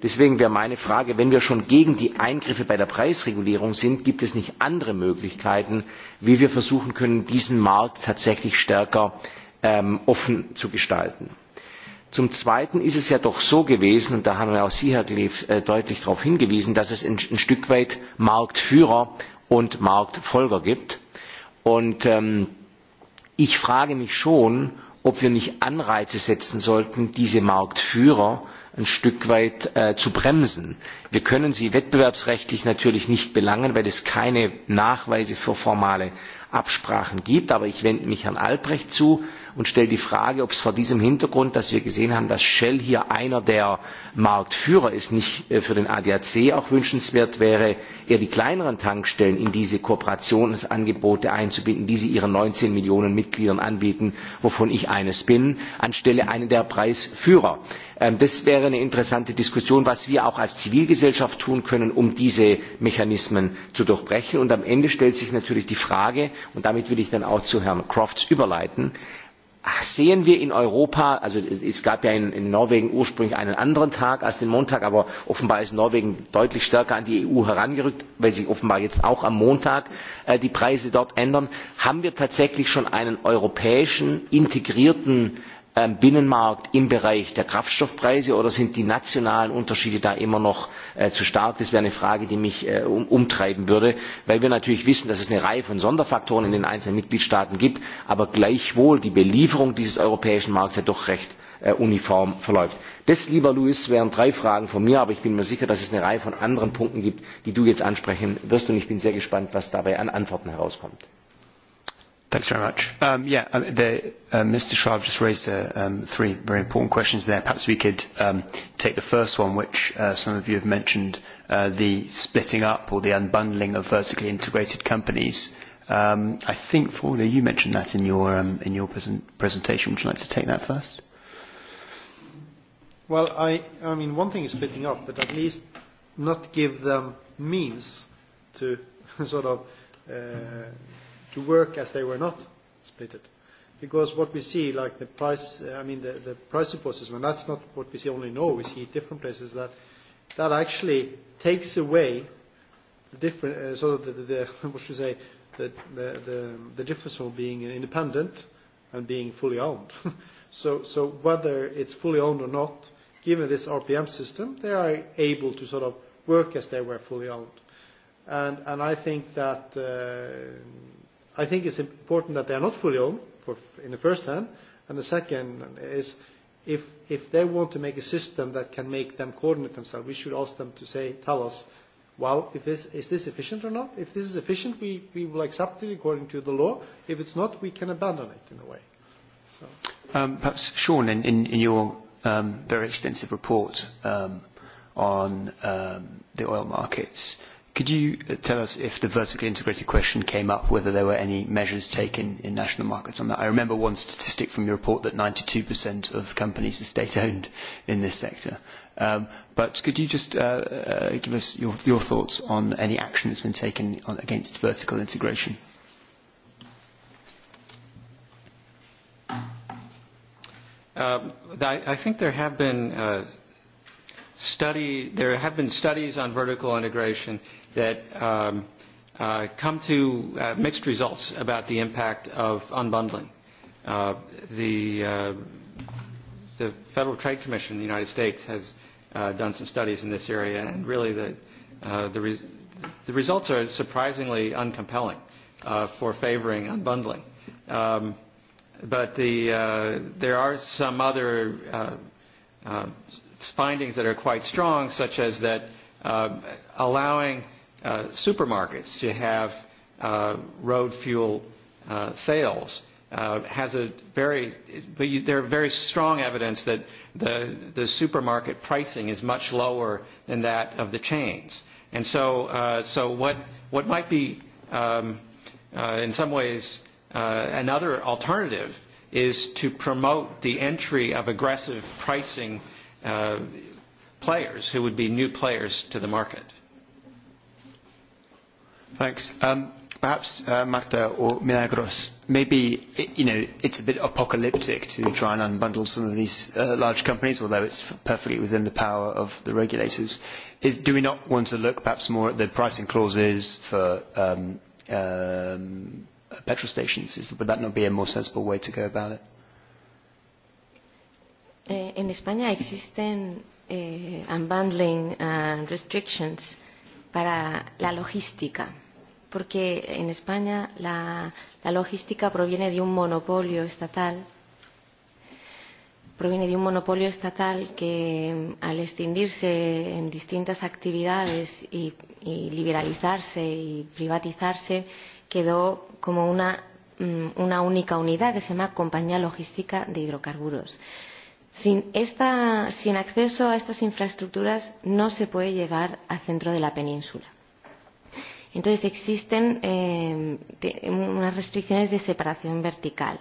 Deswegen wäre meine Frage, wenn wir schon gegen die Eingriffe bei der Preisregulierung sind, gibt es nicht andere Möglichkeiten, wie wir versuchen können, diesen Markt tatsächlich stärker ähm, offen zu gestalten? Zum Zweiten ist es ja doch so gewesen, und da haben wir auch Sie, Herr Kleef, äh, deutlich darauf hingewiesen, dass es ein, ein Stück weit Marktführer und Marktfolger gibt. Und ähm, ich frage mich schon, ob wir nicht Anreize setzen sollten, diese Marktführer ein Stück weit äh, zu bremsen. Wir können sie wettbewerbsrechtlich natürlich nicht belangen, weil es keine Nachweise für formale Absprachen gibt. Aber ich wende mich Herrn Albrecht zu und stelle die Frage, ob es vor diesem Hintergrund, dass wir gesehen haben, dass Shell hier einer der Marktführer ist, nicht äh, für den ADAC auch wünschenswert wäre, eher die kleineren Tankstellen in diese Kooperationsangebote einzubinden, die sie ihren 19 Millionen Mitgliedern anbieten, wovon ich eines bin, anstelle einer der Preisführer. Ähm, das wäre eine interessante Diskussion, was wir auch als Zivilgesellschaft tun können, um diese Mechanismen zu durchbrechen. Und am Ende stellt sich natürlich die Frage, und damit will ich dann auch zu Herrn Crofts überleiten, sehen wir in Europa, also es gab ja in, in Norwegen ursprünglich einen anderen Tag als den Montag, aber offenbar ist Norwegen deutlich stärker an die EU herangerückt, weil sich offenbar jetzt auch am Montag äh, die Preise dort ändern. Haben wir tatsächlich schon einen europäischen integrierten Ähm, Binnenmarkt im Bereich der Kraftstoffpreise oder sind die nationalen Unterschiede da immer noch äh, zu stark? Das wäre eine Frage, die mich äh, um, umtreiben würde, weil wir natürlich wissen, dass es eine Reihe von Sonderfaktoren in den einzelnen Mitgliedstaaten gibt, aber gleichwohl die Belieferung dieses europäischen Markts ja doch recht äh, uniform verläuft. Das, lieber Luis, wären drei Fragen von mir, aber ich bin mir sicher, dass es eine Reihe von anderen Punkten gibt, die du jetzt ansprechen wirst und ich bin sehr gespannt, was dabei an Antworten herauskommt. Thanks very much. Um, yeah, um, the, uh, um, Mr. Schwab just raised uh, um, three very important questions there. Perhaps we could um, take the first one, which uh, some of you have mentioned, uh, the splitting up or the unbundling of vertically integrated companies. Um, I think, Fauna, you mentioned that in your, um, in your present presentation. Would you like to take that first? Well, I, I mean, one thing is splitting up, but at least not give them means to sort of uh, to work as they were not split it. Because what we see, like the price, uh, I mean, the, the price support system, and that's not what we see only in Norway, we see different places, that, that actually takes away the different, uh, sort of the, the, the what should we say, the, the, the, the difference from being independent and being fully owned. so, so whether it's fully owned or not, given this RPM system, they are able to sort of work as they were fully owned. And, and I think that uh, I think it's important that they are not fully owned for, in the first hand, and the second is if, if they want to make a system that can make them coordinate themselves, we should ask them to say, tell us, well, if this, is this efficient or not? If this is efficient, we, we will accept it according to the law. If it's not, we can abandon it in a way. So. Um, perhaps, Sean, in, in, in your um, very extensive report um, on um, the oil markets, Could you tell us if the vertically integrated question came up, whether there were any measures taken in national markets on that? I remember one statistic from your report that 92% of companies are state-owned in this sector. Um, but could you just uh, uh, give us your, your thoughts on any action that's been taken on, against vertical integration? Uh, I, I think there have been uh, study, there have been studies on vertical integration that um, uh, come to uh, mixed results about the impact of unbundling. Uh, the, uh, the Federal Trade Commission in the United States has uh, done some studies in this area, and really the, uh, the, res the results are surprisingly uncompelling uh, for favoring unbundling. Um, but the, uh, there are some other uh, uh, findings that are quite strong, such as that uh, allowing uh, supermarkets to have uh, road fuel uh, sales uh, has a very, but you, there are very strong evidence that the, the supermarket pricing is much lower than that of the chains. And so, uh, so what, what might be um, uh, in some ways uh, another alternative is to promote the entry of aggressive pricing uh, players who would be new players to the market. Thanks. Um, perhaps uh, Marta or Milagros, maybe it you know it's a bit apocalyptic to try and unbundle some of these uh, large companies, although it's perfectly within the power of the regulators. Is, do we not want to look perhaps more at the pricing clauses for um, um, petrol stations? Is, would that not be a more sensible way to go about it? Eh, en España existen eh, unbundling uh, restrictions para la logística, porque en España la, la logística proviene de un monopolio estatal, proviene de un monopolio estatal que mm, al extindirse en distintas actividades y, y liberalizarse y privatizarse quedó como una, mm, una única unidad que se llama Compañía Logística de Hidrocarburos. Sin, esta, sin acceso a estas infraestructuras no se puede llegar al centro de la península. Entonces existen eh, de, unas restricciones de separación vertical.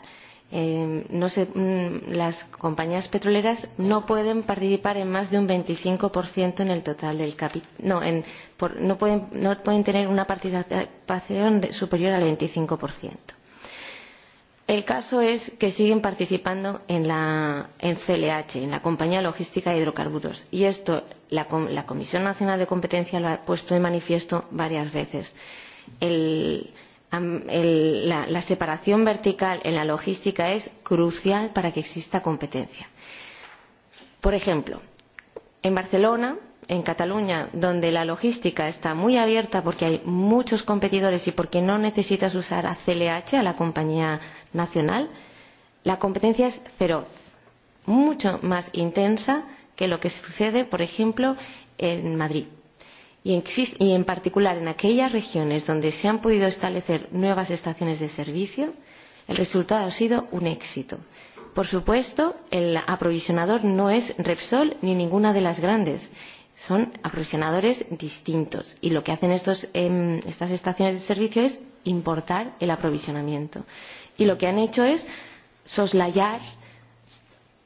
Eh, no se, mm, las compañías petroleras no pueden participar en más de un 25% en el total del capital. No, en, por, no, pueden, no pueden tener una participación superior al 25%. El caso es que siguen participando en, la, en CLH, en la Compañía Logística de Hidrocarburos. Y esto la, la Comisión Nacional de Competencia lo ha puesto de manifiesto varias veces. El, el, la, la separación vertical en la logística es crucial para que exista competencia. Por ejemplo, en Barcelona en Cataluña, donde la logística está muy abierta porque hay muchos competidores y porque no necesitas usar a CLH, a la compañía nacional, la competencia es feroz, mucho más intensa que lo que sucede, por ejemplo, en Madrid. Y en, y en particular en aquellas regiones donde se han podido establecer nuevas estaciones de servicio, el resultado ha sido un éxito. Por supuesto, el aprovisionador no es Repsol ni ninguna de las grandes son aprovisionadores distintos y lo que hacen estos, eh, estas estaciones de servicio es importar el aprovisionamiento. Y lo que han hecho es soslayar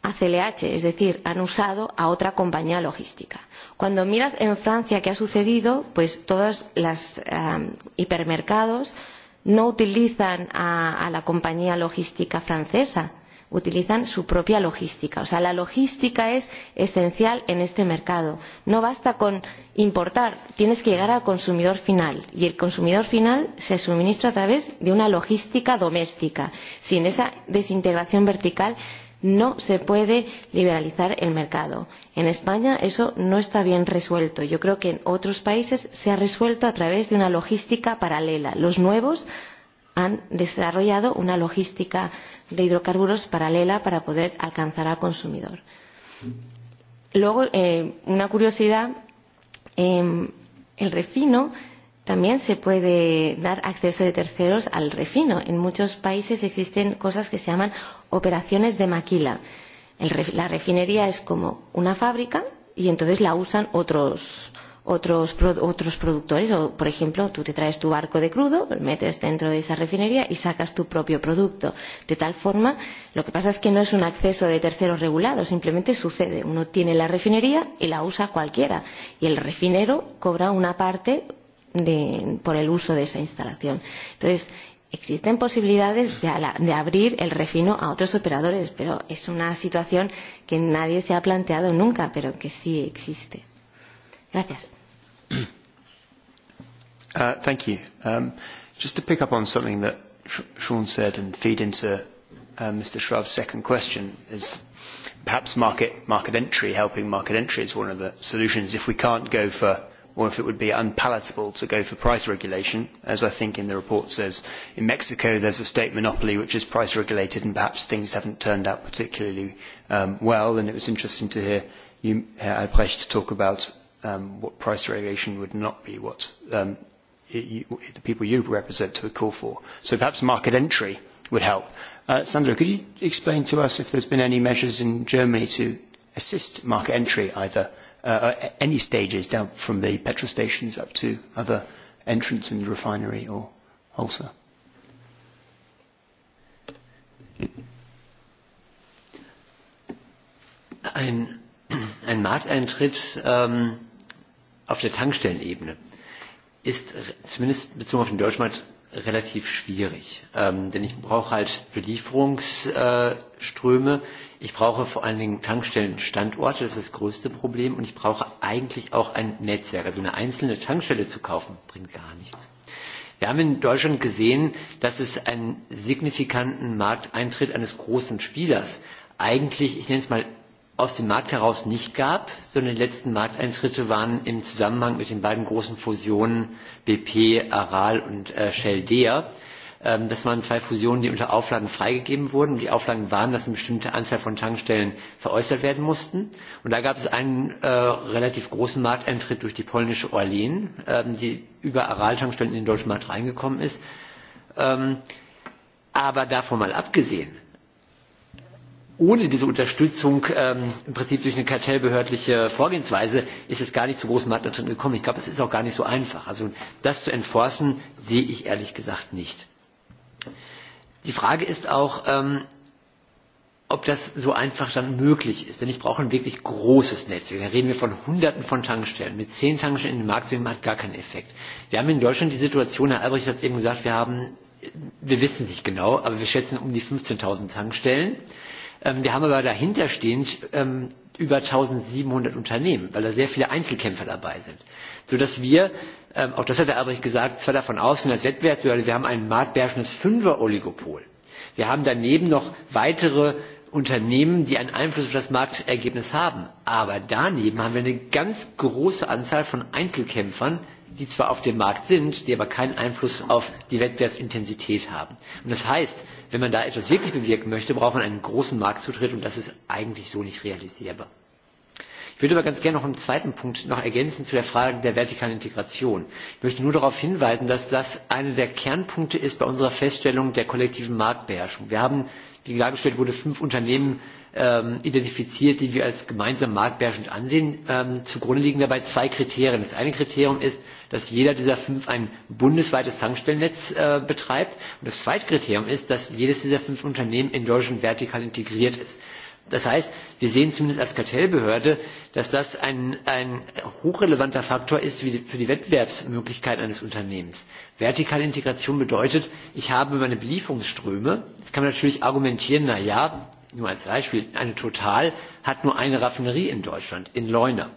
a CLH, es decir, han usado a otra compañía logística. Cuando miras en Francia qué ha sucedido, pues todos los um, hipermercados no utilizan a, a la compañía logística francesa, utilizan su propia logística. O sea, la logística es esencial en este mercado. No basta con importar, tienes que llegar al consumidor final. Y el consumidor final se suministra a través de una logística doméstica. Sin esa desintegración vertical no se puede liberalizar el mercado. En España eso no está bien resuelto. Yo creo que en otros países se ha resuelto a través de una logística paralela. Los nuevos han desarrollado una logística paralela de hidrocarburos paralela para poder alcanzar al consumidor. Luego, eh, una curiosidad, eh, el refino también se puede dar acceso de terceros al refino. En muchos países existen cosas que se llaman operaciones de maquila. El, la refinería es como una fábrica y entonces la usan otros, otros, otros productores. O, por ejemplo, tú te traes tu barco de crudo, lo metes dentro de esa refinería y sacas tu propio producto. De tal forma, lo que pasa es que no es un acceso de terceros regulados, simplemente sucede. Uno tiene la refinería y la usa cualquiera. Y el refinero cobra una parte de, por el uso de esa instalación. Entonces, existen posibilidades de, de abrir el refino a otros operadores, pero es una situación que nadie se ha planteado nunca, pero que sí existe. Gracias. Uh, thank you. Um, just to pick up on something that Sh Sean said and feed into uh, Mr. Shrav's second question is perhaps market, market entry, helping market entry is one of the solutions if we can't go for or if it would be unpalatable to go for price regulation. As I think in the report says, in Mexico there's a state monopoly which is price regulated and perhaps things haven't turned out particularly um, well. And it was interesting to hear you, Herr Albrecht, talk about um, what price variation would not be what um, it, you, the people you represent would call for. So perhaps market entry would help. Uh, Sandra, could you explain to us if there's been any measures in Germany to assist market entry, either uh, at any stages, down from the petrol stations up to other entrants in the refinery or wholesale? Ein, ein Markteintritt ähm, auf der Tankstellenebene ist zumindest bezogen auf den Deutschmarkt relativ schwierig. Ähm, denn ich brauche halt Belieferungsströme, äh, ich brauche vor allen Dingen Tankstellenstandorte, das ist das größte Problem, und ich brauche eigentlich auch ein Netzwerk. Also eine einzelne Tankstelle zu kaufen, bringt gar nichts. Wir haben in Deutschland gesehen, dass es einen signifikanten Markteintritt eines großen Spielers eigentlich, ich nenne es mal aus dem Markt heraus nicht gab, sondern die letzten Markteintritte waren im Zusammenhang mit den beiden großen Fusionen BP, Aral und äh, Shell Dea. Ähm, das waren zwei Fusionen, die unter Auflagen freigegeben wurden. und Die Auflagen waren, dass eine bestimmte Anzahl von Tankstellen veräußert werden mussten. Und da gab es einen äh, relativ großen Markteintritt durch die polnische Orlen, ähm, die über Aral-Tankstellen in den deutschen Markt reingekommen ist. Ähm, aber davon mal abgesehen, ohne diese Unterstützung ähm, im Prinzip durch eine kartellbehördliche Vorgehensweise ist es gar nicht zu großen Marktantritten gekommen. Ich glaube, das ist auch gar nicht so einfach. Also das zu enforcen, sehe ich ehrlich gesagt nicht. Die Frage ist auch, ähm, ob das so einfach dann möglich ist. Denn ich brauche ein wirklich großes Netzwerk. Da reden wir von Hunderten von Tankstellen. Mit zehn Tankstellen in den Markt zu nehmen, hat gar keinen Effekt. Wir haben in Deutschland die Situation, Herr Albrecht hat es eben gesagt, wir haben, wir wissen nicht genau, aber wir schätzen um die 15.000 Tankstellen. Ähm, wir haben aber dahinterstehend ähm, über 1700 Unternehmen, weil da sehr viele Einzelkämpfer dabei sind. Sodass wir, ähm, auch das hat der Albrecht gesagt, zwar davon ausgehen als wettbewerb wir haben ein marktbeherrschendes Fünfer-Oligopol. Wir haben daneben noch weitere Unternehmen, die einen Einfluss auf das Marktergebnis haben. Aber daneben haben wir eine ganz große Anzahl von Einzelkämpfern, die zwar auf dem Markt sind, die aber keinen Einfluss auf die Wettbewerbsintensität haben. Und das heißt, wenn man da etwas wirklich bewirken möchte, braucht man einen großen Marktzutritt und das ist eigentlich so nicht realisierbar. Ich würde aber ganz gerne noch einen zweiten Punkt noch ergänzen zu der Frage der vertikalen Integration. Ich möchte nur darauf hinweisen, dass das einer der Kernpunkte ist bei unserer Feststellung der kollektiven Marktbeherrschung. Wir haben, wie dargestellt wurde, fünf Unternehmen ähm, identifiziert, die wir als gemeinsam marktbeherrschend ansehen. Ähm, zugrunde liegen dabei zwei Kriterien. Das eine Kriterium ist, dass jeder dieser fünf ein bundesweites Tankstellennetz äh, betreibt. Und das zweite Kriterium ist, dass jedes dieser fünf Unternehmen in Deutschland vertikal integriert ist. Das heißt, wir sehen zumindest als Kartellbehörde, dass das ein, ein hochrelevanter Faktor ist für die, für die Wettbewerbsmöglichkeit eines Unternehmens. Vertikale Integration bedeutet, ich habe meine Belieferungsströme. Jetzt kann man natürlich argumentieren, na ja, nur als Beispiel, eine Total hat nur eine Raffinerie in Deutschland, in Leuna.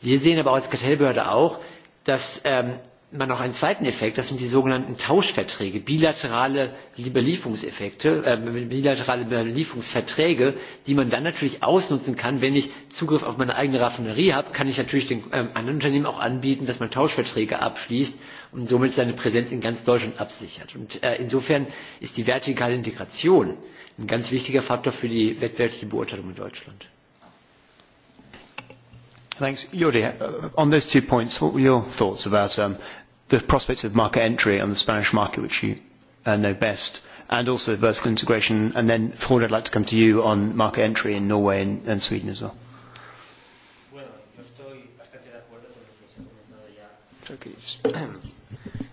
Wir sehen aber auch als Kartellbehörde auch, dass ähm, man noch einen zweiten Effekt, das sind die sogenannten Tauschverträge, bilaterale Belieferungseffekte, äh, bilaterale Belieferungsverträge, die man dann natürlich ausnutzen kann, wenn ich Zugriff auf meine eigene Raffinerie habe, kann ich natürlich den ähm, anderen Unternehmen auch anbieten, dass man Tauschverträge abschließt und somit seine Präsenz in ganz Deutschland absichert. Und äh, insofern ist die vertikale Integration ein ganz wichtiger Faktor für die wettbewerbliche Beurteilung in Deutschland. Thanks. Yuri, uh, on those two points, what were your thoughts about um, the prospects of market entry on the Spanish market, which you uh, know best, and also vertical integration? And then, Ford, I'd like to come to you on market entry in Norway and, and Sweden as well.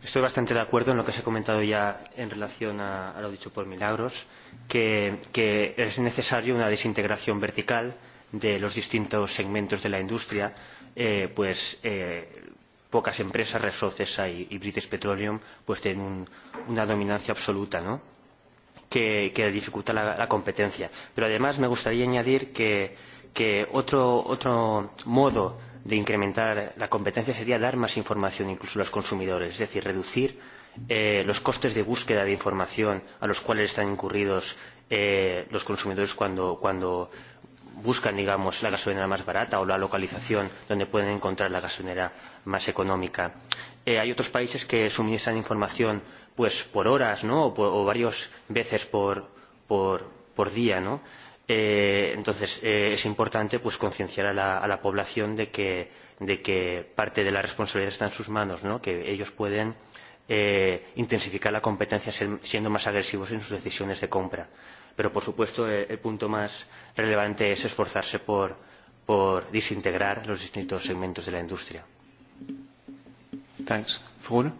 Estoy bastante de acuerdo en lo que se ha comentado ya en relación a, a lo dicho por Milagros, que, que es necesario una desintegración vertical de los distintos segmentos de la industria, eh, pues eh, pocas empresas, Resources y, y British Petroleum, pues tienen un, una dominancia absoluta, ¿no? Que, que dificulta la, la competencia. Pero además me gustaría añadir que, que otro, otro modo de incrementar la competencia sería dar más información incluso a los consumidores, es decir, reducir eh, los costes de búsqueda de información a los cuales están incurridos eh, los consumidores cuando, cuando buscan, digamos, la gasolinera más barata o la localización donde pueden encontrar la gasolinera más económica. Eh, hay otros países que suministran información pues, por horas ¿no? o, por, o varias veces por, por, por día. ¿no? Eh, entonces, eh, es importante pues, concienciar a la, a la población de que, de que parte de la responsabilidad está en sus manos, ¿no? que ellos pueden eh, intensificar la competencia siendo más agresivos en sus decisiones de compra pero por supuesto el, el punto más relevante es esforzarse por, por disintegrar los distintos segmentos de la industria. Thanks. Frode?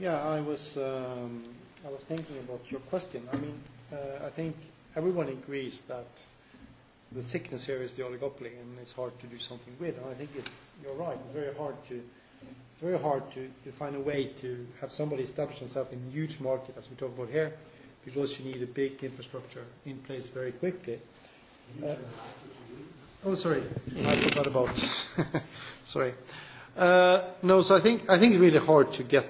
Yeah, I was, um, I was thinking about your question. I mean, uh, I think everyone agrees that the sickness here is the oligopoly and it's hard to do something with. And I think it's, you're right, it's very hard to, it's very hard to, to find a way to have somebody establish themselves in a huge market, as we talk about here, because you need a big infrastructure in place very quickly. Uh, oh, sorry, I forgot about. sorry. Uh, no, so I think I think it's really hard to get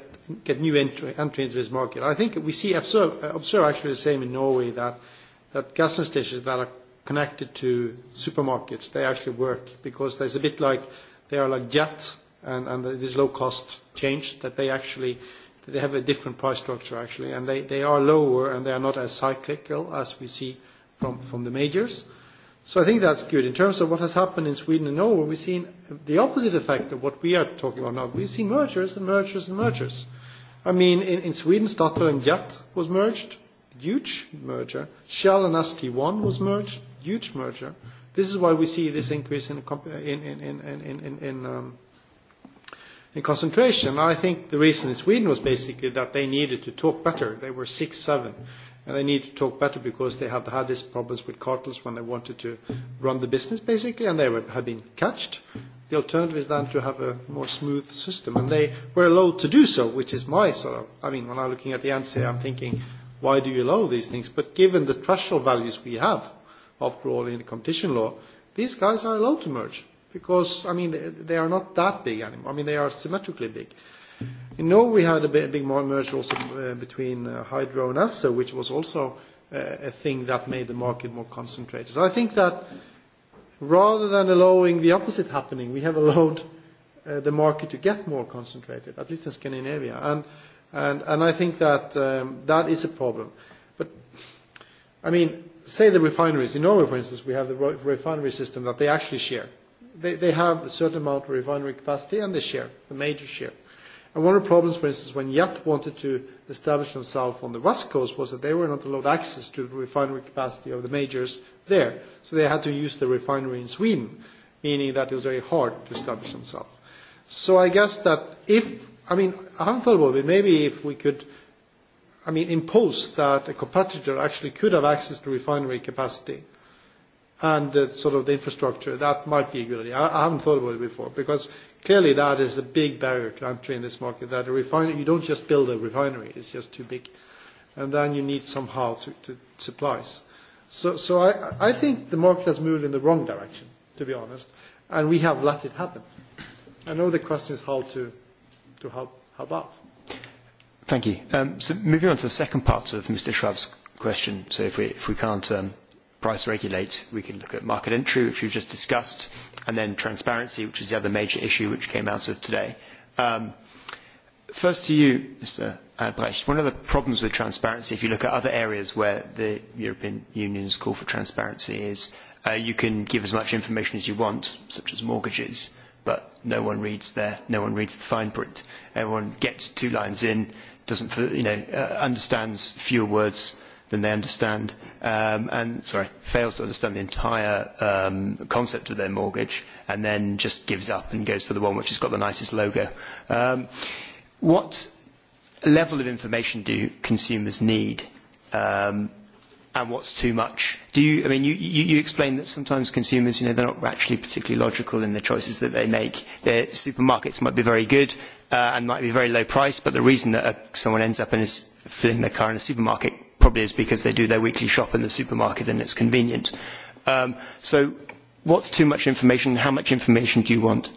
get new entry, entry into this market. I think we see observe, observe actually the same in Norway that that gas stations that are connected to supermarkets they actually work because there's a bit like they are like jet and, and there's low cost change that they actually They have a different price structure, actually, and they, they are lower and they are not as cyclical as we see from, from the majors. So I think that's good. In terms of what has happened in Sweden and Norway, we've seen the opposite effect of what we are talking about now. We've seen mergers and mergers and mergers. I mean, in, in Sweden, Statoil and Jatt was merged, huge merger. Shell and ST1 was merged, huge merger. This is why we see this increase in, in, in, in, in, in, in um, In concentration. I think the reason in Sweden was basically that they needed to talk better. They were six, seven, and they needed to talk better because they had had these problems with cartels when they wanted to run the business, basically, and they were, had been catched. The alternative is then to have a more smooth system, and they were allowed to do so, which is my sort of, I mean, when I'm looking at the answer, I'm thinking, why do you allow these things? But given the threshold values we have, after all, in the competition law, these guys are allowed to merge because, I mean, they are not that big anymore. I mean, they are symmetrically big. In Norway, we had a big merger also uh, between uh, Hydro and ESSA, which was also uh, a thing that made the market more concentrated. So I think that rather than allowing the opposite happening, we have allowed uh, the market to get more concentrated, at least in Scandinavia. And, and, and I think that um, that is a problem. But, I mean, say the refineries. In Norway, for instance, we have the refinery system that they actually share they, they have a certain amount of refinery capacity and they share, the major share. And one of the problems, for instance, when Yacht wanted to establish themselves on the west coast was that they were not allowed access to the refinery capacity of the majors there. So they had to use the refinery in Sweden, meaning that it was very hard to establish themselves. So I guess that if, I mean, I haven't thought about it, maybe if we could, I mean, impose that a competitor actually could have access to refinery capacity and the, sort of the infrastructure. That might be a good idea. I, I haven't thought about it before because clearly that is a big barrier to entry in this market. That a refinery, you don't just build a refinery; it's just too big, and then you need somehow to, to supplies. So, so I, I think the market has moved in the wrong direction, to be honest, and we have let it happen. I know the question is how to, to help, help out. Thank you. Um, so moving on to the second part of Mr. Schwab's question, so if we, if we can't um, price regulate, We can look at market entry, which we've just discussed, and then transparency, which is the other major issue which came out of today. Um, first to you, Mr. Albrecht, one of the problems with transparency, if you look at other areas where the European Union's call for transparency is uh, you can give as much information as you want, such as mortgages, but no one reads their no one reads the fine print. Everyone gets two lines in, doesn't you know, uh, understands fewer words than they understand um, and sorry fails to understand the entire um, concept of their mortgage and then just gives up and goes for the one which has got the nicest logo. Um, what level of information do consumers need um, and what's too much? Do you, I mean, you, you, you explained that sometimes consumers, you know, they're not actually particularly logical in the choices that they make. Their supermarkets might be very good uh, and might be very low price, but the reason that uh, someone ends up in a, filling their car in a supermarket probably is because they do their weekly shop in the supermarket and it's convenient. Um, so what's too much information and how much information do you want?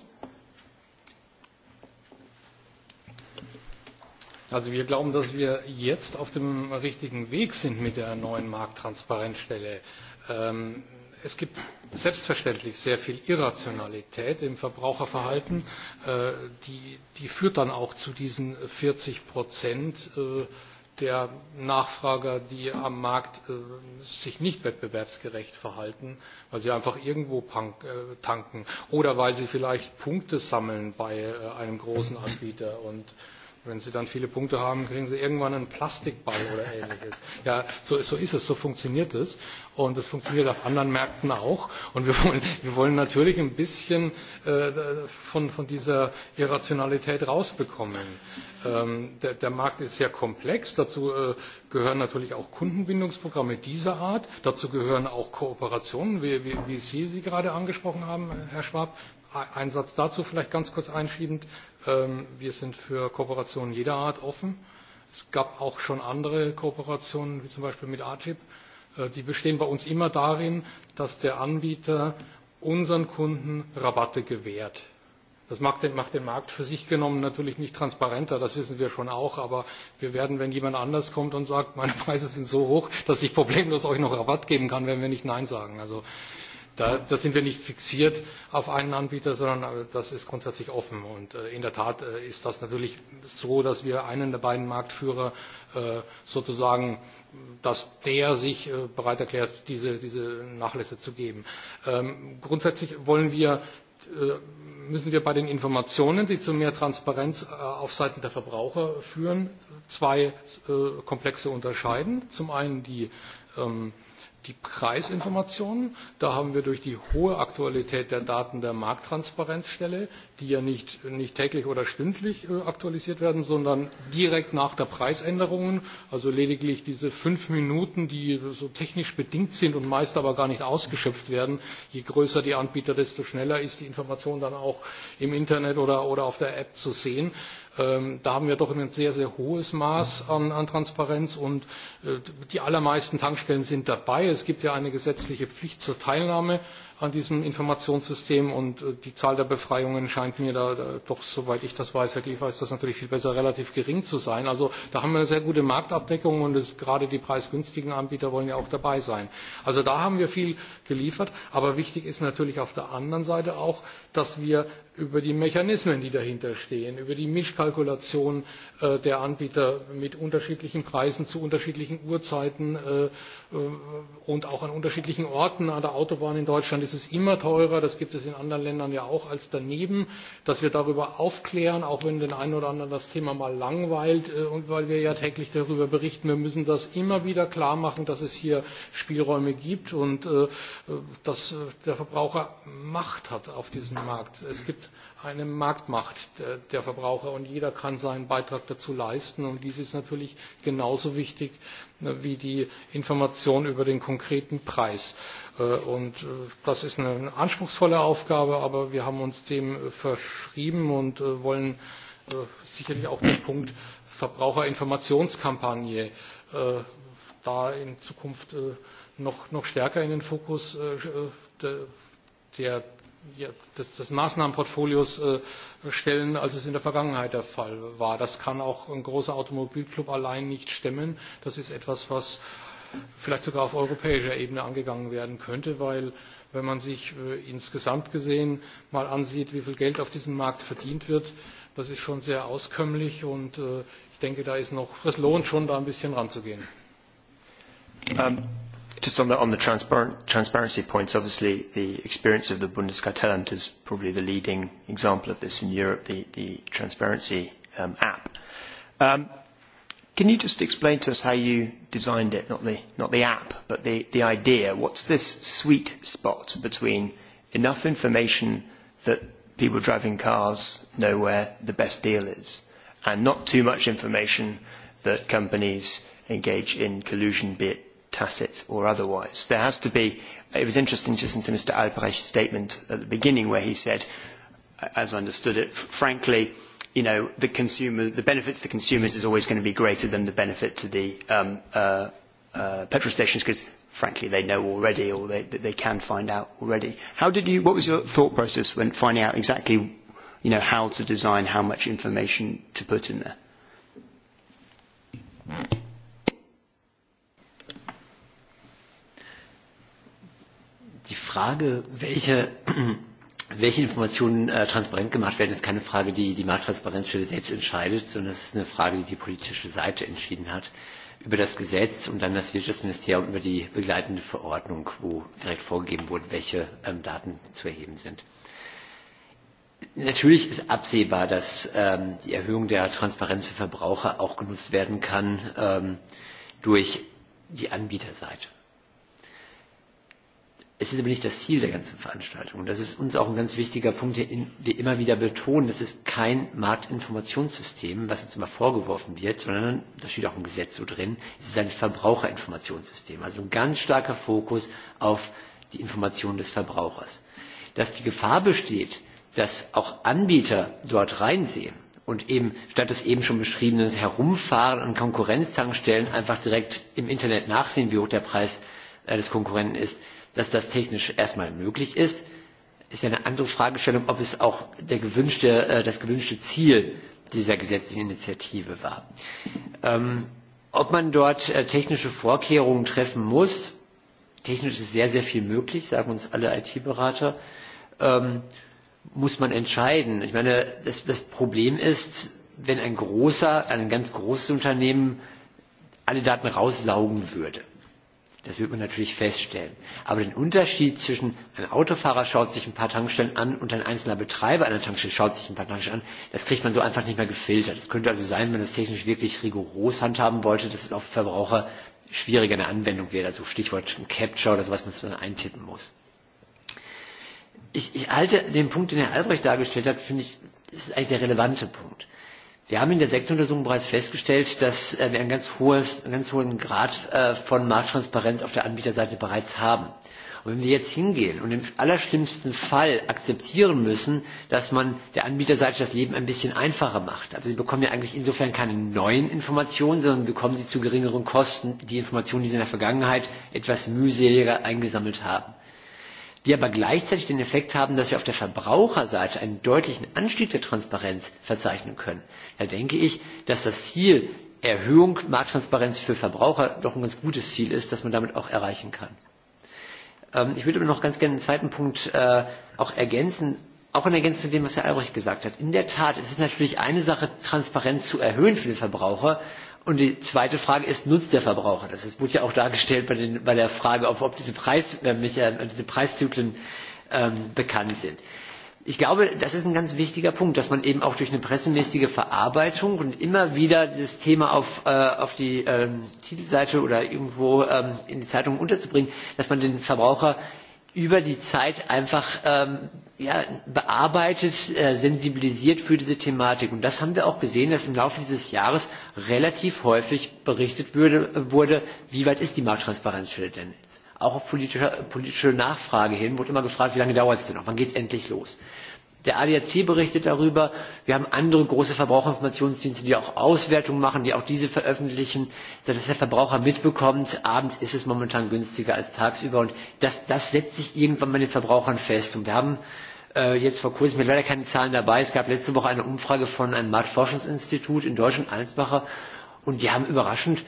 Also wir glauben, dass wir jetzt auf dem richtigen Weg sind mit der neuen Markttransparenzstelle. Ähm, es gibt selbstverständlich sehr viel Irrationalität im Verbraucherverhalten. Äh, die, die führt dann auch zu diesen 40 Prozent äh, der Nachfrager, die am Markt äh, sich nicht wettbewerbsgerecht verhalten, weil sie einfach irgendwo punk, äh, tanken oder weil sie vielleicht Punkte sammeln bei äh, einem großen Anbieter und Wenn Sie dann viele Punkte haben, kriegen Sie irgendwann einen Plastikball oder ähnliches. Ja, so, so ist es, so funktioniert es. Und es funktioniert auf anderen Märkten auch. Und wir wollen, wir wollen natürlich ein bisschen äh, von, von dieser Irrationalität rausbekommen. Ähm, der, der Markt ist sehr komplex. Dazu äh, gehören natürlich auch Kundenbindungsprogramme dieser Art. Dazu gehören auch Kooperationen, wie, wie, wie Sie sie gerade angesprochen haben, Herr Schwab. Ein Satz dazu vielleicht ganz kurz einschiebend. Ähm, wir sind für Kooperationen jeder Art offen. Es gab auch schon andere Kooperationen, wie zum Beispiel mit ATIP. Äh, die bestehen bei uns immer darin, dass der Anbieter unseren Kunden Rabatte gewährt. Das macht den, macht den Markt für sich genommen natürlich nicht transparenter, das wissen wir schon auch, aber wir werden, wenn jemand anders kommt und sagt, meine Preise sind so hoch, dass ich problemlos euch noch Rabatt geben kann, wenn wir nicht Nein sagen. Also Da, da sind wir nicht fixiert auf einen Anbieter, sondern äh, das ist grundsätzlich offen. Und äh, in der Tat äh, ist das natürlich so, dass wir einen der beiden Marktführer äh, sozusagen, dass der sich äh, bereit erklärt, diese, diese Nachlässe zu geben. Ähm, grundsätzlich wollen wir äh, müssen wir bei den Informationen, die zu mehr Transparenz äh, auf Seiten der Verbraucher führen, zwei komplexe unterscheiden. Zum einen die ähm, die Preisinformationen. Da haben wir durch die hohe Aktualität der Daten der Markttransparenzstelle, die ja nicht, nicht täglich oder stündlich äh, aktualisiert werden, sondern direkt nach der Preisänderung, also lediglich diese fünf Minuten, die so technisch bedingt sind und meist aber gar nicht ausgeschöpft werden. Je größer die Anbieter, desto schneller ist die Information dann auch im Internet oder, oder auf der App zu sehen. Ähm, da haben wir doch ein sehr, sehr hohes Maß an, an Transparenz und äh, die allermeisten Tankstellen sind dabei. Es gibt ja eine gesetzliche Pflicht zur Teilnahme an diesem Informationssystem und äh, die Zahl der Befreiungen scheint mir da, da doch, soweit ich das weiß, Herr Giefer ist das natürlich viel besser, relativ gering zu sein. Also da haben wir eine sehr gute Marktabdeckung und es, gerade die preisgünstigen Anbieter wollen ja auch dabei sein. Also da haben wir viel geliefert, aber wichtig ist natürlich auf der anderen Seite auch, dass wir über die Mechanismen, die dahinter stehen, über die Mischkalkulation äh, der Anbieter mit unterschiedlichen Preisen zu unterschiedlichen Uhrzeiten äh, äh und auch an unterschiedlichen Orten an der Autobahn in Deutschland ist es immer teurer, das gibt es in anderen Ländern ja auch als daneben, dass wir darüber aufklären, auch wenn den einen oder anderen das Thema mal langweilt äh, und weil wir ja täglich darüber berichten, wir müssen das immer wieder klar machen, dass es hier Spielräume gibt und äh, dass äh, der Verbraucher Macht hat auf diesem Markt. Es gibt eine Marktmacht der Verbraucher und jeder kann seinen Beitrag dazu leisten. Und dies ist natürlich genauso wichtig wie die Information über den konkreten Preis. Äh, und äh, das ist eine anspruchsvolle Aufgabe, aber wir haben uns dem äh, verschrieben und wollen sicherlich auch den Punkt Verbraucherinformationskampagne da in Zukunft noch, noch stärker in den Fokus der, der, des, des Maßnahmenportfolios stellen, als es in der Vergangenheit der Fall war. Das kann auch ein großer Automobilclub allein nicht stemmen. Das ist etwas, was vielleicht sogar auf europäischer Ebene angegangen werden könnte, weil wenn man sich äh, insgesamt gesehen mal ansieht, wie viel Geld auf diesem Markt verdient wird, das ist schon sehr auskömmlich und äh, ich denke, da ist noch, es lohnt schon, da ein bisschen ranzugehen. Um, just on the, on the transparent, transparency points, obviously the experience of the Bundeskartellamt is probably the leading example of this in Europe, the, the transparency um, app. Um, Can you just explain to us how you designed it, not the, not the app, but the, the idea? What's this sweet spot between enough information that people driving cars know where the best deal is and not too much information that companies engage in collusion, be it tacit or otherwise. There has to be, it was interesting to listen to Mr. Albrecht's statement at the beginning where he said, as I understood it, frankly, you know, the consumer the benefit to the consumers is always going to be greater than the benefit to the um, uh, uh, petrol stations because, frankly, they know already or they, they can find out already. How did you, what was your thought process when finding out exactly, you know, how to design, how much information to put in there? Die Frage, welche welche Informationen äh, transparent gemacht werden, ist keine Frage, die die Markttransparenzstelle selbst entscheidet, sondern es ist eine Frage, die die politische Seite entschieden hat über das Gesetz und dann das Wirtschaftsministerium über die begleitende Verordnung, wo direkt vorgegeben wurde, welche ähm, Daten zu erheben sind. Natürlich ist absehbar, dass ähm, die Erhöhung der Transparenz für Verbraucher auch genutzt werden kann ähm, durch die Anbieterseite es ist aber nicht das Ziel der ganzen Veranstaltung. Das ist uns auch ein ganz wichtiger Punkt, den wir immer wieder betonen. Das ist kein Marktinformationssystem, was uns immer vorgeworfen wird, sondern, das steht auch im Gesetz so drin, es ist ein Verbraucherinformationssystem. Also ein ganz starker Fokus auf die Information des Verbrauchers. Dass die Gefahr besteht, dass auch Anbieter dort reinsehen und eben statt des eben schon beschriebenen Herumfahren an Konkurrenztankstellen einfach direkt im Internet nachsehen, wie hoch der Preis äh, des Konkurrenten ist, Dass das technisch erstmal möglich ist, ist ja eine andere Fragestellung, ob es auch der gewünschte, äh, das gewünschte Ziel dieser gesetzlichen Initiative war. Ähm, ob man dort äh, technische Vorkehrungen treffen muss, technisch ist sehr, sehr viel möglich, sagen uns alle IT-Berater, ähm, muss man entscheiden. Ich meine, das, das Problem ist, wenn ein großer, ein ganz großes Unternehmen alle Daten raussaugen würde. Das wird man natürlich feststellen. Aber den Unterschied zwischen ein Autofahrer schaut sich ein paar Tankstellen an und ein einzelner Betreiber einer Tankstelle schaut sich ein paar Tankstellen an, das kriegt man so einfach nicht mehr gefiltert. Es könnte also sein, wenn man das technisch wirklich rigoros handhaben wollte, dass es auch für Verbraucher schwieriger in der Anwendung wäre. Also Stichwort Capture oder sowas, was man eintippen muss. Ich, ich halte den Punkt, den Herr Albrecht dargestellt hat, finde ich, das ist eigentlich der relevante Punkt. Wir haben in der Sektoruntersuchung bereits festgestellt, dass äh, wir einen ganz, hohes, einen ganz hohen Grad äh, von Markttransparenz auf der Anbieterseite bereits haben. Und wenn wir jetzt hingehen und im allerschlimmsten Fall akzeptieren müssen, dass man der Anbieterseite das Leben ein bisschen einfacher macht, aber sie bekommen ja eigentlich insofern keine neuen Informationen, sondern bekommen sie zu geringeren Kosten die Informationen, die sie in der Vergangenheit etwas mühseliger eingesammelt haben die aber gleichzeitig den Effekt haben, dass wir auf der Verbraucherseite einen deutlichen Anstieg der Transparenz verzeichnen können. Da denke ich, dass das Ziel Erhöhung Markttransparenz für Verbraucher doch ein ganz gutes Ziel ist, das man damit auch erreichen kann. Ähm, ich würde aber noch ganz gerne einen zweiten Punkt äh, auch ergänzen, auch in Ergänzung zu dem, was Herr Albrecht gesagt hat. In der Tat es ist es natürlich eine Sache, Transparenz zu erhöhen für den Verbraucher. Und die zweite Frage ist, nutzt der Verbraucher das? Es wurde ja auch dargestellt bei, den, bei der Frage, ob, ob diese, Preis, äh, diese Preiszyklen ähm, bekannt sind. Ich glaube, das ist ein ganz wichtiger Punkt, dass man eben auch durch eine pressemäßige Verarbeitung und immer wieder dieses Thema auf, äh, auf die ähm, Titelseite oder irgendwo ähm, in die Zeitung unterzubringen, dass man den Verbraucher über die Zeit einfach ähm, ja, bearbeitet, äh, sensibilisiert für diese Thematik. Und das haben wir auch gesehen, dass im Laufe dieses Jahres relativ häufig berichtet würde, wurde, wie weit ist die Markttransparenzstelle denn jetzt? Auch auf politische, politische Nachfrage hin wurde immer gefragt, wie lange dauert es denn noch, wann geht es endlich los? Der ADAC berichtet darüber. Wir haben andere große Verbraucherinformationsdienste, die auch Auswertungen machen, die auch diese veröffentlichen, sodass der Verbraucher mitbekommt, abends ist es momentan günstiger als tagsüber. Und das, das setzt sich irgendwann bei den Verbrauchern fest. Und wir haben äh, jetzt vor kurzem, leider keine Zahlen dabei, es gab letzte Woche eine Umfrage von einem Marktforschungsinstitut in Deutschland, Allensbacher, und die haben überraschend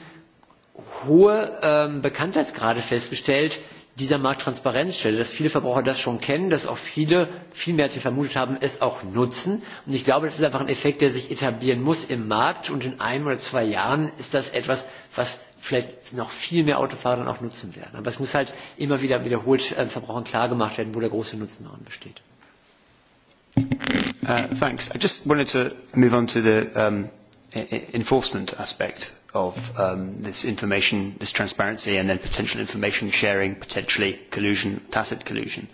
hohe ähm, Bekanntheitsgrade festgestellt, dieser Markt Transparenz stelle, dass viele Verbraucher das schon kennen, dass auch viele, viel mehr als wir vermutet haben, es auch nutzen. Und ich glaube, das ist einfach ein Effekt, der sich etablieren muss im Markt. Und in einem oder zwei Jahren ist das etwas, was vielleicht noch viel mehr Autofahrer auch nutzen werden. Aber es muss halt immer wieder wiederholt äh, Verbrauchern klar gemacht werden, wo der große Nutzen daran besteht. Uh, thanks. I just wanted to move on to the um, e-, e-, enforcement aspect of um, this information, this transparency, and then potential information sharing, potentially collusion, tacit collusion.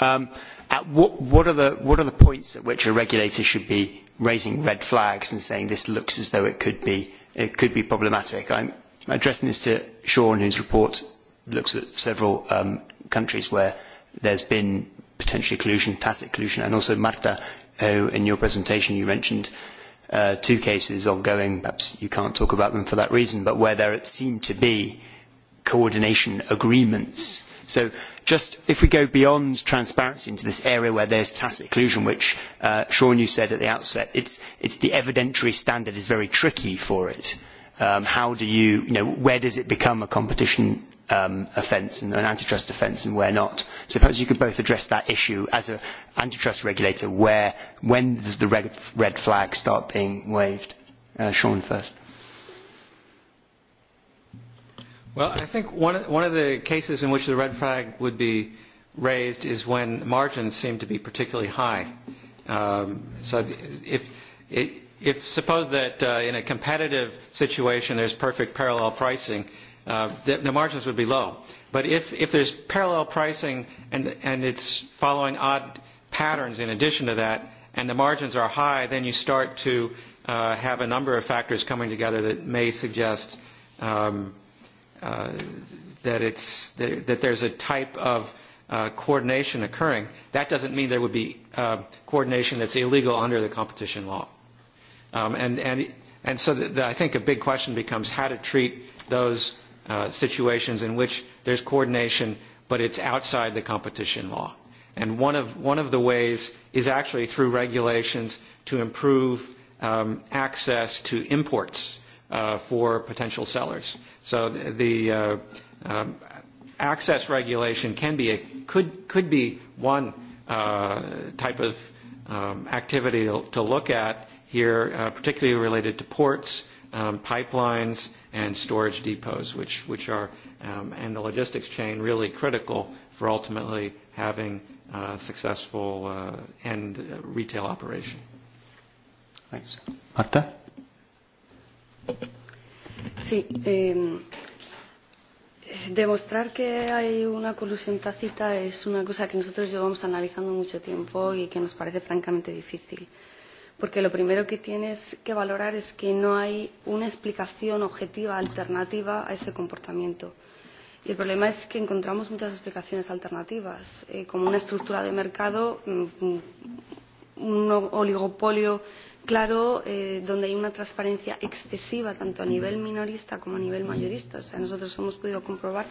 Um, at what, what, are the, what are the points at which a regulator should be raising red flags and saying this looks as though it could be, it could be problematic? I'm addressing this to Sean, whose report looks at several um, countries where there's been potentially collusion, tacit collusion, and also Marta, who in your presentation you mentioned uh, two cases ongoing, perhaps you can't talk about them for that reason, but where there seem to be coordination agreements. So just if we go beyond transparency into this area where there's tacit collusion, which uh, Sean, you said at the outset, it's, it's the evidentiary standard is very tricky for it. Um, how do you, you know, where does it become a competition um, offence and an antitrust offence and where not. So you could both address that issue as an antitrust regulator, where, when does the red, red flag start being waved? Uh, Sean first. Well, I think one of, one of the cases in which the red flag would be raised is when margins seem to be particularly high. Um, so if, if suppose that uh, in a competitive situation there's perfect parallel pricing, uh, the, the margins would be low. But if, if there's parallel pricing and, and it's following odd patterns in addition to that, and the margins are high, then you start to uh, have a number of factors coming together that may suggest um, uh, that, it's, that, that there's a type of uh, coordination occurring. That doesn't mean there would be uh, coordination that's illegal under the competition law. Um, and, and, and so the, the, I think a big question becomes how to treat those uh, situations in which there's coordination, but it's outside the competition law. And one of, one of the ways is actually through regulations to improve um, access to imports uh, for potential sellers. So the, the uh, um, access regulation can be a, could, could be one uh, type of um, activity to, to look at here, uh, particularly related to ports, um, pipelines, and storage depots, which, which are, um, and the logistics chain, really critical for ultimately having uh, successful uh, end uh, retail operation. Thanks. Marta? Sí, eh, demostrar que hay una colusión tácita es una cosa que nosotros llevamos analizando mucho tiempo y que nos parece francamente difícil. Eh, porque lo primero que tienes que valorar es que no hay una explicación objetiva alternativa a ese comportamiento. Y el problema es que encontramos muchas explicaciones alternativas, eh, como una estructura de mercado, mm, mm, un oligopolio claro eh, donde hay una transparencia excesiva tanto a nivel minorista como a nivel mayorista. O sea, nosotros hemos podido comprobar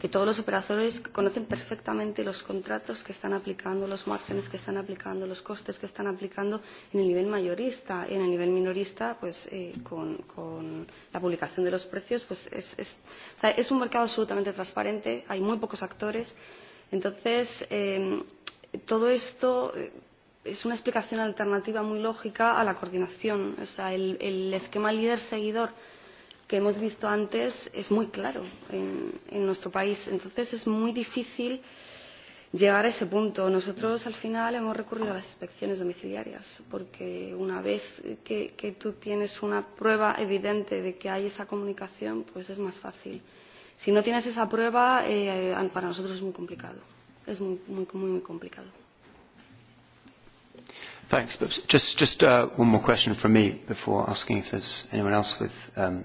que todos los operadores conocen perfectamente los contratos que están aplicando, los márgenes que están aplicando, los costes que están aplicando en el nivel mayorista. y En el nivel minorista, pues eh, con, con la publicación de los precios, pues es, es, o sea, es un mercado absolutamente transparente, hay muy pocos actores. Entonces, eh, todo esto eh, es una explicación alternativa muy lógica a la coordinación. O sea, el, el esquema líder-seguidor que hemos visto antes es muy claro en, en nuestro país. Entonces es muy difícil llegar a ese punto. Nosotros al final hemos recurrido a las inspecciones domiciliarias porque una vez que, que tú tienes una prueba evidente de que hay esa comunicación, pues es más fácil. Si no tienes esa prueba, eh, para nosotros es muy complicado. Es muy, muy, muy, muy complicado. Thanks. But just just uh, one more question from me before asking if there's anyone else with um,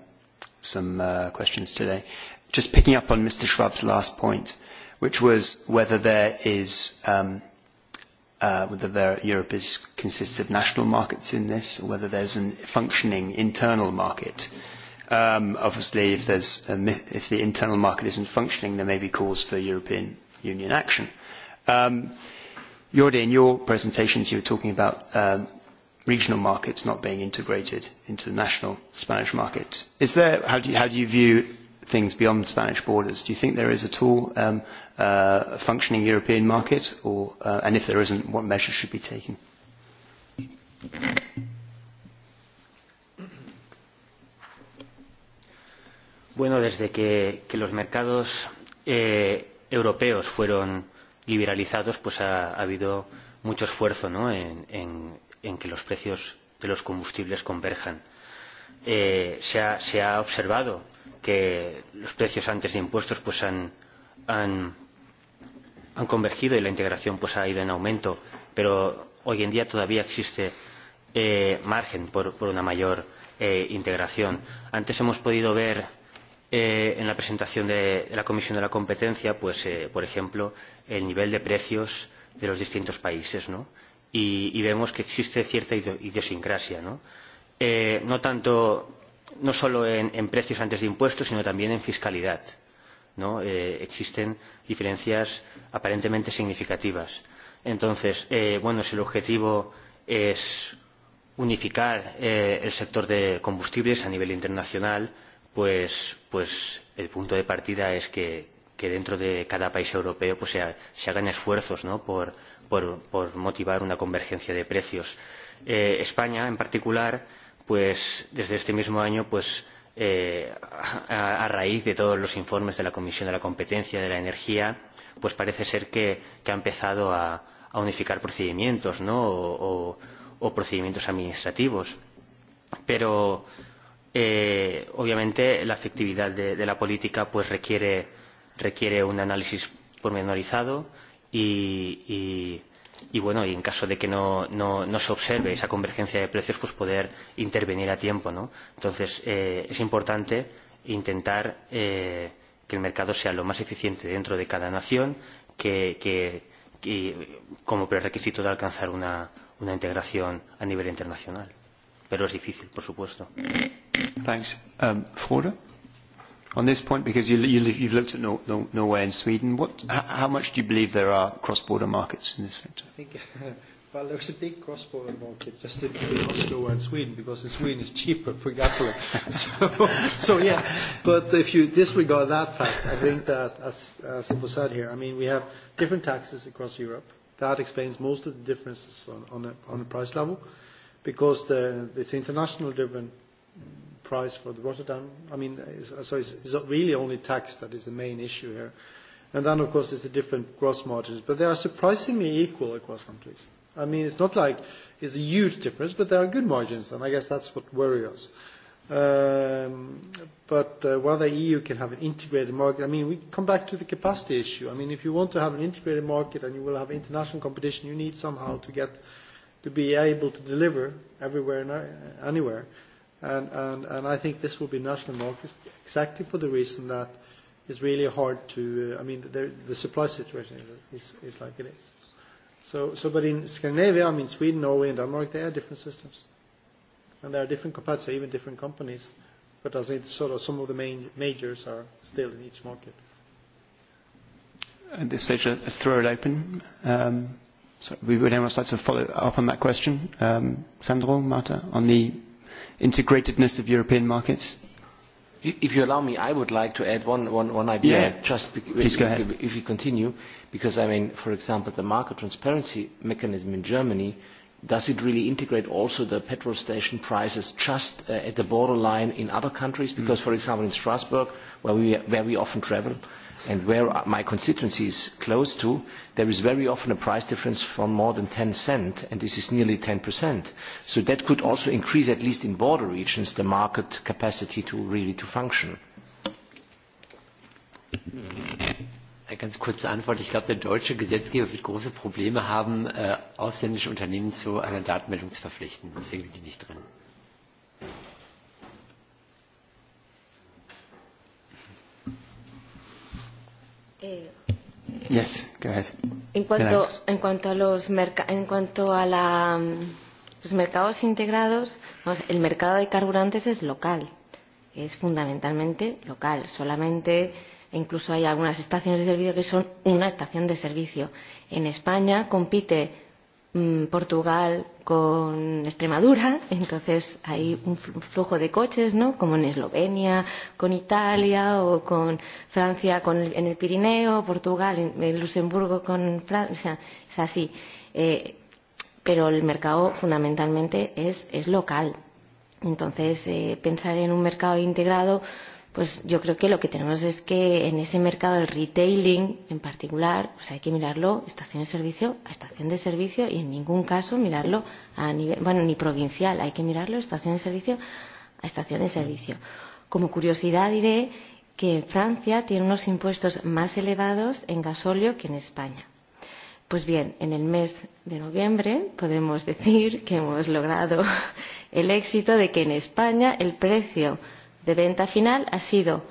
some uh, questions today. Just picking up on Mr. Schwab's last point, which was whether there is um, uh, whether there, Europe is, consists of national markets in this, or whether there's a functioning internal market. Um, obviously, if, there's a, if the internal market isn't functioning, there may be calls for European Union action. Um, Jordi, in your presentations, you were talking about um, regional markets not being integrated into the national Spanish market. Is there, how, do you, how do you view things beyond Spanish borders? Do you think there is at all um, uh, a functioning European market, or, uh, and if there isn't, what measures should be taken? Bueno, desde que, que los mercados eh, europeos fueron liberalizados, pues ha, ha habido mucho esfuerzo ¿no? en, en, en que los precios de los combustibles converjan. Eh, se, ha, se ha observado que los precios antes de impuestos pues han, han, han convergido y la integración pues ha ido en aumento, pero hoy en día todavía existe eh, margen por, por una mayor eh, integración. Antes hemos podido ver Eh, en la presentación de, de la Comisión de la Competencia, pues, eh, por ejemplo, el nivel de precios de los distintos países, ¿no? Y, y vemos que existe cierta idiosincrasia, ¿no? Eh, no tanto, no solo en, en precios antes de impuestos, sino también en fiscalidad, ¿no? Eh, existen diferencias aparentemente significativas. Entonces, eh, bueno, si el objetivo es unificar eh, el sector de combustibles a nivel internacional, pues, pues el punto de partida es que, que dentro de cada país europeo pues, se, se hagan esfuerzos ¿no? por, por, por motivar una convergencia de precios. Eh, España, en particular, pues, desde este mismo año, pues, eh, a, a raíz de todos los informes de la Comisión de la Competencia de la Energía, pues parece ser que, que ha empezado a, a unificar procedimientos ¿no? o, o, o procedimientos administrativos. Pero eh, obviamente la efectividad de, de la política pues requiere, requiere un análisis pormenorizado y, y, y bueno, y en caso de que no, no, no se observe esa convergencia de precios, pues poder intervenir a tiempo, ¿no? Entonces, eh, es importante intentar eh, que el mercado sea lo más eficiente dentro de cada nación, que, que, que como prerequisito de alcanzar una, una integración a nivel internacional. Pero es difícil, por supuesto. Thanks. Um, Frode, on this point, because you, you, you've looked at Norway and Sweden, what, how much do you believe there are cross-border markets in this sector? I think, well, there's a big cross-border market just in Oslo and Sweden, because in Sweden it's cheaper for gasoline. so, so, yeah, but if you disregard that fact, I think that, as, as it was said here, I mean, we have different taxes across Europe. That explains most of the differences on, on, a, on the price level, because the, it's international different price for the Rotterdam. I mean, so it's, it's really only tax that is the main issue here. And then, of course, it's the different gross margins, but they are surprisingly equal across countries. I mean, it's not like it's a huge difference, but there are good margins, and I guess that's what worries us. Um, but uh, whether the EU can have an integrated market, I mean, we come back to the capacity issue. I mean, if you want to have an integrated market and you will have international competition, you need somehow to get to be able to deliver everywhere and uh, anywhere. And, and, and I think this will be national markets exactly for the reason that it's really hard to, uh, I mean, the, the supply situation is, is like it is. So, so, but in Scandinavia, I mean, Sweden, Norway, and Denmark, they are different systems. And there are different competitors, even different companies. But I think sort of some of the main majors are still in each market. At this stage, I'll throw it open. Um, so we would anyone like to follow up on that question? Um, Sandro, Marta, on the integratedness of European markets? If you allow me, I would like to add one, one, one idea, yeah. just Please if, go ahead. if you continue, because I mean, for example, the market transparency mechanism in Germany, does it really integrate also the petrol station prices just uh, at the borderline in other countries? Mm. Because, mm. for example, in Strasbourg, where we, where we often travel, uh, and where my constituency is close to, there is very often a price difference from more than 10 cent, and this is nearly 10%. So that could also increase, at least in border regions, the market capacity to really to function. Ganz kurze Antwort. Ich glaube, der deutsche Gesetzgeber wird große Probleme haben, äh, ausländische Unternehmen zu einer Datenmeldung zu verpflichten. Deswegen sind die nicht drin. Eh, yes, go ahead. En cuanto, en cuanto, a, los merca en cuanto a la, mm, los mercados integrados, vamos, el mercado de carburantes es local, es fundamentalmente local, solamente e incluso hay algunas estaciones de servicio que son una estación de servicio. En España compite mmm, Portugal, con Extremadura, entonces hay un flujo de coches, ¿no? Como en Eslovenia, con Italia o con Francia con el, en el Pirineo, Portugal, en, en Luxemburgo con Francia, o sea es así. Eh, pero el mercado fundamentalmente es, es local. Entonces, eh, pensar en un mercado integrado pues yo creo que lo que tenemos es que en ese mercado del retailing en particular, pues hay que mirarlo estación de servicio a estación de servicio y en ningún caso mirarlo a nivel, bueno, ni provincial, hay que mirarlo estación de servicio a estación de servicio. Como curiosidad diré que en Francia tiene unos impuestos más elevados en gasóleo que en España. Pues bien, en el mes de noviembre podemos decir que hemos logrado el éxito de que en España el precio de venta final ha sido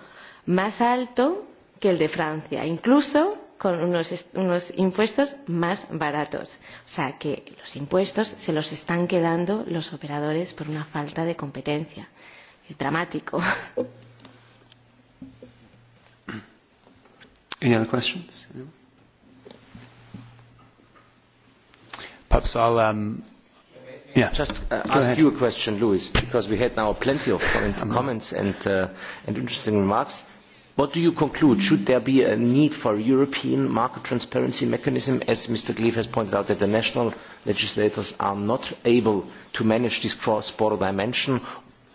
más alto que el de Francia, incluso con unos, unos impuestos más baratos. O sea que los impuestos se los están quedando los operadores por una falta de competencia. Es dramático. Any other questions? Perhaps I'll um, Yeah. Just uh, ask ahead. you a question, Louis, because we had now plenty of comments, uh-huh. comments and, uh, and interesting remarks. What do you conclude? Should there be a need for a European market transparency mechanism, as Mr. Gleef has pointed out, that the national legislators are not able to manage this cross-border dimension,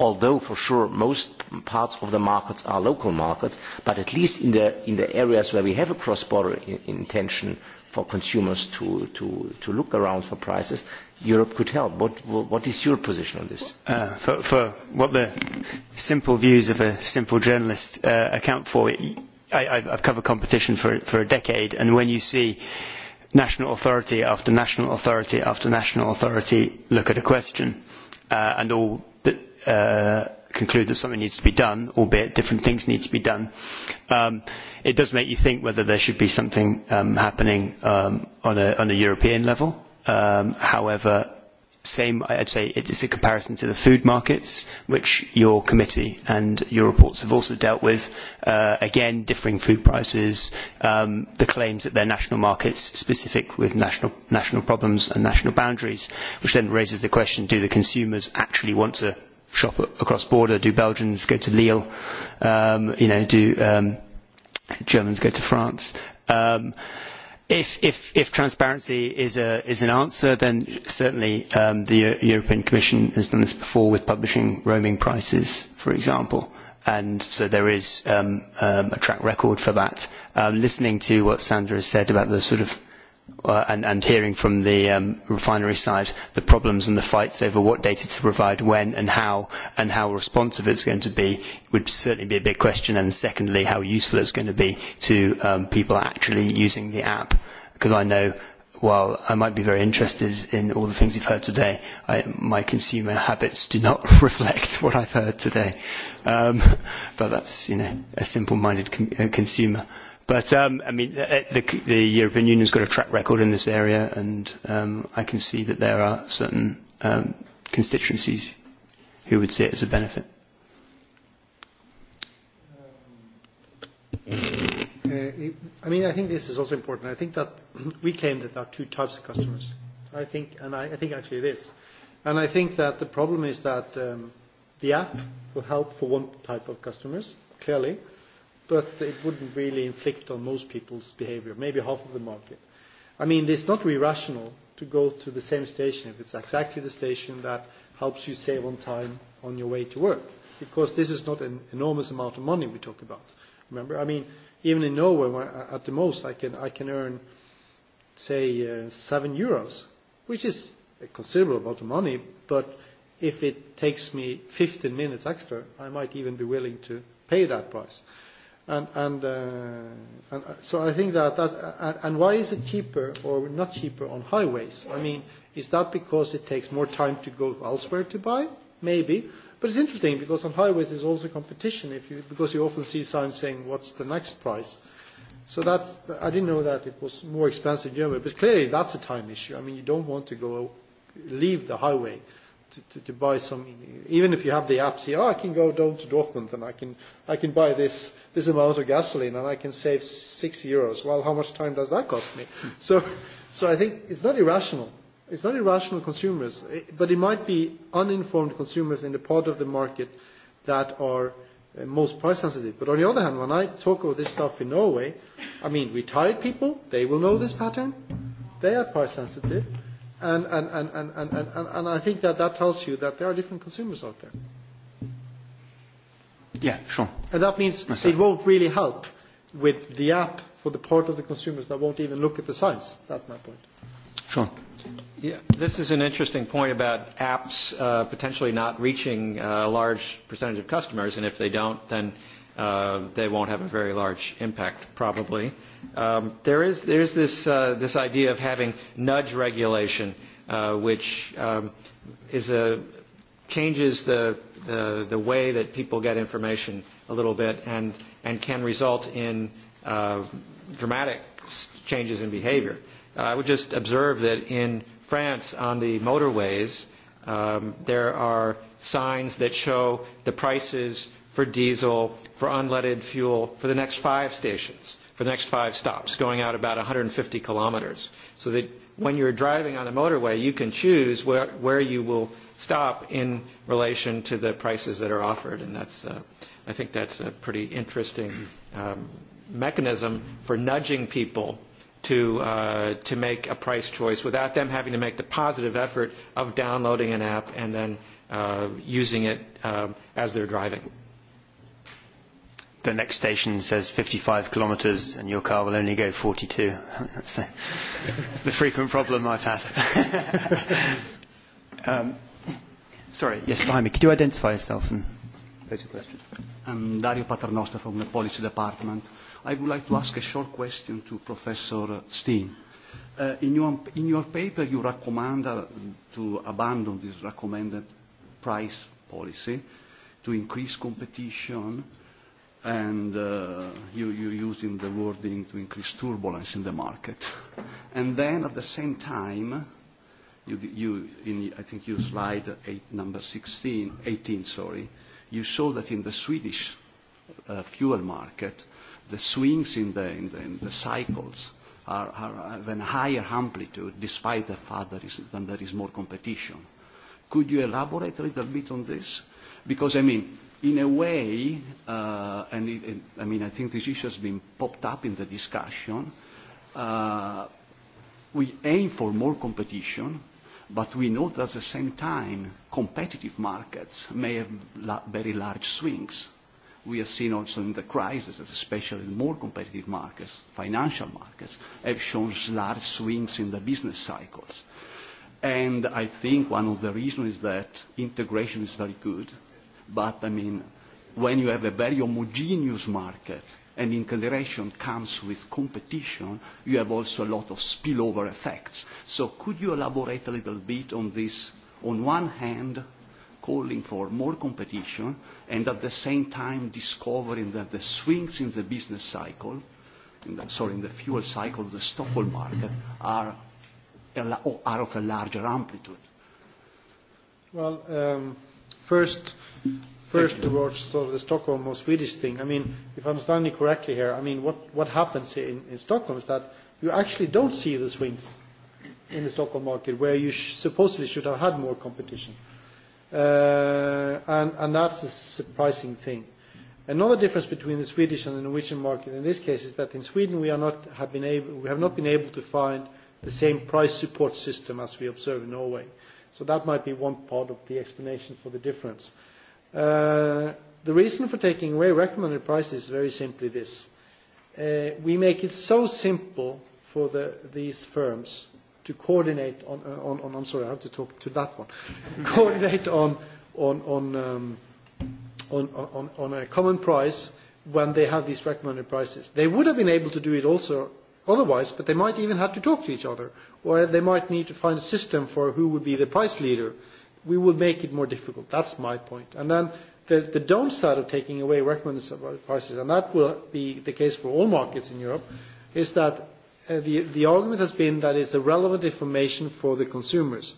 although for sure most parts of the markets are local markets, but at least in the, in the areas where we have a cross-border intention, for consumers to, to, to look around for prices, Europe could help. What, what is your position on this? Uh, for, for what the simple views of a simple journalist uh, account for, I, I've covered competition for, for a decade, and when you see national authority after national authority after national authority look at a question, uh, and all uh, conclude that something needs to be done, albeit different things need to be done, um, it does make you think whether there should be something um, happening um, on, a, on a European level. Um, however, same, I'd say it's a comparison to the food markets, which your committee and your reports have also dealt with. Uh, again, differing food prices, um, the claims that they're national markets specific with national, national problems and national boundaries, which then raises the question, do the consumers actually want to shop across border? Do Belgians go to Lille? Um, you know, do um, Germans go to France? Um, if, if, if transparency is, a, is an answer, then certainly um, the European Commission has done this before with publishing roaming prices, for example. And so there is um, um, a track record for that. Um, listening to what Sandra said about the sort of uh, and, and hearing from the um, refinery side the problems and the fights over what data to provide when and how and how responsive it's going to be would certainly be a big question and secondly how useful it's going to be to um, people actually using the app because I know while I might be very interested in all the things you've heard today, I, my consumer habits do not reflect what I've heard today. Um, but that's, you know, a simple-minded con uh, consumer. But um, I mean, uh, uh, the, the European Union's got a track record in this area, and um, I can see that there are certain um, constituencies who would see it as a benefit. Um, uh, I mean, I think this is also important. I think that we claim that there are two types of customers. I think, and I, I think actually it is. And I think that the problem is that um, the app will help for one type of customers, clearly but it wouldn't really inflict on most people's behavior, maybe half of the market. I mean, it's not really rational to go to the same station if it's exactly the station that helps you save on time on your way to work, because this is not an enormous amount of money we talk about. Remember, I mean, even in Norway, at the most, I can, I can earn, say, uh, seven euros, which is a considerable amount of money, but if it takes me 15 minutes extra, I might even be willing to pay that price. Uh, And, and, uh, and uh, so I think that, that and, and why is it cheaper or not cheaper on highways? I mean, is that because it takes more time to go elsewhere to buy? Maybe. But it's interesting because on highways there's also competition if you, because you often see signs saying what's the next price. So that's, I didn't know that it was more expensive in Germany, but clearly that's a time issue. I mean, you don't want to go leave the highway to, to, to buy some, even if you have the app, say, oh, I can go down to Dortmund and I can, I can buy this, this amount of gasoline and I can save six euros. Well, how much time does that cost me? Hmm. so, so I think it's not irrational. It's not irrational consumers, but it might be uninformed consumers in the part of the market that are uh, most price sensitive. But on the other hand, when I talk about this stuff in Norway, I mean, retired people, they will know this pattern. They are price sensitive. And, and, and, and, and, and, and, and I think that that tells you that there are different consumers out there. Yeah, sure. And that means yes, it won't really help with the app for the part of the consumers that won't even look at the sites. That's my point. Sure. Yeah, this is an interesting point about apps uh, potentially not reaching uh, a large percentage of customers, and if they don't, then uh, uh, they won't have a very large impact, probably. Um, there is there is this, uh, this idea of having nudge regulation, uh, which um, is a, changes the, the, the way that people get information a little bit and, and can result in uh, dramatic changes in behavior. Uh, I would just observe that in France, on the motorways, um, there are signs that show the prices for diesel, for unleaded fuel for the next five stations, for the next five stops, going out about 150 kilometers. So that when you're driving on the motorway, you can choose where, where you will stop in relation to the prices that are offered. And that's, uh, I think that's a pretty interesting um, mechanism for nudging people to, uh, to make a price choice without them having to make the positive effort of downloading an app and then uh, using it uh, as they're driving the next station says 55 kilometres and your car will only go 42. that's, the, that's the frequent problem I've had. um, sorry, yes, behind me. Could you identify yourself and pose a question? I'm Dario Paternoster from the Policy Department. I would like to ask a short question to Professor Steen. Uh, in, your, in your paper, you recommend uh, to abandon this recommended price policy to increase competition and uh, you, you using the wording to increase turbulence in the market. And then at the same time, you, you in, I think you slide eight, number 16, 18, sorry, you show that in the Swedish uh, fuel market, the swings in the, in the, in the cycles are, are of a higher amplitude despite the fact that, is, that there is more competition. Could you elaborate a little bit on this? Because, I mean, in a way, uh, and it, it, I mean, I think this issue has been popped up in the discussion, uh, we aim for more competition, but we know that at the same time, competitive markets may have la very large swings. We have seen also in the crisis that especially more competitive markets, financial markets, have shown large swings in the business cycles. And I think one of the reasons is that integration is very good But I mean, when you have a very homogeneous market and integration comes with competition, you have also a lot of spillover effects. So could you elaborate a little bit on this? On one hand, calling for more competition and at the same time discovering that the swings in the business cycle, in the, sorry, in the fuel cycle, the Stockholm market, are, are of a larger amplitude? Well, um, first, First towards sort of the Stockholm or Swedish thing, I mean, if I understand correctly here, I mean, what, what happens in, in Stockholm is that you actually don't see the swings in the Stockholm market where you sh supposedly should have had more competition. Uh, and, and that's a surprising thing. Another difference between the Swedish and the Norwegian market in this case is that in Sweden we, are not, have, been able, we have not been able to find the same price support system as we observe in Norway. So that might be one part of the explanation for the difference. Uh, Uh, the reason for taking away recommended prices is very simply this. Uh, we make it so simple for the, these firms to coordinate on, uh, on, on I'm sorry, I have to talk to that one, coordinate on, on, on, um, on, on, on a common price when they have these recommended prices. They would have been able to do it also otherwise, but they might even have to talk to each other, or they might need to find a system for who would be the price leader. Uh, we will make it more difficult. That's my point. And then the, the downside of taking away recommended prices, and that will be the case for all markets in Europe, is that uh, the, the argument has been that it's irrelevant information for the consumers.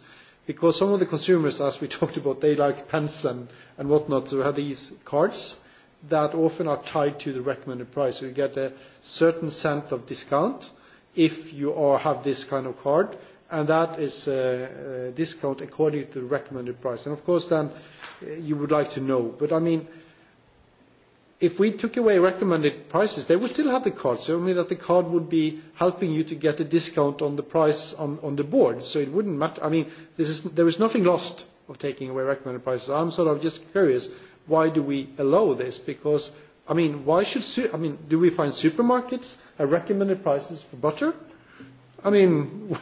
Because some of the consumers, as we talked about, they like pens and, and whatnot to have these cards that often are tied to the recommended price. So you get a certain cent of discount if you are, have this kind of card and that is uh, uh, discount according to the recommended price. And of course, then uh, you would like to know. But I mean, if we took away recommended prices, they would still have the card. So I mean that the card would be helping you to get a discount on the price on, on the board. So it wouldn't matter. I mean, this is, there is nothing lost of taking away recommended prices. I'm sort of just curious, why do we allow this? Because, I mean, why should, I mean, do we find supermarkets at recommended prices for butter? I mean,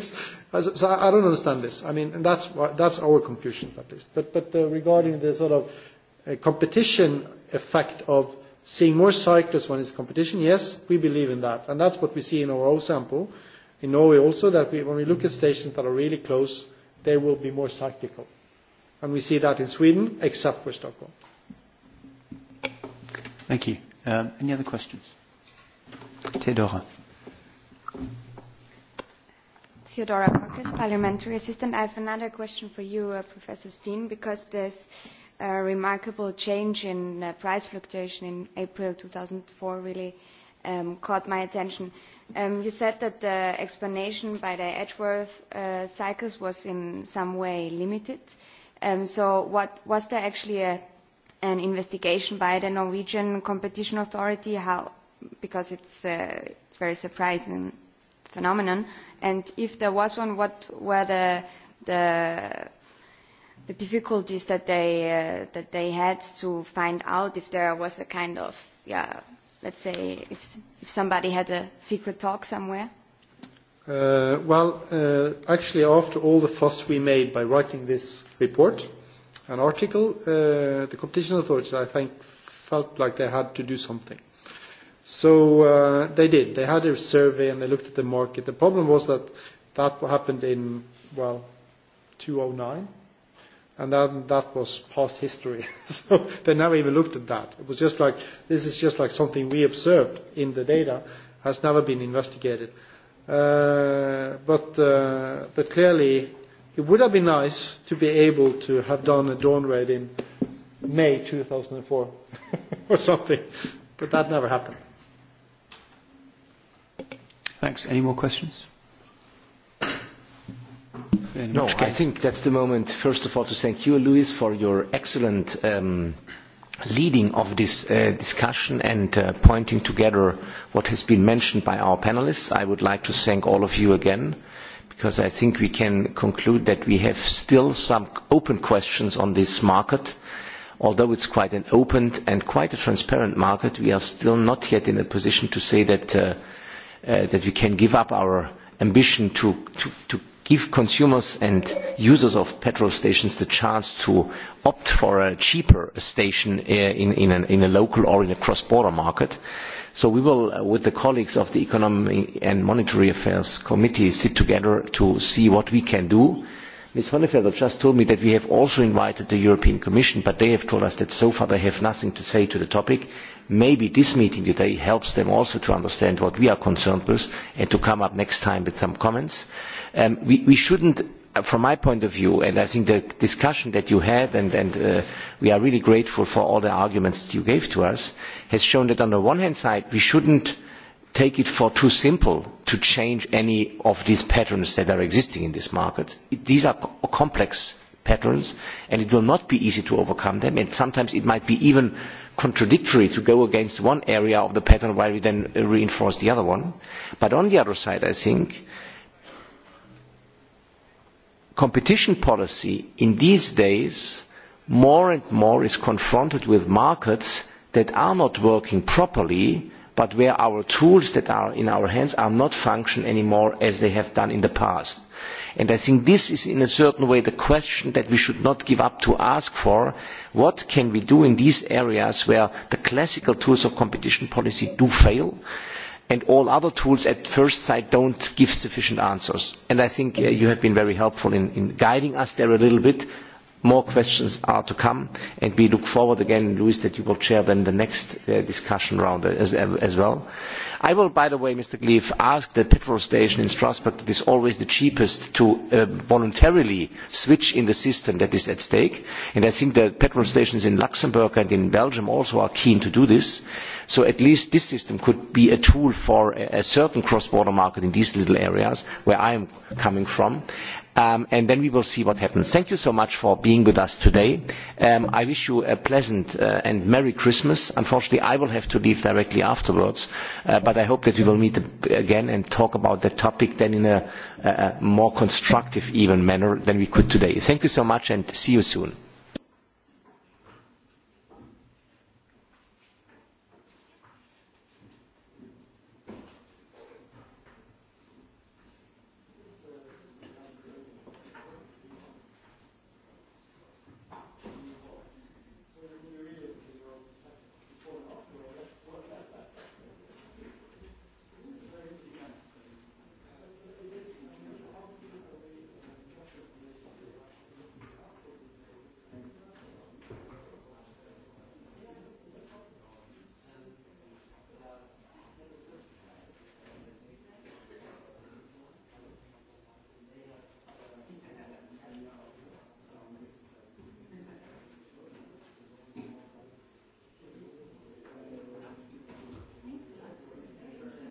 so I don't understand this. I mean, and that's, that's our conclusion, at least. But, but uh, regarding the sort of uh, competition effect of seeing more cyclists when it's competition, yes, we believe in that. And that's what we see in our own sample. In Norway also, that we, when we look at stations that are really close, they will be more cyclical. And we see that in Sweden, except for Stockholm. Thank you. Um, any other questions? Theodora. Theodora Kokis, Parliamentary Assistant. I have another question for you, uh, Professor Steen, because there's a remarkable change in uh, price fluctuation in April 2004 really um, caught my attention. Um, you said that the explanation by the Edgeworth uh, cycles was in some way limited. Um, so what, was there actually a, an investigation by the Norwegian Competition Authority? How, because it's, uh, it's very surprising phenomenon? And if there was one, what were the, the, the difficulties that they, uh, that they had to find out if there was a kind of, yeah, let's say, if, if somebody had a secret talk somewhere? Uh, well, uh, actually, after all the fuss we made by writing this report, an article, uh, the competition authorities, I think, felt like they had to do something. So uh, they did. They had a survey and they looked at the market. The problem was that that happened in, well, 2009. And that, that was past history. so they never even looked at that. It was just like, this is just like something we observed in the data, has never been investigated. Uh, but, uh, but clearly, it would have been nice to be able to have done a dawn raid in May 2004 or something, but that never happened. Thanks. Any more questions? In no, I think that's the moment, first of all, to thank you, Luis, for your excellent um, leading of this uh, discussion and uh, pointing together what has been mentioned by our panelists. I would like to thank all of you again because I think we can conclude that we have still some open questions on this market. Although it's quite an open and quite a transparent market, we are still not yet in a position to say that uh, uh, that we can give up our ambition to, to, to give consumers and users of petrol stations the chance to opt for a cheaper station uh, in, in, an, in a local or in a cross-border market. So we will, uh, with the colleagues of the Economic and Monetary Affairs Committee, sit together to see what we can do. Ms. Honefelder just told me that we have also invited the European Commission, but they have told us that so far they have nothing to say to the topic maybe this meeting today helps them also to understand what we are concerned with and to come up next time with some comments. Um, we, we shouldn't uh, from my point of view, and I think the discussion that you had, and, and uh, we are really grateful for all the arguments that you gave to us, has shown that on the one hand side, we shouldn't take it for too simple to change any of these patterns that are existing in this market. It, these are co complex patterns, and it will not be easy to overcome them, and sometimes it might be even contradictory to go against one area of the pattern while we then reinforce the other one. But on the other side, I think competition policy in these days more and more is confronted with markets that are not working properly but where our tools that are in our hands are not functioning anymore as they have done in the past. And I think this is in a certain way the question that we should not give up to ask for. What can we do in these areas where the classical tools of competition policy do fail? and all other tools at first sight don't give sufficient answers. And I think uh, you have been very helpful in, in guiding us there a little bit More questions are to come, and we look forward again, Luis, that you will chair then the next uh, discussion round as, as well. I will, by the way, Mr. Gleave, ask the petrol station in Strasbourg that is always the cheapest to uh, voluntarily switch in the system that is at stake. And I think the petrol stations in Luxembourg and in Belgium also are keen to do this. So at least this system could be a tool for a, a certain cross-border market in these little areas where I am coming from um, and then we will see what happens. Thank you so much for being with us today. Um, I wish you a pleasant uh, and Merry Christmas. Unfortunately, I will have to leave directly afterwards, uh, but I hope that we will meet again and talk about the topic then in a, a more constructive, even manner than we could today. Thank you so much and see you soon.